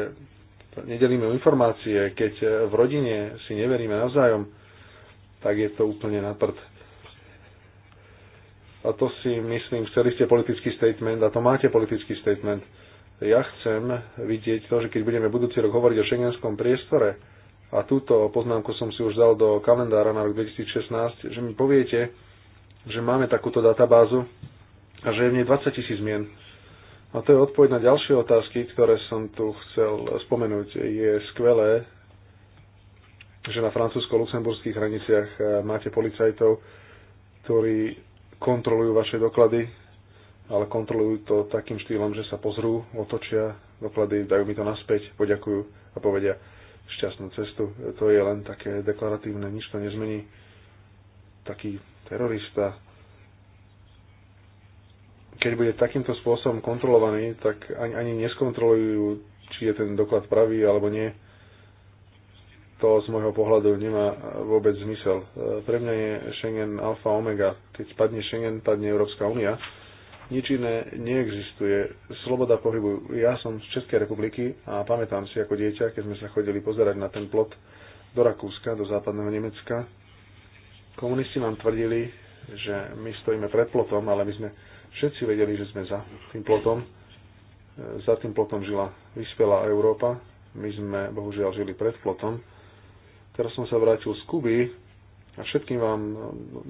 nedelíme informácie, keď e, v rodine si neveríme navzájom, tak je to úplne na prd. A to si myslím, chceli ste politický statement a to máte politický statement ja chcem vidieť to, že keď budeme budúci rok hovoriť o šengenskom priestore, a túto poznámku som si už dal do kalendára na rok 2016, že mi poviete, že máme takúto databázu a že je v nej 20 tisíc mien. A to je odpoveď na ďalšie otázky, ktoré som tu chcel spomenúť. Je skvelé, že na francúzsko-luxemburských hraniciach máte policajtov, ktorí kontrolujú vaše doklady, ale kontrolujú to takým štýlom, že sa pozrú, otočia doklady, dajú mi to naspäť, poďakujú a povedia šťastnú cestu. To je len také deklaratívne, nič to nezmení. Taký terorista, keď bude takýmto spôsobom kontrolovaný, tak ani, ani neskontrolujú, či je ten doklad pravý alebo nie. To z môjho pohľadu nemá vôbec zmysel. Pre mňa je Schengen alfa omega. Keď padne Schengen, padne Európska únia nič iné neexistuje. Sloboda pohybu. Ja som z Českej republiky a pamätám si ako dieťa, keď sme sa chodili pozerať na ten plot do Rakúska, do západného Nemecka. Komunisti nám tvrdili, že my stojíme pred plotom, ale my sme všetci vedeli, že sme za tým plotom. Za tým plotom žila vyspelá Európa. My sme bohužiaľ žili pred plotom. Teraz som sa vrátil z Kuby a všetkým vám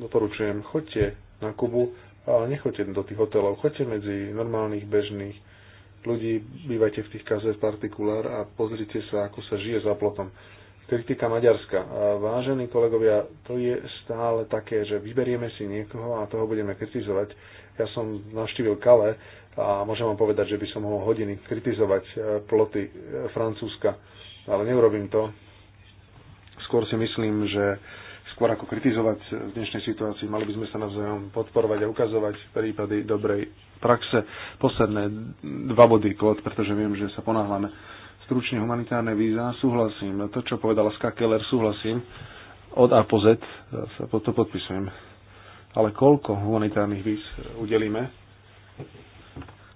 doporučujem, choďte na Kubu, ale nechoďte do tých hotelov, choďte medzi normálnych, bežných ľudí, bývajte v tých kazách partikulár a pozrite sa, ako sa žije za plotom. Kritika Maďarska. Vážení kolegovia, to je stále také, že vyberieme si niekoho a toho budeme kritizovať. Ja som navštívil Kale a môžem vám povedať, že by som mohol hodiny kritizovať e, ploty e, Francúzska, ale neurobím to. Skôr si myslím, že skôr ako kritizovať v dnešnej situácii. Mali by sme sa navzájom podporovať a ukazovať prípady dobrej praxe. Posledné dva body, kód, pretože viem, že sa ponáhľame. Stručne humanitárne víza, súhlasím. To, čo povedala Ska Keller, súhlasím. Od A po Z sa to podpisujem. Ale koľko humanitárnych víz udelíme?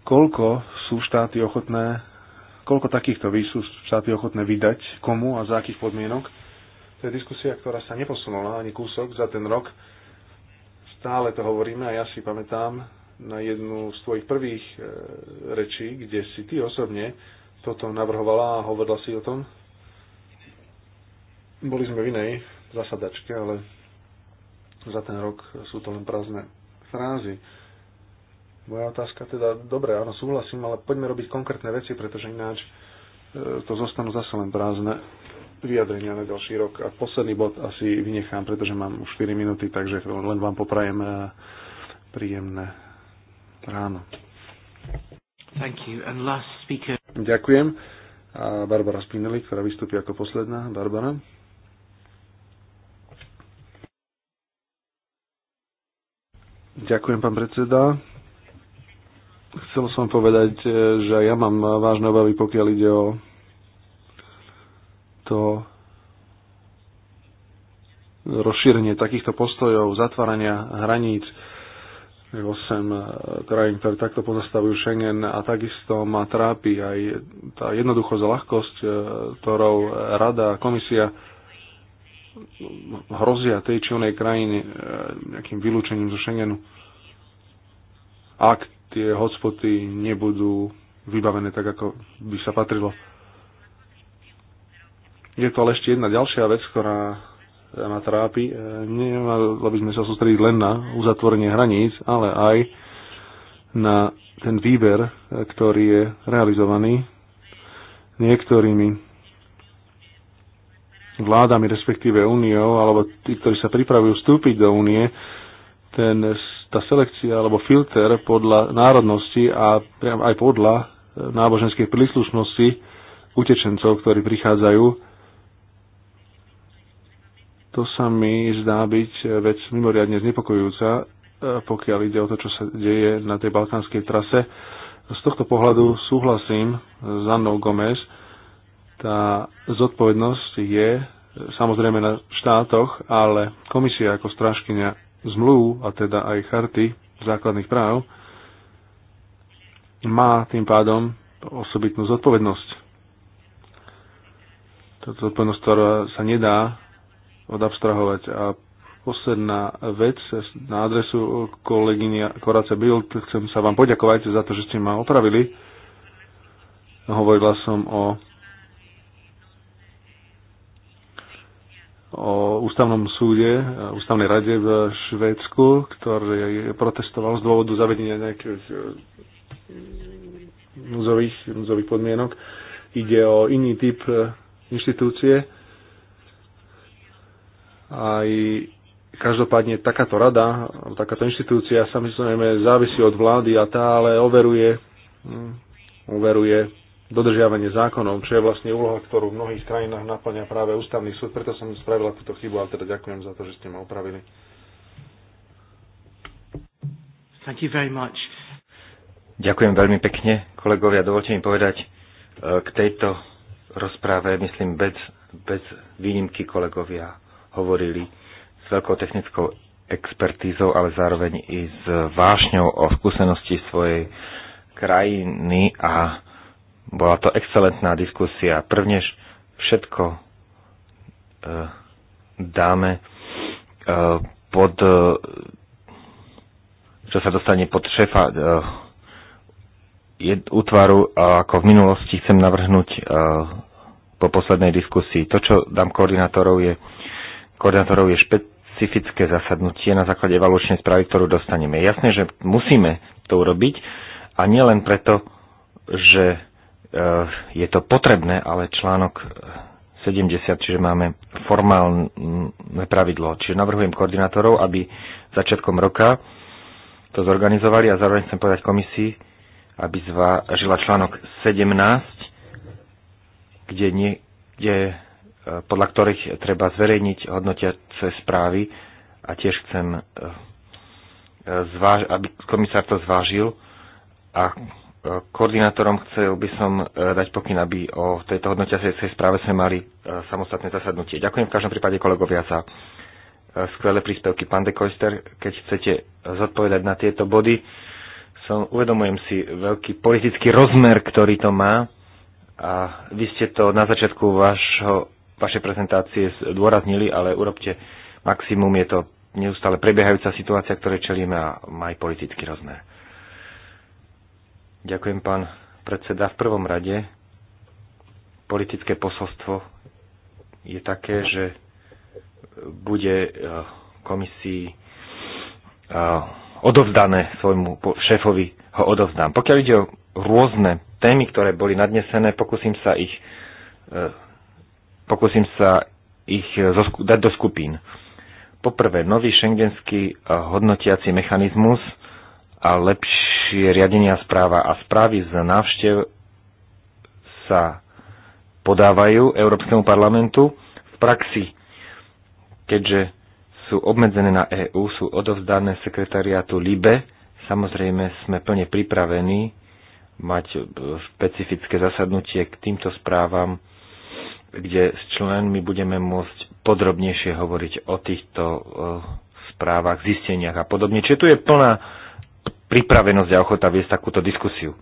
Koľko sú štáty ochotné koľko takýchto víz sú štáty ochotné vydať, komu a za akých podmienok? To je diskusia, ktorá sa neposunula ani kúsok za ten rok. Stále to hovoríme a ja si pamätám na jednu z tvojich prvých e, rečí, kde si ty osobne toto navrhovala a hovorila si o tom. Boli sme v inej zasadačke, ale za ten rok sú to len prázdne frázy. Moja otázka teda, dobre, áno, súhlasím, ale poďme robiť konkrétne veci, pretože ináč e, to zostanú zase len prázdne vyjadrenia na ďalší rok. A posledný bod asi vynechám, pretože mám už 4 minúty, takže len vám poprajem e, príjemné ráno. Thank you. And last speaker... Ďakujem. A Barbara Spinelli, ktorá vystúpi ako posledná. Barbara. Ďakujem, pán predseda. Chcel som povedať, e, že ja mám vážne obavy, pokiaľ ide o to rozšírenie takýchto postojov, zatvárania hraníc, 8 e, krajín, ktoré takto pozastavujú Schengen a takisto ma trápi aj tá jednoduchosť a ľahkosť, e, ktorou rada a komisia hrozia tej či onej krajine e, nejakým vylúčením zo Schengenu, ak tie hotspoty nebudú vybavené tak, ako by sa patrilo. Je to ale ešte jedna ďalšia vec, ktorá ma trápi. E, Nemalo by sme sa sústrediť len na uzatvorenie hraníc, ale aj na ten výber, e, ktorý je realizovaný niektorými vládami, respektíve úniou, alebo tí, ktorí sa pripravujú vstúpiť do únie, ten, tá selekcia alebo filter podľa národnosti a aj podľa e, náboženskej príslušnosti utečencov, ktorí prichádzajú, to sa mi zdá byť vec mimoriadne znepokojujúca, e, pokiaľ ide o to, čo sa deje na tej balkánskej trase. Z tohto pohľadu súhlasím s Annou Gomez. Tá zodpovednosť je e, samozrejme na štátoch, ale komisia ako strážkynia zmluv, a teda aj charty základných práv, má tým pádom osobitnú zodpovednosť. Toto zodpovednosť, ktorá sa nedá odabstrahovať. A posledná vec na adresu kolegyne Korace Bild. Chcem sa vám poďakovať za to, že ste ma opravili. Hovorila som o o ústavnom súde, ústavnej rade v Švédsku, ktorý protestoval z dôvodu zavedenia nejakých eh, núzových, núzových podmienok. Ide o iný typ eh, inštitúcie, aj každopádne takáto rada, takáto inštitúcia samozrejme závisí od vlády a tá ale overuje, hm, overuje dodržiavanie zákonov, čo je vlastne úloha, ktorú v mnohých krajinách naplňa práve ústavný súd, preto som spravila túto chybu, ale teda ďakujem za to, že ste ma opravili. Thank you very much. Ďakujem veľmi pekne, kolegovia. Dovolte mi povedať e, k tejto rozpráve, myslím, bez, bez výnimky kolegovia hovorili s veľkou technickou expertízou, ale zároveň i s vášňou o skúsenosti svojej krajiny a bola to excelentná diskusia. Prvnež všetko e, dáme e, pod, e, čo sa dostane pod šéfa e, jed, útvaru, a ako v minulosti chcem navrhnúť e, po poslednej diskusii. To, čo dám koordinátorov, je koordinátorov je špecifické zasadnutie na základe evalučnej správy, ktorú dostaneme. Jasné, že musíme to urobiť a nielen preto, že eh, je to potrebné, ale článok 70, eh, čiže máme formálne pravidlo. Čiže navrhujem koordinátorov, aby začiatkom roka to zorganizovali a zároveň chcem povedať komisii, aby zvážila článok 17, kde, nie, kde podľa ktorých treba zverejniť hodnotiace správy a tiež chcem, e, aby komisár to zvážil a e, koordinátorom chcel by som e, dať pokyn, aby o tejto hodnotiacej správe sme mali samostatné zasadnutie. Ďakujem v každom prípade kolegovia za skvelé príspevky. Pán de Koister, keď chcete zodpovedať na tieto body, som, uvedomujem si veľký politický rozmer, ktorý to má a vy ste to na začiatku vášho vaše prezentácie zdôraznili, ale urobte maximum. Je to neustále prebiehajúca situácia, ktoré čelíme a má aj politický rozmer. Ďakujem, pán predseda. V prvom rade politické posolstvo je také, že bude eh, komisii eh, odovzdané svojmu šéfovi ho odovzdám. Pokiaľ ide o rôzne témy, ktoré boli nadnesené, pokúsim sa ich eh, pokúsim sa ich eh, dať do skupín. Poprvé, nový šengenský eh, hodnotiaci mechanizmus a lepšie riadenia správa a správy z návštev sa podávajú Európskemu parlamentu v praxi, keďže sú obmedzené na EÚ, sú odovzdané sekretariátu LIBE. Samozrejme sme plne pripravení mať eh, špecifické zasadnutie k týmto správam kde s členmi budeme môcť podrobnejšie hovoriť o týchto e, správach, zisteniach a podobne. Čiže tu je plná pripravenosť a ochota viesť takúto diskusiu.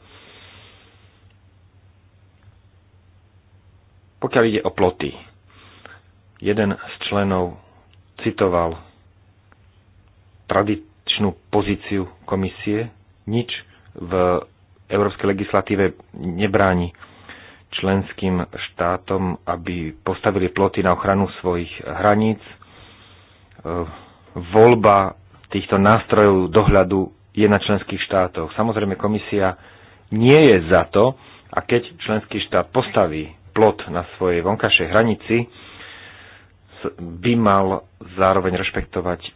Pokiaľ ide o ploty, jeden z členov citoval tradičnú pozíciu komisie, nič v európskej legislatíve nebráni členským štátom, aby postavili ploty na ochranu svojich hraníc. E, voľba týchto nástrojov dohľadu je na členských štátoch. Samozrejme, komisia nie je za to, a keď členský štát postaví plot na svojej vonkajšej hranici, by mal zároveň rešpektovať e,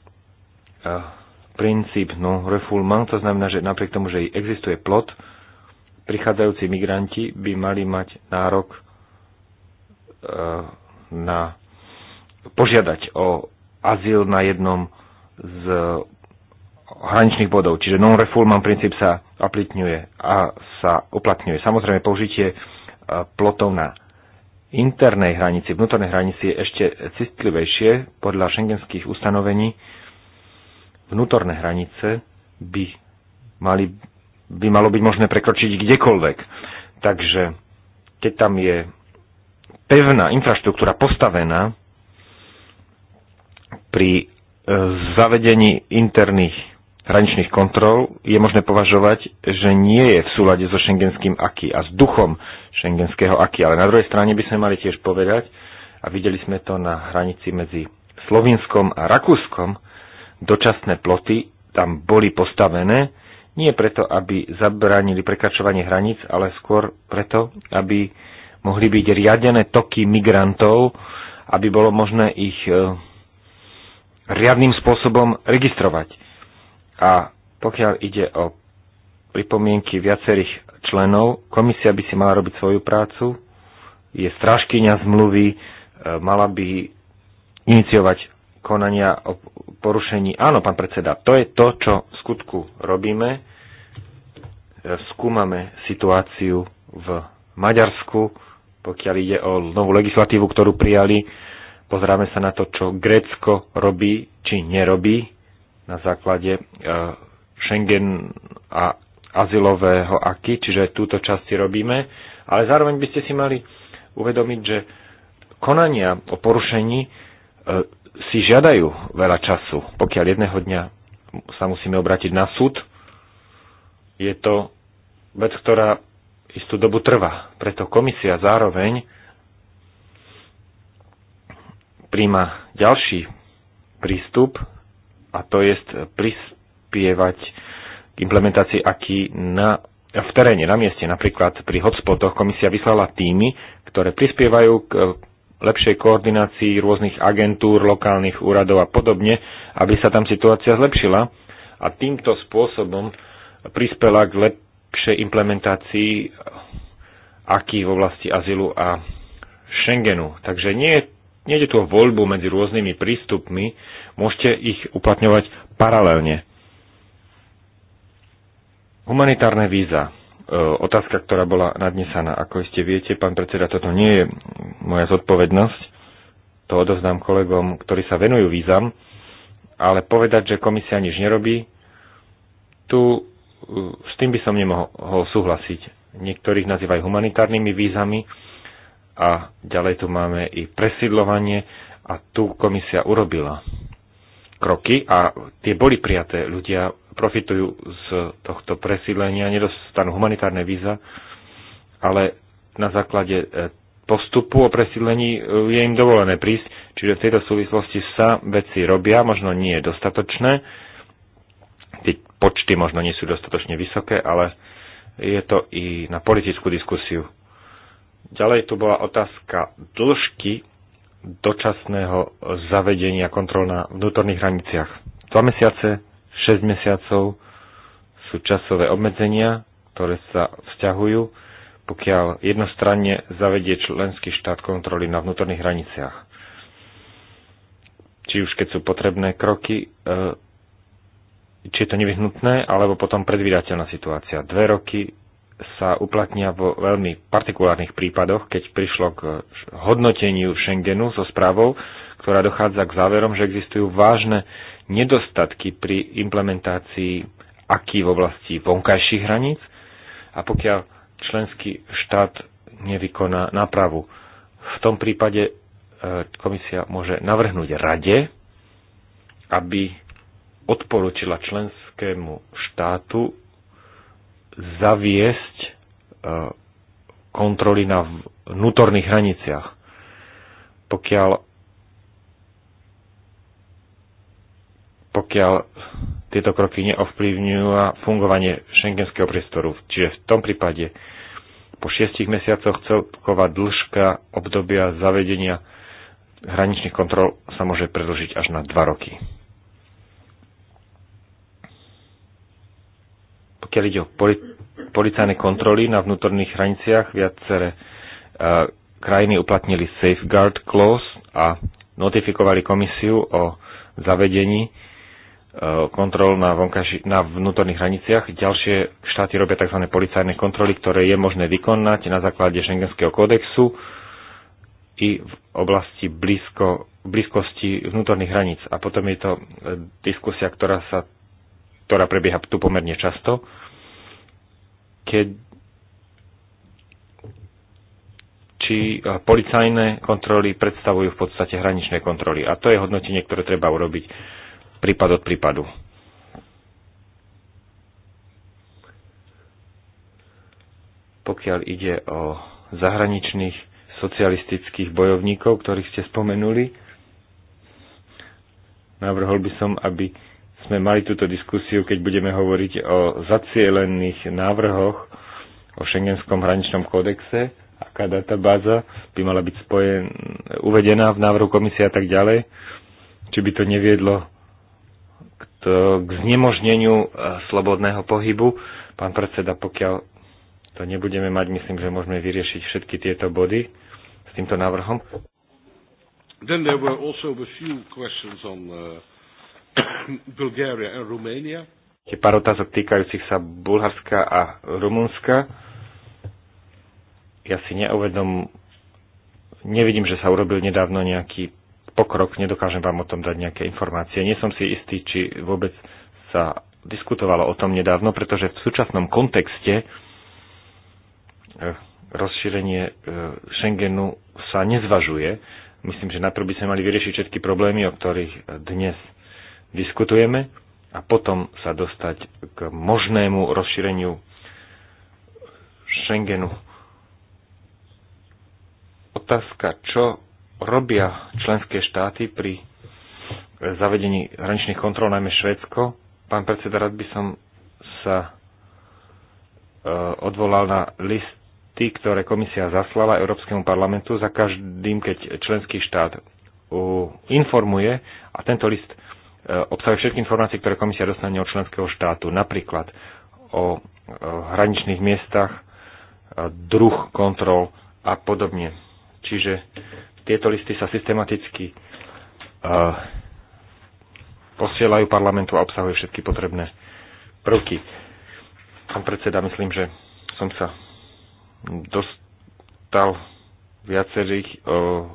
princíp no refoulement to znamená, že napriek tomu, že existuje plot, prichádzajúci migranti by mali mať nárok e, na požiadať o azyl na jednom z hraničných bodov. Čiže non-refoulement princíp sa aplitňuje a sa uplatňuje. Samozrejme, použitie e, plotov na internej hranici, vnútornej hranici je ešte citlivejšie. Podľa šengenských ustanovení vnútorné hranice by mali by malo byť možné prekročiť kdekoľvek. Takže keď tam je pevná infraštruktúra postavená pri e, zavedení interných hraničných kontrol, je možné považovať, že nie je v súlade so šengenským aky a s duchom šengenského aky. Ale na druhej strane by sme mali tiež povedať, a videli sme to na hranici medzi Slovinskom a Rakúskom, dočasné ploty tam boli postavené, nie preto, aby zabránili prekračovanie hraníc, ale skôr preto, aby mohli byť riadené toky migrantov, aby bolo možné ich e, riadným spôsobom registrovať. A pokiaľ ide o pripomienky viacerých členov, komisia by si mala robiť svoju prácu, je strážkyňa zmluvy, e, mala by iniciovať konania o porušení. Áno, pán predseda, to je to, čo v skutku robíme. E, skúmame situáciu v Maďarsku, pokiaľ ide o novú legislatívu, ktorú prijali. Pozráme sa na to, čo Grécko robí či nerobí na základe e, Schengen a azylového aky, čiže túto časť si robíme. Ale zároveň by ste si mali uvedomiť, že konania o porušení e, si žiadajú veľa času. Pokiaľ jedného dňa sa musíme obrátiť na súd, je to vec, ktorá istú dobu trvá. Preto komisia zároveň príjma ďalší prístup a to je prispievať k implementácii aký na, v teréne, na mieste. Napríklad pri hotspotoch komisia vyslala týmy, ktoré prispievajú k lepšej koordinácii rôznych agentúr, lokálnych úradov a podobne, aby sa tam situácia zlepšila a týmto spôsobom prispela k lepšej implementácii aký v oblasti azylu a Schengenu. Takže nie, nie je tu o voľbu medzi rôznymi prístupmi, môžete ich uplatňovať paralelne. Humanitárne víza. E, otázka, ktorá bola nadnesaná. Ako ste viete, pán predseda, toto nie je moja zodpovednosť. To odovzdám kolegom, ktorí sa venujú vízam. Ale povedať, že komisia nič nerobí, tu e, s tým by som nemohol súhlasiť. Niektorých nazývajú humanitárnymi vízami a ďalej tu máme i presidlovanie a tu komisia urobila kroky a tie boli prijaté. Ľudia profitujú z tohto presídlenia, nedostanú humanitárne víza, ale na základe e, postupu o presídlení e, je im dovolené prísť, čiže v tejto súvislosti sa veci robia, možno nie je dostatočné, tie počty možno nie sú dostatočne vysoké, ale je to i na politickú diskusiu. Ďalej tu bola otázka dĺžky dočasného zavedenia kontrol na vnútorných hraniciach. Dva mesiace 6 mesiacov sú časové obmedzenia, ktoré sa vzťahujú, pokiaľ jednostranne zavedie členský štát kontroly na vnútorných hraniciach. Či už keď sú potrebné kroky, e, či je to nevyhnutné, alebo potom predvídateľná situácia. Dve roky sa uplatnia vo veľmi partikulárnych prípadoch, keď prišlo k hodnoteniu Schengenu so správou, ktorá dochádza k záverom, že existujú vážne nedostatky pri implementácii aký v oblasti vonkajších hraníc a pokiaľ členský štát nevykoná nápravu. V tom prípade e, komisia môže navrhnúť rade, aby odporúčila členskému štátu zaviesť e, kontroly na vnútorných hraniciach. Pokiaľ pokiaľ tieto kroky neovplyvňujú fungovanie šengenského priestoru. Čiže v tom prípade po šiestich mesiacoch celková dĺžka obdobia zavedenia hraničných kontrol sa môže predlžiť až na dva roky. Pokiaľ ide o policajné kontroly na vnútorných hraniciach, viaceré e, krajiny uplatnili safeguard clause a notifikovali komisiu o zavedení E, kontrol na, vonkaži, na vnútorných hraniciach. Ďalšie štáty robia tzv. policajné kontroly, ktoré je možné vykonať na základe Schengenského kódexu i v oblasti blízko, blízkosti vnútorných hraníc. A potom je to e, diskusia, ktorá, sa, ktorá prebieha tu pomerne často, keď či e, policajné kontroly predstavujú v podstate hraničné kontroly. A to je hodnotenie, ktoré treba urobiť prípad od prípadu. Pokiaľ ide o zahraničných socialistických bojovníkov, ktorých ste spomenuli, navrhol by som, aby sme mali túto diskusiu, keď budeme hovoriť o zacielených návrhoch o šengenskom hraničnom kódexe, aká databáza by mala byť spojen, uvedená v návrhu komisie a tak ďalej, či by to neviedlo k znemožneniu e, slobodného pohybu. Pán predseda, pokiaľ to nebudeme mať, myslím, že môžeme vyriešiť všetky tieto body s týmto návrhom. Then there were also a few questions on uh, Bulgaria and Romania. Tie pár otázok týkajúcich sa Bulharska a Rumunska. Ja si neuvedom, nevidím, že sa urobil nedávno nejaký pokrok, nedokážem vám o tom dať nejaké informácie. Nie som si istý, či vôbec sa diskutovalo o tom nedávno, pretože v súčasnom kontexte eh, rozšírenie eh, Schengenu sa nezvažuje. Myslím, že najprv by sme mali vyriešiť všetky problémy, o ktorých eh, dnes diskutujeme a potom sa dostať k možnému rozšíreniu Schengenu. Otázka, čo robia členské štáty pri e, zavedení hraničných kontrol, najmä Švédsko. Pán predseda, rád by som sa e, odvolal na listy, ktoré komisia zaslala Európskemu parlamentu za každým, keď členský štát informuje a tento list e, obsahuje všetky informácie, ktoré komisia dostane od členského štátu, napríklad o hraničných miestach, druh kontrol a podobne. Čiže tieto listy sa systematicky uh, posielajú parlamentu a obsahuje všetky potrebné prvky. Pán predseda, myslím, že som sa dostal viacerých uh,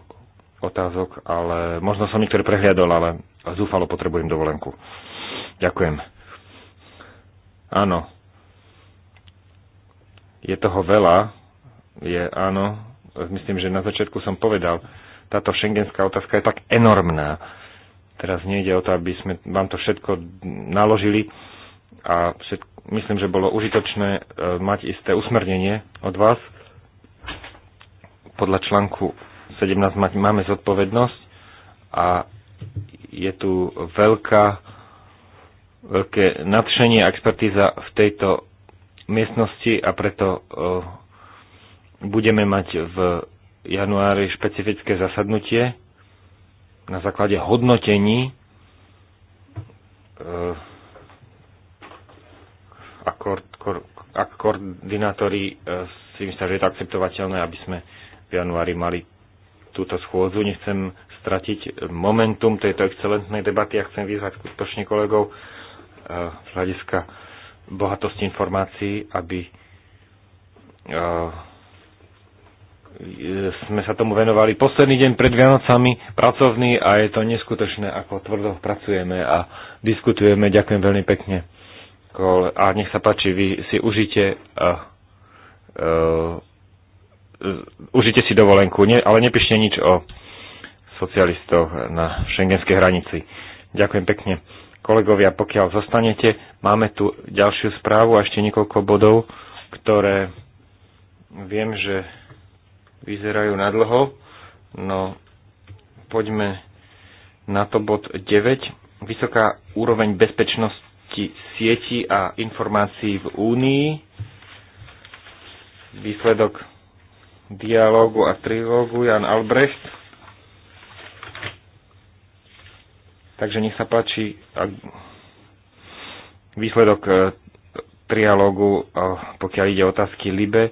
otázok, ale možno som niektoré prehliadol, ale zúfalo potrebujem dovolenku. Ďakujem. Áno. Je toho veľa. Je áno. Myslím, že na začiatku som povedal, táto šengenská otázka je tak enormná. Teraz nejde o to, aby sme vám to všetko naložili a všetko, myslím, že bolo užitočné e, mať isté usmernenie od vás. Podľa článku 17 máme zodpovednosť a je tu veľká, veľké nadšenie a expertíza v tejto miestnosti a preto e, budeme mať v januári špecifické zasadnutie na základe hodnotení eh, a, koordinátori eh, si myslia, že je to akceptovateľné, aby sme v januári mali túto schôdzu. Nechcem stratiť eh, momentum tejto excelentnej debaty a chcem vyzvať skutočne kolegov z hľadiska bohatosti informácií, aby sme sa tomu venovali posledný deň pred Vianocami, pracovný a je to neskutočné, ako tvrdo pracujeme a diskutujeme. Ďakujem veľmi pekne. A nech sa páči, vy si užite, uh, uh, užite si dovolenku, ne, ale nepíšte nič o socialistoch na šengenskej hranici. Ďakujem pekne. Kolegovia, pokiaľ zostanete, máme tu ďalšiu správu a ešte niekoľko bodov, ktoré viem, že vyzerajú na dlho. No, poďme na to bod 9. Vysoká úroveň bezpečnosti sieti a informácií v Únii. Výsledok dialógu a trilógu Jan Albrecht. Takže nech sa páči výsledok e, trialógu, e, pokiaľ ide otázky LIBE.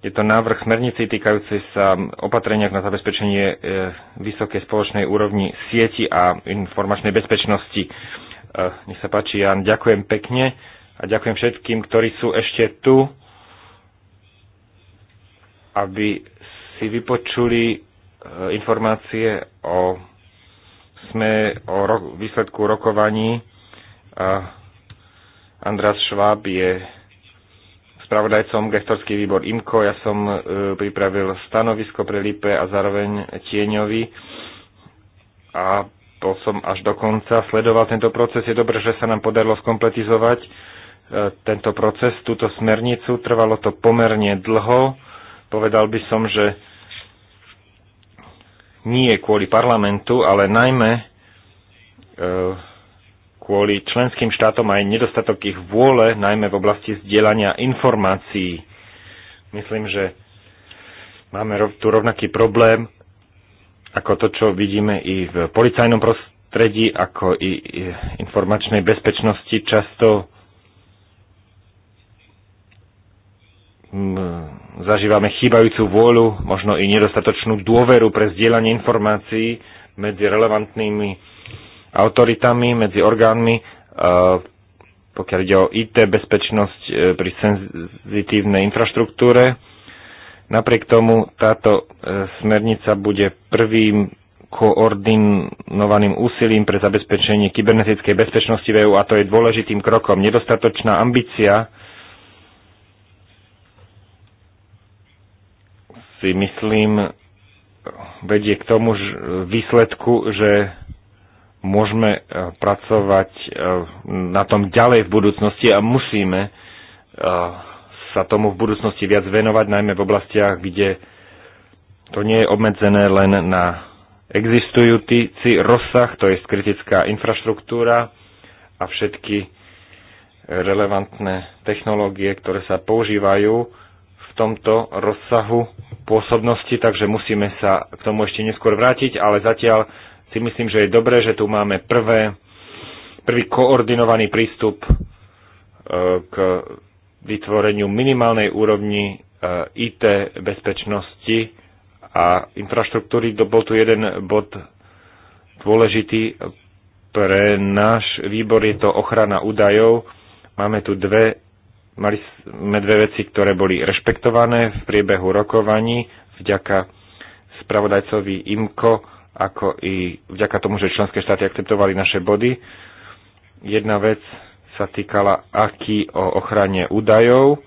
Je to návrh smernici týkajúce sa opatrenia na zabezpečenie e, vysokej spoločnej úrovni sieti a informačnej bezpečnosti. E, nech sa páči, Jan, ďakujem pekne a ďakujem všetkým, ktorí sú ešte tu, aby si vypočuli e, informácie o sme o ro- výsledku rokovaní. András Šváb je spravodajcom gestorský výbor IMKO. Ja som e, pripravil stanovisko pre LIPE a zároveň tieňovi a bol som až do konca sledoval tento proces. Je dobré, že sa nám podarilo skompletizovať e, tento proces, túto smernicu. Trvalo to pomerne dlho. Povedal by som, že nie kvôli parlamentu, ale najmä e, kvôli členským štátom aj nedostatok ich vôle, najmä v oblasti zdieľania informácií. Myslím, že máme tu rovnaký problém ako to, čo vidíme i v policajnom prostredí, ako i informačnej bezpečnosti. Často mm, zažívame chýbajúcu vôľu, možno i nedostatočnú dôveru pre zdieľanie informácií medzi relevantnými autoritami, medzi orgánmi, e, pokiaľ ide o IT bezpečnosť e, pri senzitívnej infraštruktúre. Napriek tomu táto e, smernica bude prvým koordinovaným úsilím pre zabezpečenie kybernetickej bezpečnosti v EU a to je dôležitým krokom. Nedostatočná ambícia si myslím vedie k tomu že výsledku, že môžeme e, pracovať e, na tom ďalej v budúcnosti a musíme e, sa tomu v budúcnosti viac venovať, najmä v oblastiach, kde to nie je obmedzené len na existujúci rozsah, to je kritická infraštruktúra a všetky relevantné technológie, ktoré sa používajú v tomto rozsahu pôsobnosti, takže musíme sa k tomu ešte neskôr vrátiť, ale zatiaľ si myslím, že je dobré, že tu máme prvé, prvý koordinovaný prístup e, k vytvoreniu minimálnej úrovni e, IT bezpečnosti a infraštruktúry. Bol tu jeden bod dôležitý pre náš výbor, je to ochrana údajov. Máme tu dve, mali sme dve veci, ktoré boli rešpektované v priebehu rokovaní vďaka spravodajcovi IMKO ako i vďaka tomu, že členské štáty akceptovali naše body. Jedna vec sa týkala aký o ochrane údajov.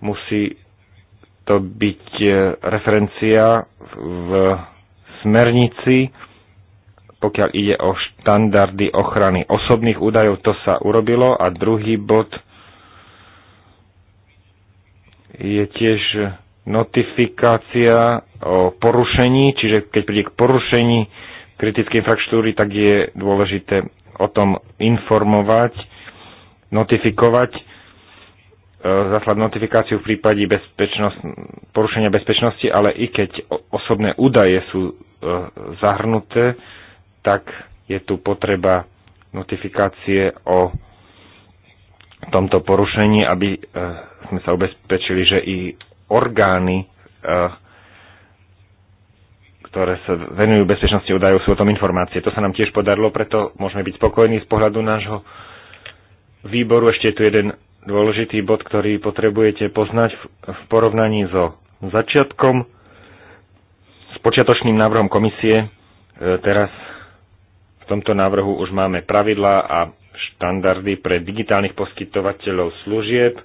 Musí to byť e, referencia v smernici, pokiaľ ide o štandardy ochrany osobných údajov, to sa urobilo. A druhý bod je tiež notifikácia o porušení, čiže keď príde k porušení kritickej infraštruktúry, tak je dôležité o tom informovať, notifikovať, e, zaslať notifikáciu v prípade bezpečnosť, porušenia bezpečnosti, ale i keď osobné údaje sú e, zahrnuté, tak je tu potreba notifikácie o tomto porušení, aby e, sme sa ubezpečili, že i orgány ktoré sa venujú bezpečnosti údajov, sú o tom informácie. To sa nám tiež podarilo, preto môžeme byť spokojní z pohľadu nášho výboru. Ešte je tu jeden dôležitý bod, ktorý potrebujete poznať v porovnaní so začiatkom, s počiatočným návrhom komisie. E, teraz v tomto návrhu už máme pravidlá a štandardy pre digitálnych poskytovateľov služieb,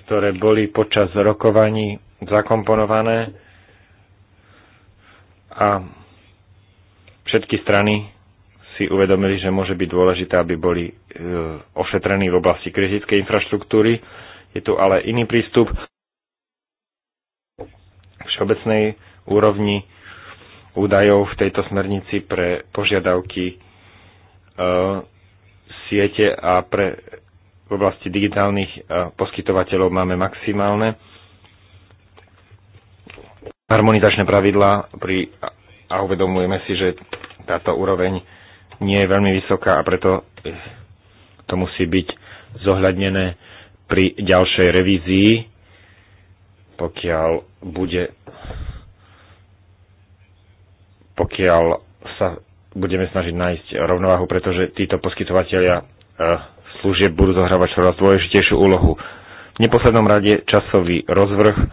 ktoré boli počas rokovaní zakomponované a všetky strany si uvedomili, že môže byť dôležité, aby boli e, ošetrení v oblasti kritickej infraštruktúry. Je tu ale iný prístup všeobecnej úrovni údajov v tejto smernici pre požiadavky e, siete a pre v oblasti digitálnych e, poskytovateľov máme maximálne harmonizačné pravidlá pri, a uvedomujeme si, že táto úroveň nie je veľmi vysoká a preto to musí byť zohľadnené pri ďalšej revízii, pokiaľ bude pokiaľ sa budeme snažiť nájsť rovnováhu, pretože títo poskytovateľia e, služieb budú zohrávať čoraz dôležitejšiu úlohu. V neposlednom rade časový rozvrh e,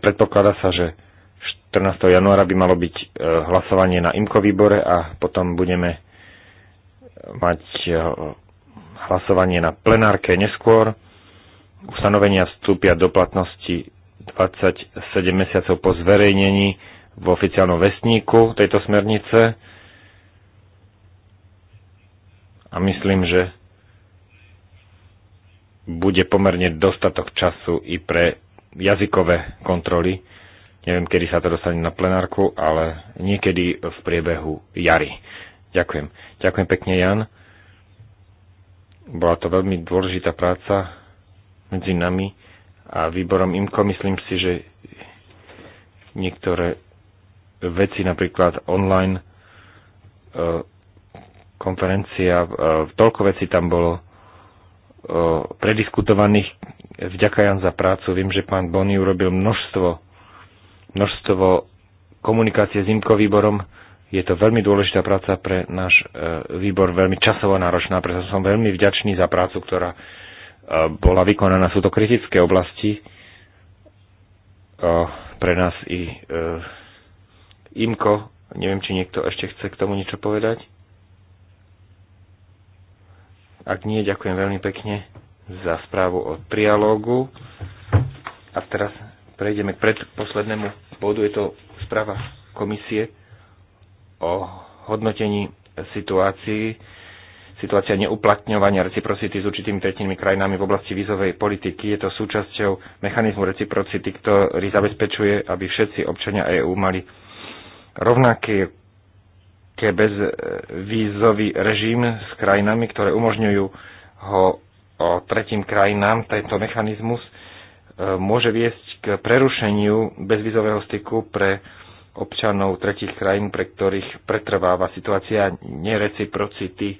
predpokladá sa, že 14. januára by malo byť e, hlasovanie na IMKO výbore a potom budeme e, mať e, hlasovanie na plenárke neskôr. Ustanovenia vstúpia do platnosti 27 mesiacov po zverejnení v oficiálnom vestníku tejto smernice. A myslím, že bude pomerne dostatok času i pre jazykové kontroly Neviem, kedy sa to dostane na plenárku, ale niekedy v priebehu jary. Ďakujem. Ďakujem pekne, Jan. Bola to veľmi dôležitá práca medzi nami a výborom IMKO. Myslím si, že niektoré veci, napríklad online e, konferencia, e, toľko vecí tam bolo e, prediskutovaných. Vďaka Jan za prácu. Viem, že pán Bonny urobil množstvo množstvo komunikácie s IMKO výborom. Je to veľmi dôležitá práca pre náš e, výbor, veľmi časovo náročná, preto som veľmi vďačný za prácu, ktorá e, bola vykonaná. Sú to kritické oblasti e, pre nás i IMKO. Neviem, či niekto ešte chce k tomu niečo povedať. Ak nie, ďakujem veľmi pekne za správu o trialógu. A teraz prejdeme k predposlednému bodu. Je to správa komisie o hodnotení situácií, situácia neuplatňovania reciprocity s určitými tretími krajinami v oblasti vízovej politiky. Je to súčasťou mechanizmu reciprocity, ktorý zabezpečuje, aby všetci občania EÚ mali rovnaké bezvízový režim s krajinami, ktoré umožňujú ho tretím krajinám tento mechanizmus môže viesť k prerušeniu bezvizového styku pre občanov tretich krajín, pre ktorých pretrváva situácia nereciprocity,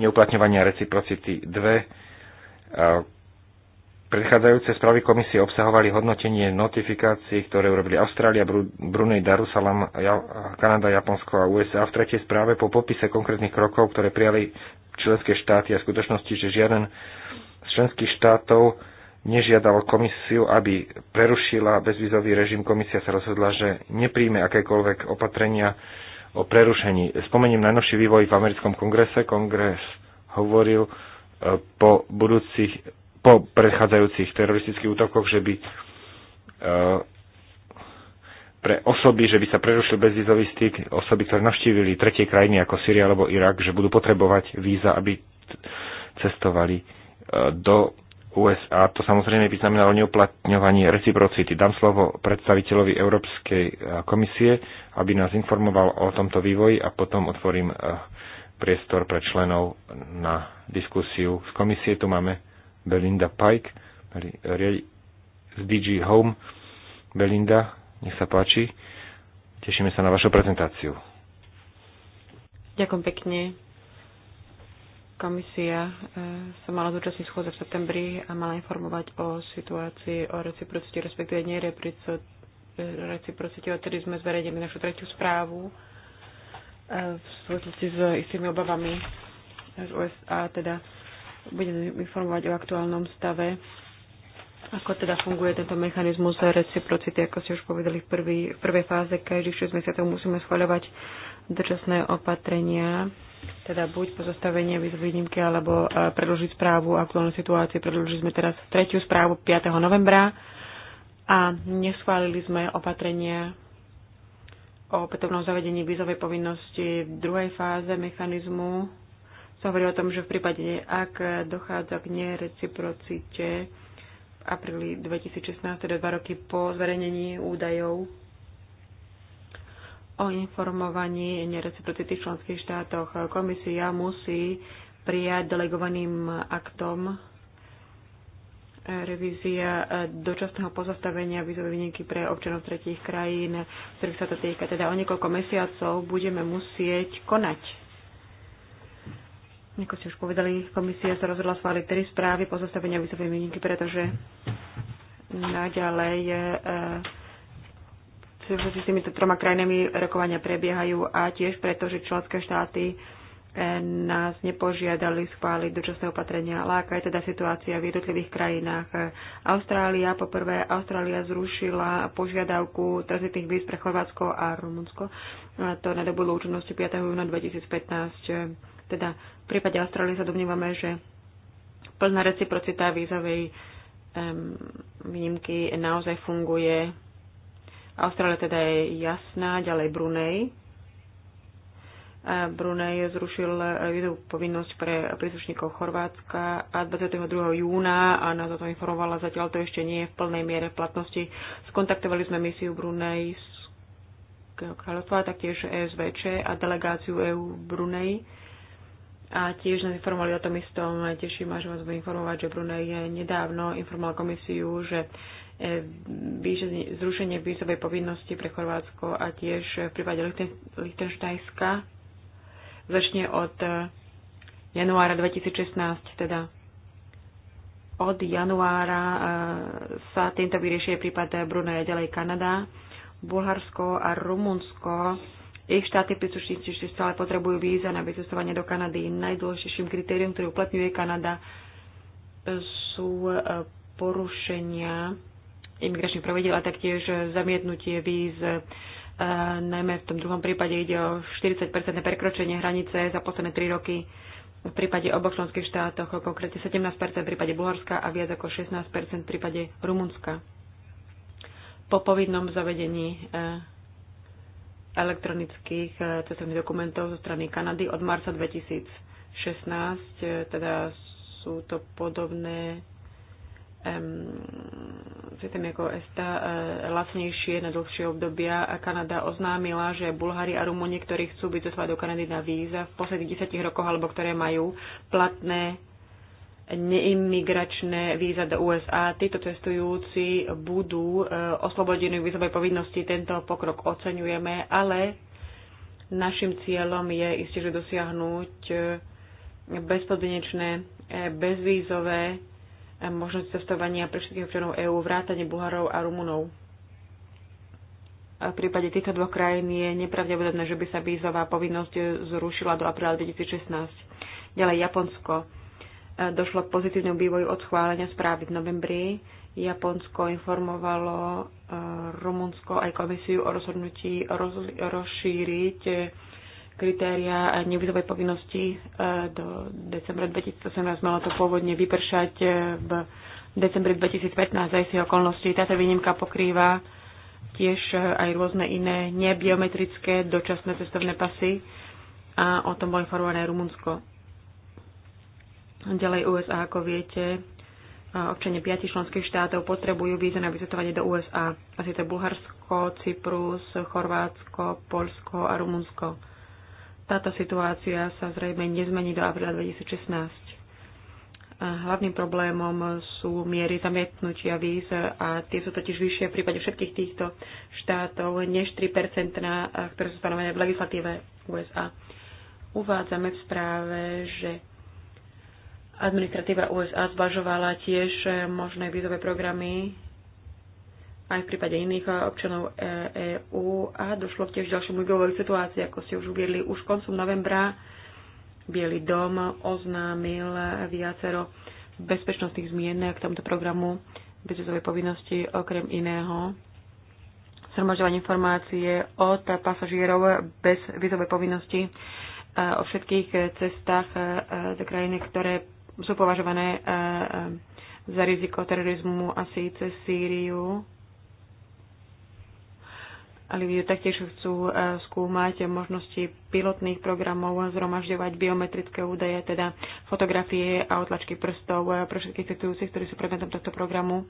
neuplatňovania reciprocity 2. Predchádzajúce správy komisie obsahovali hodnotenie notifikácií, ktoré urobili Austrália, Brunei, Darussalam, Kanada, Japonsko a USA. V tretej správe po popise konkrétnych krokov, ktoré prijali členské štáty a skutočnosti, že žiaden z členských štátov nežiadal komisiu, aby prerušila bezvizový režim. Komisia sa rozhodla, že nepríjme akékoľvek opatrenia o prerušení. Spomeniem najnovší vývoj v americkom kongrese. Kongres hovoril e, po, budúcich, po predchádzajúcich teroristických útokoch, že by e, pre osoby, že by sa prerušil bezvizový styk, osoby, ktoré navštívili tretie krajiny ako Syria alebo Irak, že budú potrebovať víza, aby cestovali e, do USA. To samozrejme by znamenalo neuplatňovanie reciprocity. Dám slovo predstaviteľovi Európskej eh, komisie, aby nás informoval o tomto vývoji a potom otvorím eh, priestor pre členov na diskusiu. Z komisie tu máme Belinda Pike z DG Home. Belinda, nech sa páči. Tešíme sa na vašu prezentáciu. Ďakujem pekne. Komisia e, sa mala zúčastniť schôdze v septembri a mala informovať o situácii, o reciprocite, respektíve nie reciprocite, o ktorej sme zverejnili našu tretiu správu e, v súvislosti s istými obavami z USA, teda budeme informovať o aktuálnom stave, ako teda funguje tento mechanizmus reciprocity, ako ste už povedali v, prvý, v prvej fáze, každých 6 mesiacov musíme schváľovať dočasné opatrenia teda buď pozastavenie výzvy výnimky alebo e, predložiť správu aktuálnej situácie. Predložili sme teraz tretiu správu 5. novembra a neschválili sme opatrenie o opätovnom zavedení vízovej povinnosti v druhej fáze mechanizmu. Sa hovorí o tom, že v prípade, ak dochádza k nereciprocite v apríli 2016, teda dva roky po zverejnení údajov o informovaní nereciprocity v členských štátoch. Komisia musí prijať delegovaným aktom revízia dočasného pozastavenia výzovej výnimky pre občanov tretích krajín, ktorých sa to týka. Teda o niekoľko mesiacov budeme musieť konať. Ako ste už povedali, komisia sa rozhodla schváliť tri správy pozastavenia výzovej výnimky, pretože naďalej e, súvislosti s týmito troma krajinami rokovania prebiehajú a tiež preto, že členské štáty eh, nás nepožiadali schváliť dočasné opatrenia. Ale aká je teda situácia v jednotlivých krajinách? Eh, Austrália, poprvé, Austrália zrušila požiadavku tranzitných víz pre Chorvátsko a Rumunsko. To dobu účinnosti 5. júna 2015. Eh, teda v prípade Austrálie sa domnívame, že plná reciprocita vízovej um, výnimky naozaj funguje Austrália teda je jasná, ďalej Brunei. Brunei zrušil vízovú eh, povinnosť pre príslušníkov Chorvátska a 22. júna a nás o tom informovala, zatiaľ to ešte nie je v plnej miere v platnosti. Skontaktovali sme misiu Brunei z kráľovstva, taktiež ESVČ a delegáciu EU Brunei. A tiež nás informovali o tom istom. Teším ma, že vás budem informovať, že Brunei nedávno informoval komisiu, že zrušenie vízovej povinnosti pre Chorvátsko a tiež v prípade Lichtenštajska začne od eh, januára 2016, teda od januára eh, sa týmto vyriešie prípad a ďalej Kanada, Bulharsko a Rumunsko. Ich štáty príslušníci ešte stále potrebujú víza na vycestovanie do Kanady. Najdôležitejším kritériom, ktoré uplatňuje Kanada, sú eh, porušenia imigračných pravidel a taktiež zamietnutie víz. E, najmä v tom druhom prípade ide o 40-percentné prekročenie hranice za posledné 3 roky v prípade oboch členských štátoch, konkrétne 17 v prípade Bulharska a viac ako 16 v prípade Rumunska. Po povinnom zavedení e, elektronických e, cestovných dokumentov zo strany Kanady od marca 2016, teda sú to podobné systémy ako ESTA e, lacnejšie na dlhšie obdobia. A Kanada oznámila, že Bulhári a Rumúni, ktorí chcú byť doslova do Kanady na víza v posledných 10 rokoch alebo ktoré majú platné neimigračné víza do USA. Títo cestujúci budú e, oslobodení vízovej povinnosti. Tento pokrok oceňujeme, ale našim cieľom je isté, že dosiahnuť e, bezpodmienečné, bezvízové možnosť cestovania pre všetkých občanov EÚ, vrátane Bulharov a Rumunov. V prípade týchto dvoch krajín je nepravdepodobné, že by sa vízová povinnosť zrušila do apríla 2016. Ďalej Japonsko. Došlo k pozitívnemu vývoju od schválenia správy v novembri. Japonsko informovalo e, Rumunsko aj komisiu o rozhodnutí rozšíriť kritéria nevizovej povinnosti e, do decembra 2018. Malo to pôvodne vypršať e, v decembri 2015 aj si okolnosti. Táto výnimka pokrýva tiež e, aj rôzne iné nebiometrické dočasné cestovné pasy a o tom bolo informované Rumunsko. Ďalej USA, ako viete, občania piatich členských štátov potrebujú víza na vycestovanie do USA. Asi to je Bulharsko, Cyprus, Chorvátsko, Polsko a Rumunsko. Táto situácia sa zrejme nezmení do apríla 2016. Hlavným problémom sú miery zamietnutia víz a tie sú totiž vyššie v prípade všetkých týchto štátov než 3%, ktoré sú stanovené v legislatíve USA. Uvádzame v správe, že administratíva USA zvažovala tiež možné vízové programy aj v prípade iných eh, občanov EÚ eh, e a došlo tiež ďalšiemu vývoju situácie, ako ste už uviedli. Už koncom novembra Bielý dom oznámil viacero bezpečnostných zmien k tomuto programu bezvizovej povinnosti okrem iného zhromažďovať informácie od pasažierov bez vizovej povinnosti eh, o všetkých cestách do krajiny, ktoré sú považované za riziko terorizmu asi cez Sýriu, ale taktiež chcú e, skúmať možnosti pilotných programov, zhromažďovať biometrické údaje, teda fotografie a otlačky prstov e, pre všetkých cestujúcich, ktorí sú predmetom tohto programu.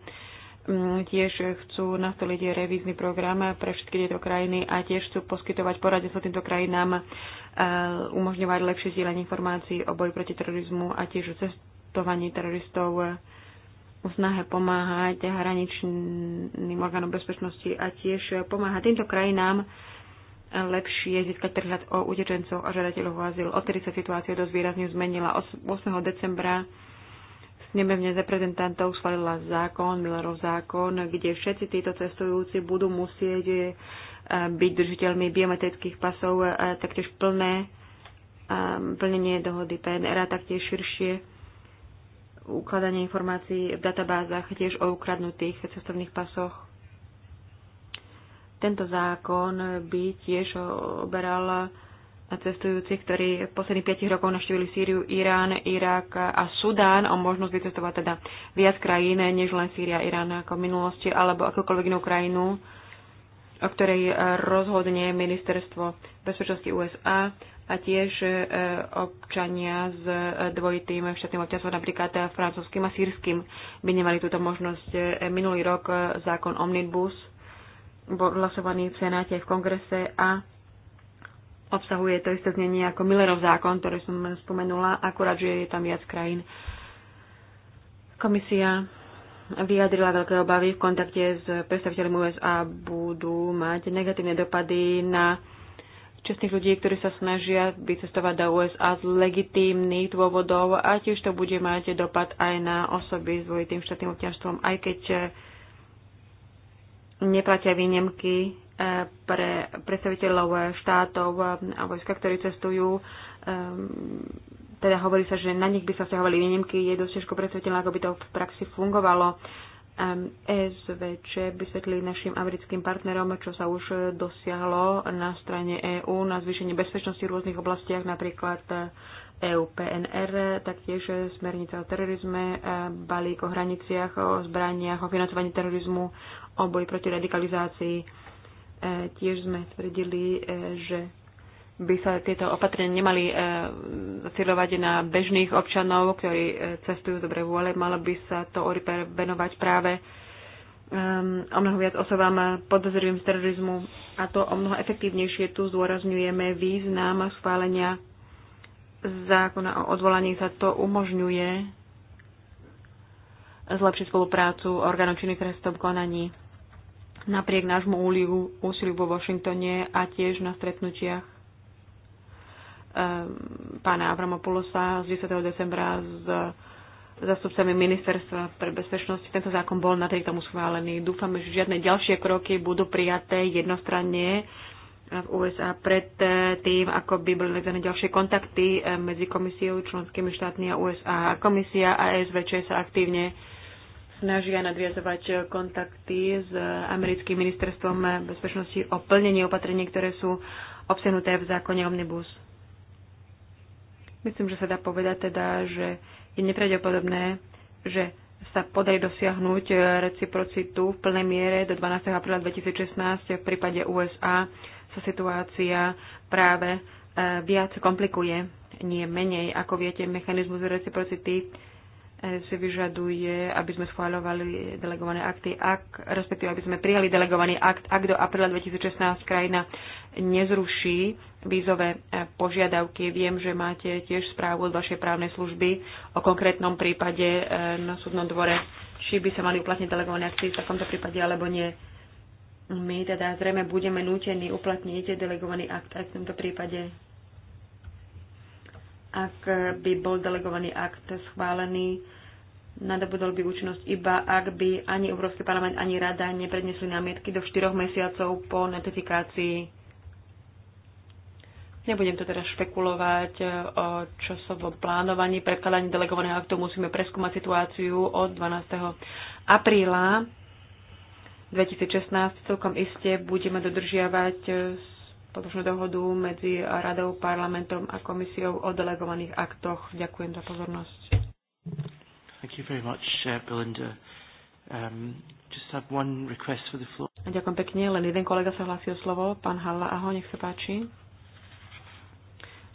Mm, tiež chcú nastoliť revízny program pre všetky tieto krajiny a tiež chcú poskytovať poradenstvo týmto krajinám, e, umožňovať lepšie zdieľanie informácií o boji proti terorizmu a tiež o cestovaní teroristov v snahe pomáhať hraničným orgánom bezpečnosti a tiež pomáhať týmto krajinám lepšie získať prehľad o utečencov a žiadateľov o azyl. Odtedy sa situácia dosť výrazne zmenila. 8. decembra snemevne reprezentantov schválila zákon, Millerov zákon, kde všetci títo cestujúci budú musieť eh, byť držiteľmi biometrických pasov, eh, taktiež plné eh, plnenie dohody PNR a taktiež širšie ukladanie informácií v databázach, tiež o ukradnutých cestovných pasoch. Tento zákon by tiež oberal cestujúcich, ktorí v posledných 5 rokov navštívili Sýriu, Irán, Irak a Sudán o možnosť vycestovať teda viac krajín, než len Sýria, Irán ako v minulosti, alebo akúkoľvek inú krajinu, o ktorej rozhodne ministerstvo bezpečnosti USA a tiež e, občania s e, dvojitým štátnym občanstvom, napríklad e, francúzským a sírským, by nemali túto možnosť. Minulý rok zákon Omnibus bol hlasovaný v Senáte aj v kongrese a obsahuje to isté znenie ako Millerov zákon, ktorý som spomenula, akurát, že je tam viac krajín. Komisia vyjadrila veľké obavy v kontakte s predstaviteľmi USA budú mať negatívne dopady na čestných ľudí, ktorí sa snažia vycestovať do USA z legitímnych dôvodov a tiež to bude mať dopad aj na osoby s dvojitým štátnym obťažstvom, aj keď eh, neplatia výnimky eh, pre predstaviteľov eh, štátov a vojska, ktorí cestujú. Ehm, teda hovorí sa, že na nich by sa vzťahovali výnimky. Je dosť ťažko predstaviteľné, ako by to v praxi fungovalo. SVČ vysvetlili našim americkým partnerom, čo sa už dosiahlo na strane EÚ na zvýšenie bezpečnosti v rôznych oblastiach, napríklad EU PNR, taktiež smernica o terorizme, balík o hraniciach, o zbraniach, o financovaní terorizmu, o boji proti radikalizácii. E, tiež sme tvrdili, e, že by sa tieto opatrenia nemali e, zacielovať na bežných občanov, ktorí e, cestujú dobre vôle. Malo by sa to ORIPER venovať práve e, o mnoho viac osobám podozrivým z terorizmu a to o mnoho efektívnejšie tu zdôrazňujeme význam schválenia zákona o odvolaní sa to umožňuje zlepšiť spoluprácu orgánov činných trestov konaní napriek nášmu úlivu, úsiliu vo Washingtone a tiež na stretnutiach Ehm, pána Avramopulosa z 10. decembra s zastupcami ministerstva pre bezpečnosť. Tento zákon bol na tomu schválený. Dúfame, že žiadne ďalšie kroky budú prijaté jednostranne v USA pred eh, tým, ako by boli navedené ďalšie kontakty eh, medzi komisiou, členskými štátmi a USA. Komisia a SVČ sa aktívne snažia nadviazovať kontakty s americkým ministerstvom bezpečnosti o plnení opatrení, ktoré sú obsenuté v zákone Omnibus. Myslím, že sa dá povedať teda, že je nepravdepodobné, že sa podarí dosiahnuť eh, reciprocitu v plnej miere do 12. apríla 2016. V prípade USA sa situácia práve eh, viac komplikuje, nie menej. Ako viete, mechanizmus reciprocity E si vyžaduje, aby sme schváľovali delegované akty, ak, respektíve aby sme prijali delegovaný akt, ak do apríla 2016 krajina nezruší vízové e, požiadavky. Viem, že máte tiež správu od vašej právnej služby o konkrétnom prípade e, na súdnom dvore, či by sa mali uplatniť delegované akty v takomto prípade alebo nie. My teda zrejme budeme nútení uplatniť delegovaný akt aj v tomto prípade ak by bol delegovaný akt schválený, nadobudol by účinnosť iba, ak by ani Európsky parlament, ani Rada neprednesli námietky do 4 mesiacov po notifikácii. Nebudem to teraz špekulovať eh, o časovom plánovaní. Predkladaní delegovaného aktu musíme preskúmať situáciu od 12. apríla 2016. Celkom iste budeme dodržiavať eh, spoločnú dohodu medzi Radou, parlamentom a komisiou o delegovaných aktoch. Ďakujem za pozornosť. Thank you very much, Belinda. Um, just have one request for the floor. Ďakujem pekne. Len jeden kolega sa hlási o slovo. Pán Halla, aho, nech sa páči.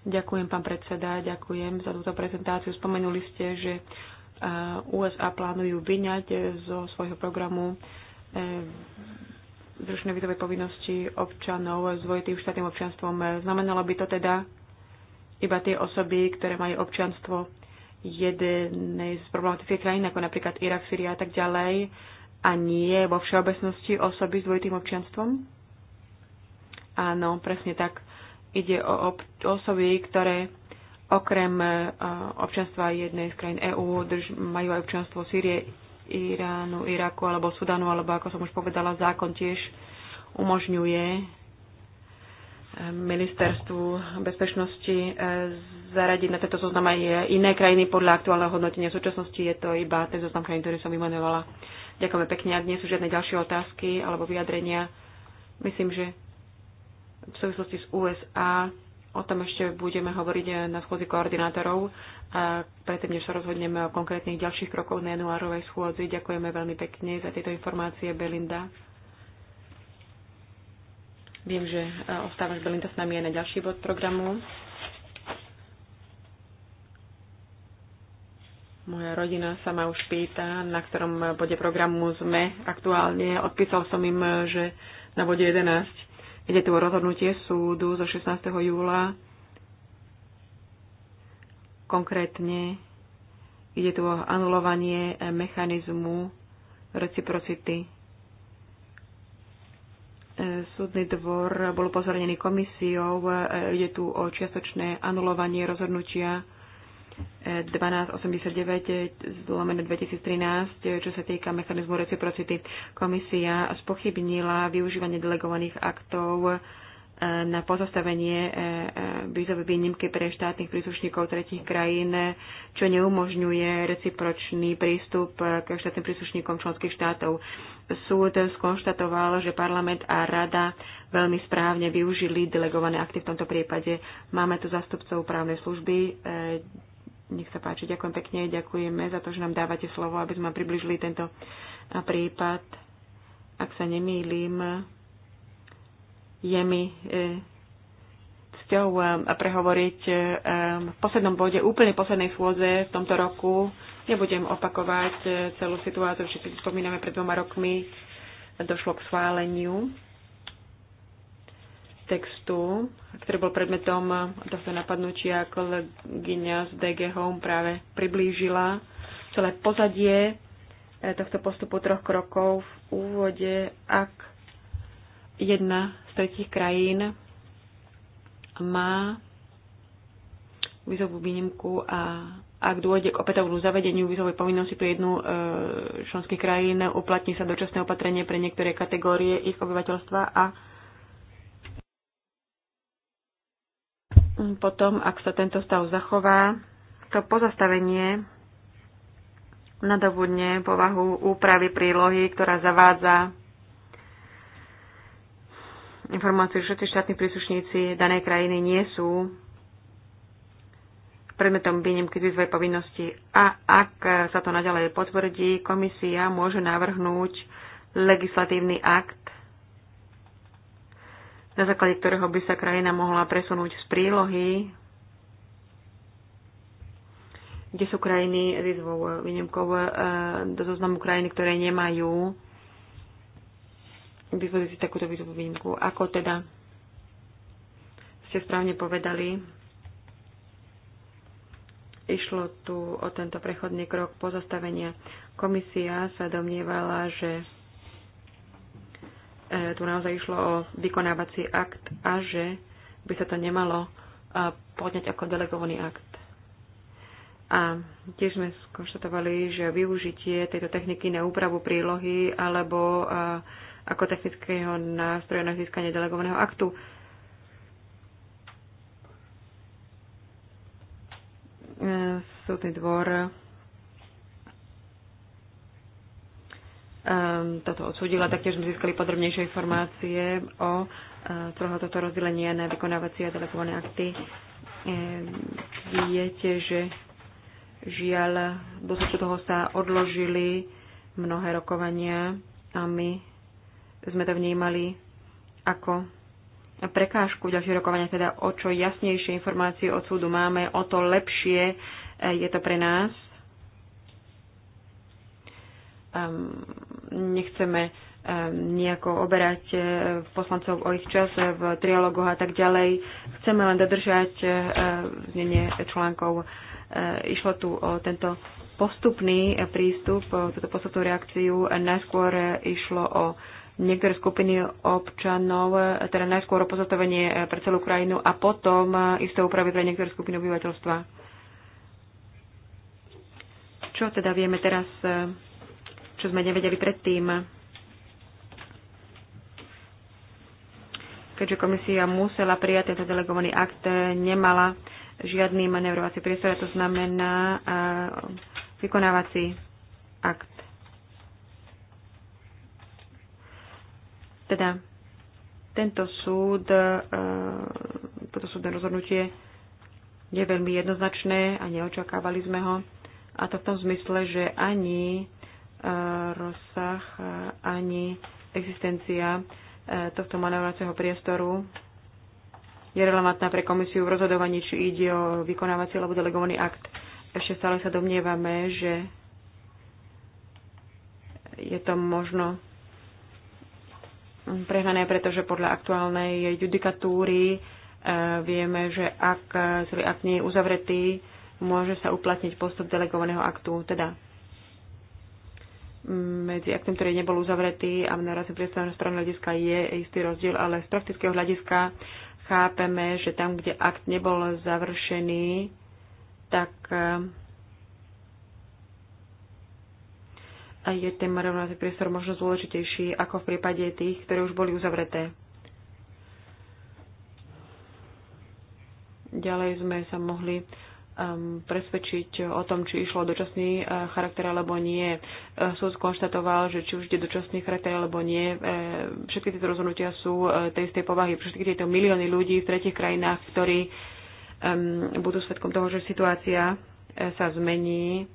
Ďakujem, pán predseda, ďakujem za túto prezentáciu. Spomenuli ste, že uh, USA plánujú vyňať zo svojho programu uh, zrušené vizové povinnosti občanov s dvojitým štátnym občanstvom. Znamenalo by to teda iba tie osoby, ktoré majú občanstvo jednej z problematických krajín, ako napríklad Irak, Syria a tak ďalej, a nie vo všeobecnosti osoby s dvojitým občanstvom? Áno, presne tak. Ide o osoby, ktoré okrem občanstva jednej z krajín EÚ majú aj občanstvo Sýrie, Iránu, Iraku alebo Sudanu, alebo ako som už povedala, zákon tiež umožňuje eh, ministerstvu bezpečnosti eh, zaradiť na tento zoznam aj eh, iné krajiny podľa aktuálneho hodnotenia. V súčasnosti je to iba ten zoznam krajín, ktorý som vymenovala. Ďakujeme pekne. Ak nie sú žiadne ďalšie otázky alebo vyjadrenia, myslím, že v súvislosti s USA O tom ešte budeme hovoriť eh, na schôdzi koordinátorov a predtým, než sa rozhodneme o konkrétnych ďalších krokov na januárovej schôdzi. Ďakujeme veľmi pekne za tieto informácie, Belinda. Viem, že eh, ostávaš Belinda s nami aj na ďalší bod programu. Moja rodina sa ma už pýta, na ktorom bode programu sme aktuálne. Odpísal som im, eh, že na bode 11 Ide tu o rozhodnutie súdu zo 16. júla. Konkrétne ide tu o anulovanie mechanizmu reciprocity. E, súdny dvor bol upozornený komisiou. E, ide tu o čiastočné anulovanie rozhodnutia 1289 zlomené 2013, čo sa týka mechanizmu reciprocity. Komisia spochybnila využívanie delegovaných aktov e, na pozastavenie e, e, vízovej výnimky pre štátnych príslušníkov tretich krajín, čo neumožňuje recipročný prístup k štátnym príslušníkom členských štátov. Súd skonštatoval, že parlament a rada veľmi správne využili delegované akty v tomto prípade. Máme tu zastupcov právnej služby. Nech sa páči, ďakujem pekne, ďakujeme za to, že nám dávate slovo, aby sme približili tento prípad. Ak sa nemýlim, je mi e, cťou e, prehovoriť e, v poslednom bode, úplne poslednej schôdze v tomto roku. Nebudem opakovať celú situáciu, všetci spomíname pred dvoma rokmi, došlo k schváleniu textu, ktorý bol predmetom tohto napadnutia, kolegyňa z DG Home práve priblížila celé pozadie eh, tohto postupu troch krokov v úvode, ak jedna z tretich krajín má vízovú výnimku a ak dôjde k opätovnú zavedeniu vízovej povinnosti pre jednu e, členských krajín, uplatní sa dočasné opatrenie pre niektoré kategórie ich obyvateľstva a potom, ak sa tento stav zachová, to pozastavenie nadobudne povahu úpravy prílohy, ktorá zavádza informáciu, že všetci štátni príslušníci danej krajiny nie sú predmetom výnimky z výzvej povinnosti. A ak sa to naďalej potvrdí, komisia môže navrhnúť legislatívny akt na základe ktorého by sa krajina mohla presunúť z prílohy, kde sú krajiny výzvou výnimkou e, do zoznamu krajiny, ktoré nemajú dispozícii takúto výzvu výnimku. Ako teda ste správne povedali, išlo tu o tento prechodný krok pozastavenia. Komisia sa domnievala, že E, tu naozaj išlo o vykonávací akt a že by sa to nemalo e, podňať ako delegovaný akt. A tiež sme skonštatovali, že využitie tejto techniky na úpravu prílohy alebo e, ako technického nástroja na získanie delegovaného aktu súdny dvor um, toto odsúdila. Taktiež sme získali podrobnejšie informácie o uh, celého toto rozdelenie na vykonávacie a delegované akty. Um, viete, že žiaľ, v toho sa odložili mnohé rokovania a my sme to vnímali ako prekážku ďalšie rokovania, teda o čo jasnejšie informácie od súdu máme, o to lepšie eh, je to pre nás. Um, nechceme nejako oberať e, poslancov o ich čas v trialogoch a tak ďalej. Chceme len dodržať e, znenie článkov. E, išlo tu o tento postupný prístup, o túto postupnú reakciu. Najskôr išlo o niektoré skupiny občanov, teda najskôr o pozotovenie pre celú krajinu a potom isté úpravy pre niektoré skupiny obyvateľstva. Čo teda vieme teraz čo sme nevedeli predtým. Keďže komisia musela prijať tento delegovaný akt, nemala žiadny manevrovací priestor, to znamená vykonávací akt. Teda tento súd, toto súdne rozhodnutie je veľmi jednoznačné a neočakávali sme ho. A to v tom zmysle, že ani rozsah ani existencia e, tohto manévracieho priestoru je relevantná pre komisiu v rozhodovaní, či ide o vykonávací alebo delegovaný akt. Ešte stále sa domnievame, že je to možno prehnané, pretože podľa aktuálnej judikatúry e, vieme, že ak celý akt nie je uzavretý, môže sa uplatniť postup delegovaného aktu. Teda medzi aktom, ktorý nebol uzavretý a mnohorazne predstavené správne hľadiska je istý rozdiel, ale z praktického hľadiska chápeme, že tam, kde akt nebol završený, tak eh, je ten rovnaký priestor možno zôležitejší ako v prípade tých, ktoré už boli uzavreté. Ďalej sme sa mohli um, presvedčiť o tom, či išlo dočasný uh, charakter alebo nie. Uh, súd skonštatoval, že či už ide dočasný charakter alebo nie, uh, všetky tieto rozhodnutia sú uh, tej istej povahy. Všetky tieto milióny ľudí v tretich krajinách, ktorí um, budú svetkom toho, že situácia uh, sa zmení,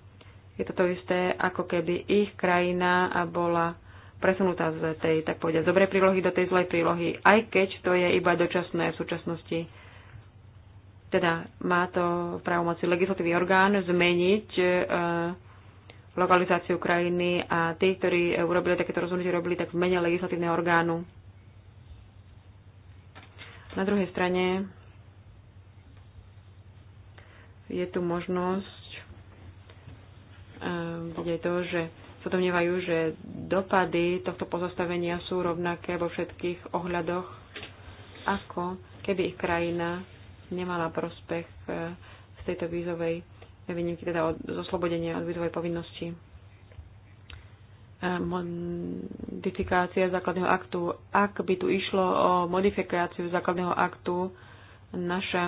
je to to isté, ako keby ich krajina bola presunutá z tej, tak povedať, z dobrej prílohy do tej zlej prílohy, aj keď to je iba dočasné v súčasnosti teda má to v právomoci legislatívny orgán zmeniť e, lokalizáciu krajiny a tí, ktorí urobili takéto rozhodnutie, robili tak v mene legislatívneho orgánu. Na druhej strane je tu možnosť vidieť e, to, že sa domnievajú, že dopady tohto pozastavenia sú rovnaké vo všetkých ohľadoch, ako keby ich krajina nemala prospech e, z tejto vízovej výnimky, teda od, zoslobodenia od vízovej povinnosti. E, modifikácia základného aktu. Ak by tu išlo o modifikáciu základného aktu, naša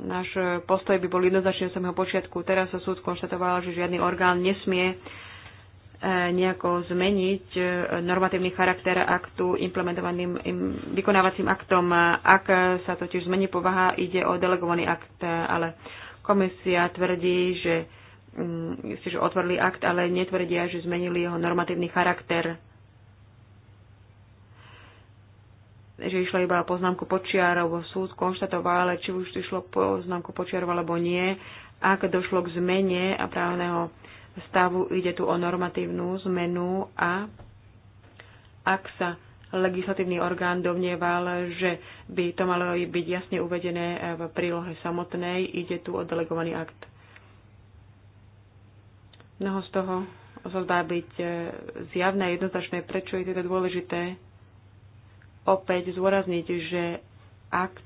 náš postoj by bol jednoznačný od samého počiatku. Teraz sa súd konštatoval, že žiadny orgán nesmie nejako zmeniť e, normatívny charakter aktu implementovaným vykonávacím aktom. Ak sa totiž zmení povaha, ide o delegovaný akt, ale komisia tvrdí, že si mm, že otvorili akt, ale netvrdia, že zmenili jeho normatívny charakter. Že išlo iba o poznámku počiarov, súd konštatoval, či už išlo poznámku počiarov alebo nie, ak došlo k zmene a právneho stavu. Ide tu o normatívnu zmenu a ak sa legislatívny orgán domnieval, že by to malo byť jasne uvedené v prílohe samotnej, ide tu o delegovaný akt. Mnoho z toho sa zdá byť e, zjavné a jednoznačné, prečo je teda dôležité opäť zúrazniť, že akt,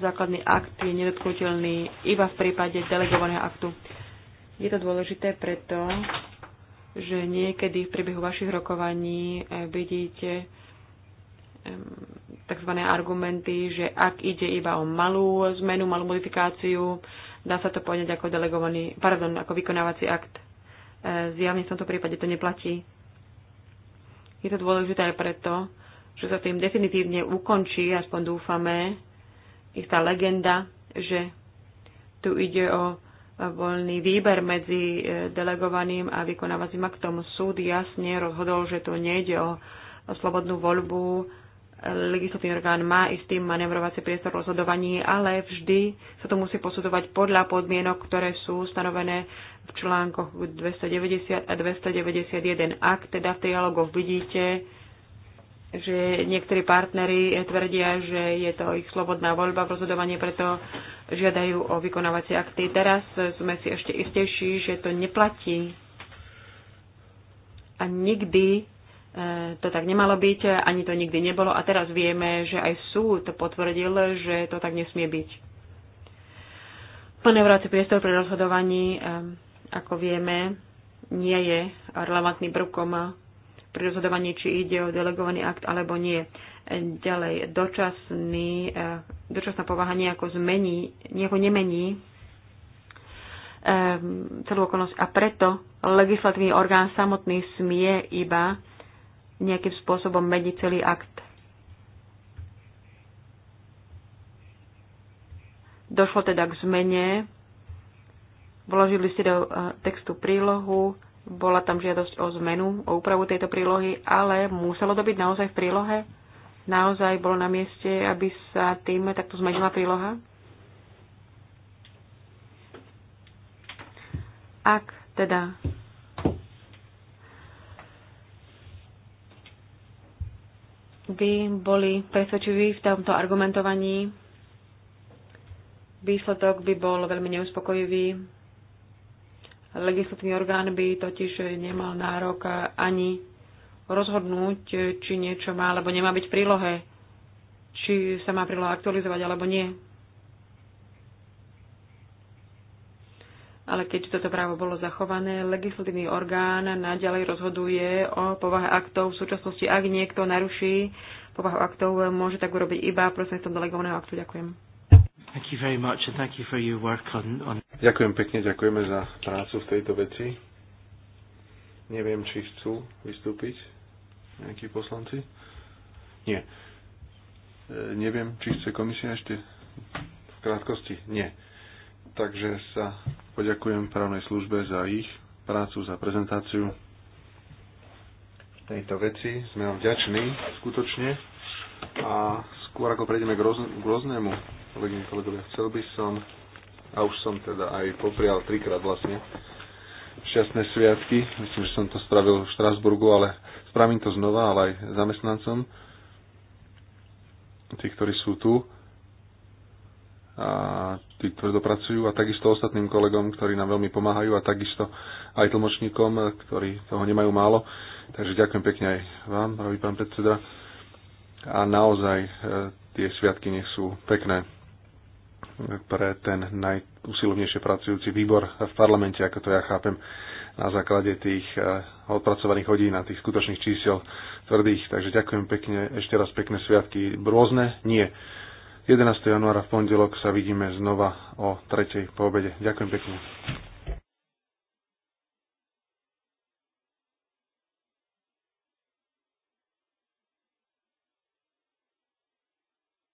základný akt je nedotknutelný iba v prípade delegovaného aktu. Je to dôležité preto, že niekedy v priebehu vašich rokovaní eh, vidíte tzv. argumenty, že ak ide iba o malú zmenu, malú modifikáciu, dá sa to poňať ako delegovaný, pardon, ako vykonávací akt. Eh, zjavne v tomto prípade to neplatí. Je to dôležité aj preto, že sa tým definitívne ukončí, aspoň dúfame, istá legenda, že tu ide o voľný výber medzi e, delegovaným a vykonávacím aktom. Súd jasne rozhodol, že to nejde o slobodnú voľbu. Legislatívny orgán má istý manevrovací priestor v rozhodovaní, ale vždy sa to musí posudovať podľa podmienok, ktoré sú stanovené v článkoch 290 a 291. Ak teda v trialogoch vidíte, že niektorí partnery tvrdia, že je to ich slobodná voľba v rozhodovaní, preto žiadajú o vykonávacie akty. Teraz sme si ešte istejší, že to neplatí. A nikdy e, to tak nemalo byť, ani to nikdy nebolo. A teraz vieme, že aj súd potvrdil, že to tak nesmie byť. vráci priestor pri rozhodovaní, e, ako vieme, nie je relevantným prvkom pri rozhodovaní, či ide o delegovaný akt alebo nie. Ďalej, dočasný, e, dočasná povaha nejako zmení, nejako nemení e, celú okolnosť a preto legislatívny orgán samotný smie iba nejakým spôsobom meniť celý akt. Došlo teda k zmene, vložili ste do e, textu prílohu, bola tam žiadosť o zmenu, o úpravu tejto prílohy, ale muselo to byť naozaj v prílohe? Naozaj bolo na mieste, aby sa tým takto zmenila príloha? Ak teda by boli presvedčiví v tomto argumentovaní, výsledok by bol veľmi neuspokojivý Legislatívny orgán by totiž nemal nárok ani rozhodnúť, či niečo má alebo nemá byť v prílohe, či sa má príloha aktualizovať alebo nie. Ale keď toto právo bolo zachované, legislatívny orgán naďalej rozhoduje o povahe aktov. V súčasnosti, ak niekto naruší povahu aktov, môže tak urobiť iba prostredníctvom delegovaného aktu. Ďakujem. Ďakujem pekne, ďakujeme za prácu v tejto veci. Neviem, či chcú vystúpiť nejakí poslanci. Nie. E, neviem, či chce komisia ešte v krátkosti. Nie. Takže sa poďakujem právnej službe za ich prácu, za prezentáciu tejto veci. Sme vám vďační, skutočne. A skôr ako prejdeme k, k rôznemu kolegyne, kolegovia. Chcel by som, a už som teda aj poprial trikrát vlastne, šťastné sviatky. Myslím, že som to spravil v Štrásburgu, ale spravím to znova, ale aj zamestnancom, tí, ktorí sú tu a tí, ktorí dopracujú a takisto ostatným kolegom, ktorí nám veľmi pomáhajú a takisto aj tlmočníkom, ktorí toho nemajú málo. Takže ďakujem pekne aj vám, pravý pán predseda. A naozaj e, tie sviatky nech sú pekné pre ten najusilovnejšie pracujúci výbor v parlamente, ako to ja chápem, na základe tých eh, odpracovaných hodín a tých skutočných čísel tvrdých. Takže ďakujem pekne, ešte raz pekné sviatky. Rôzne? Nie. 11. januára v pondelok sa vidíme znova o 3. po obede. Ďakujem pekne.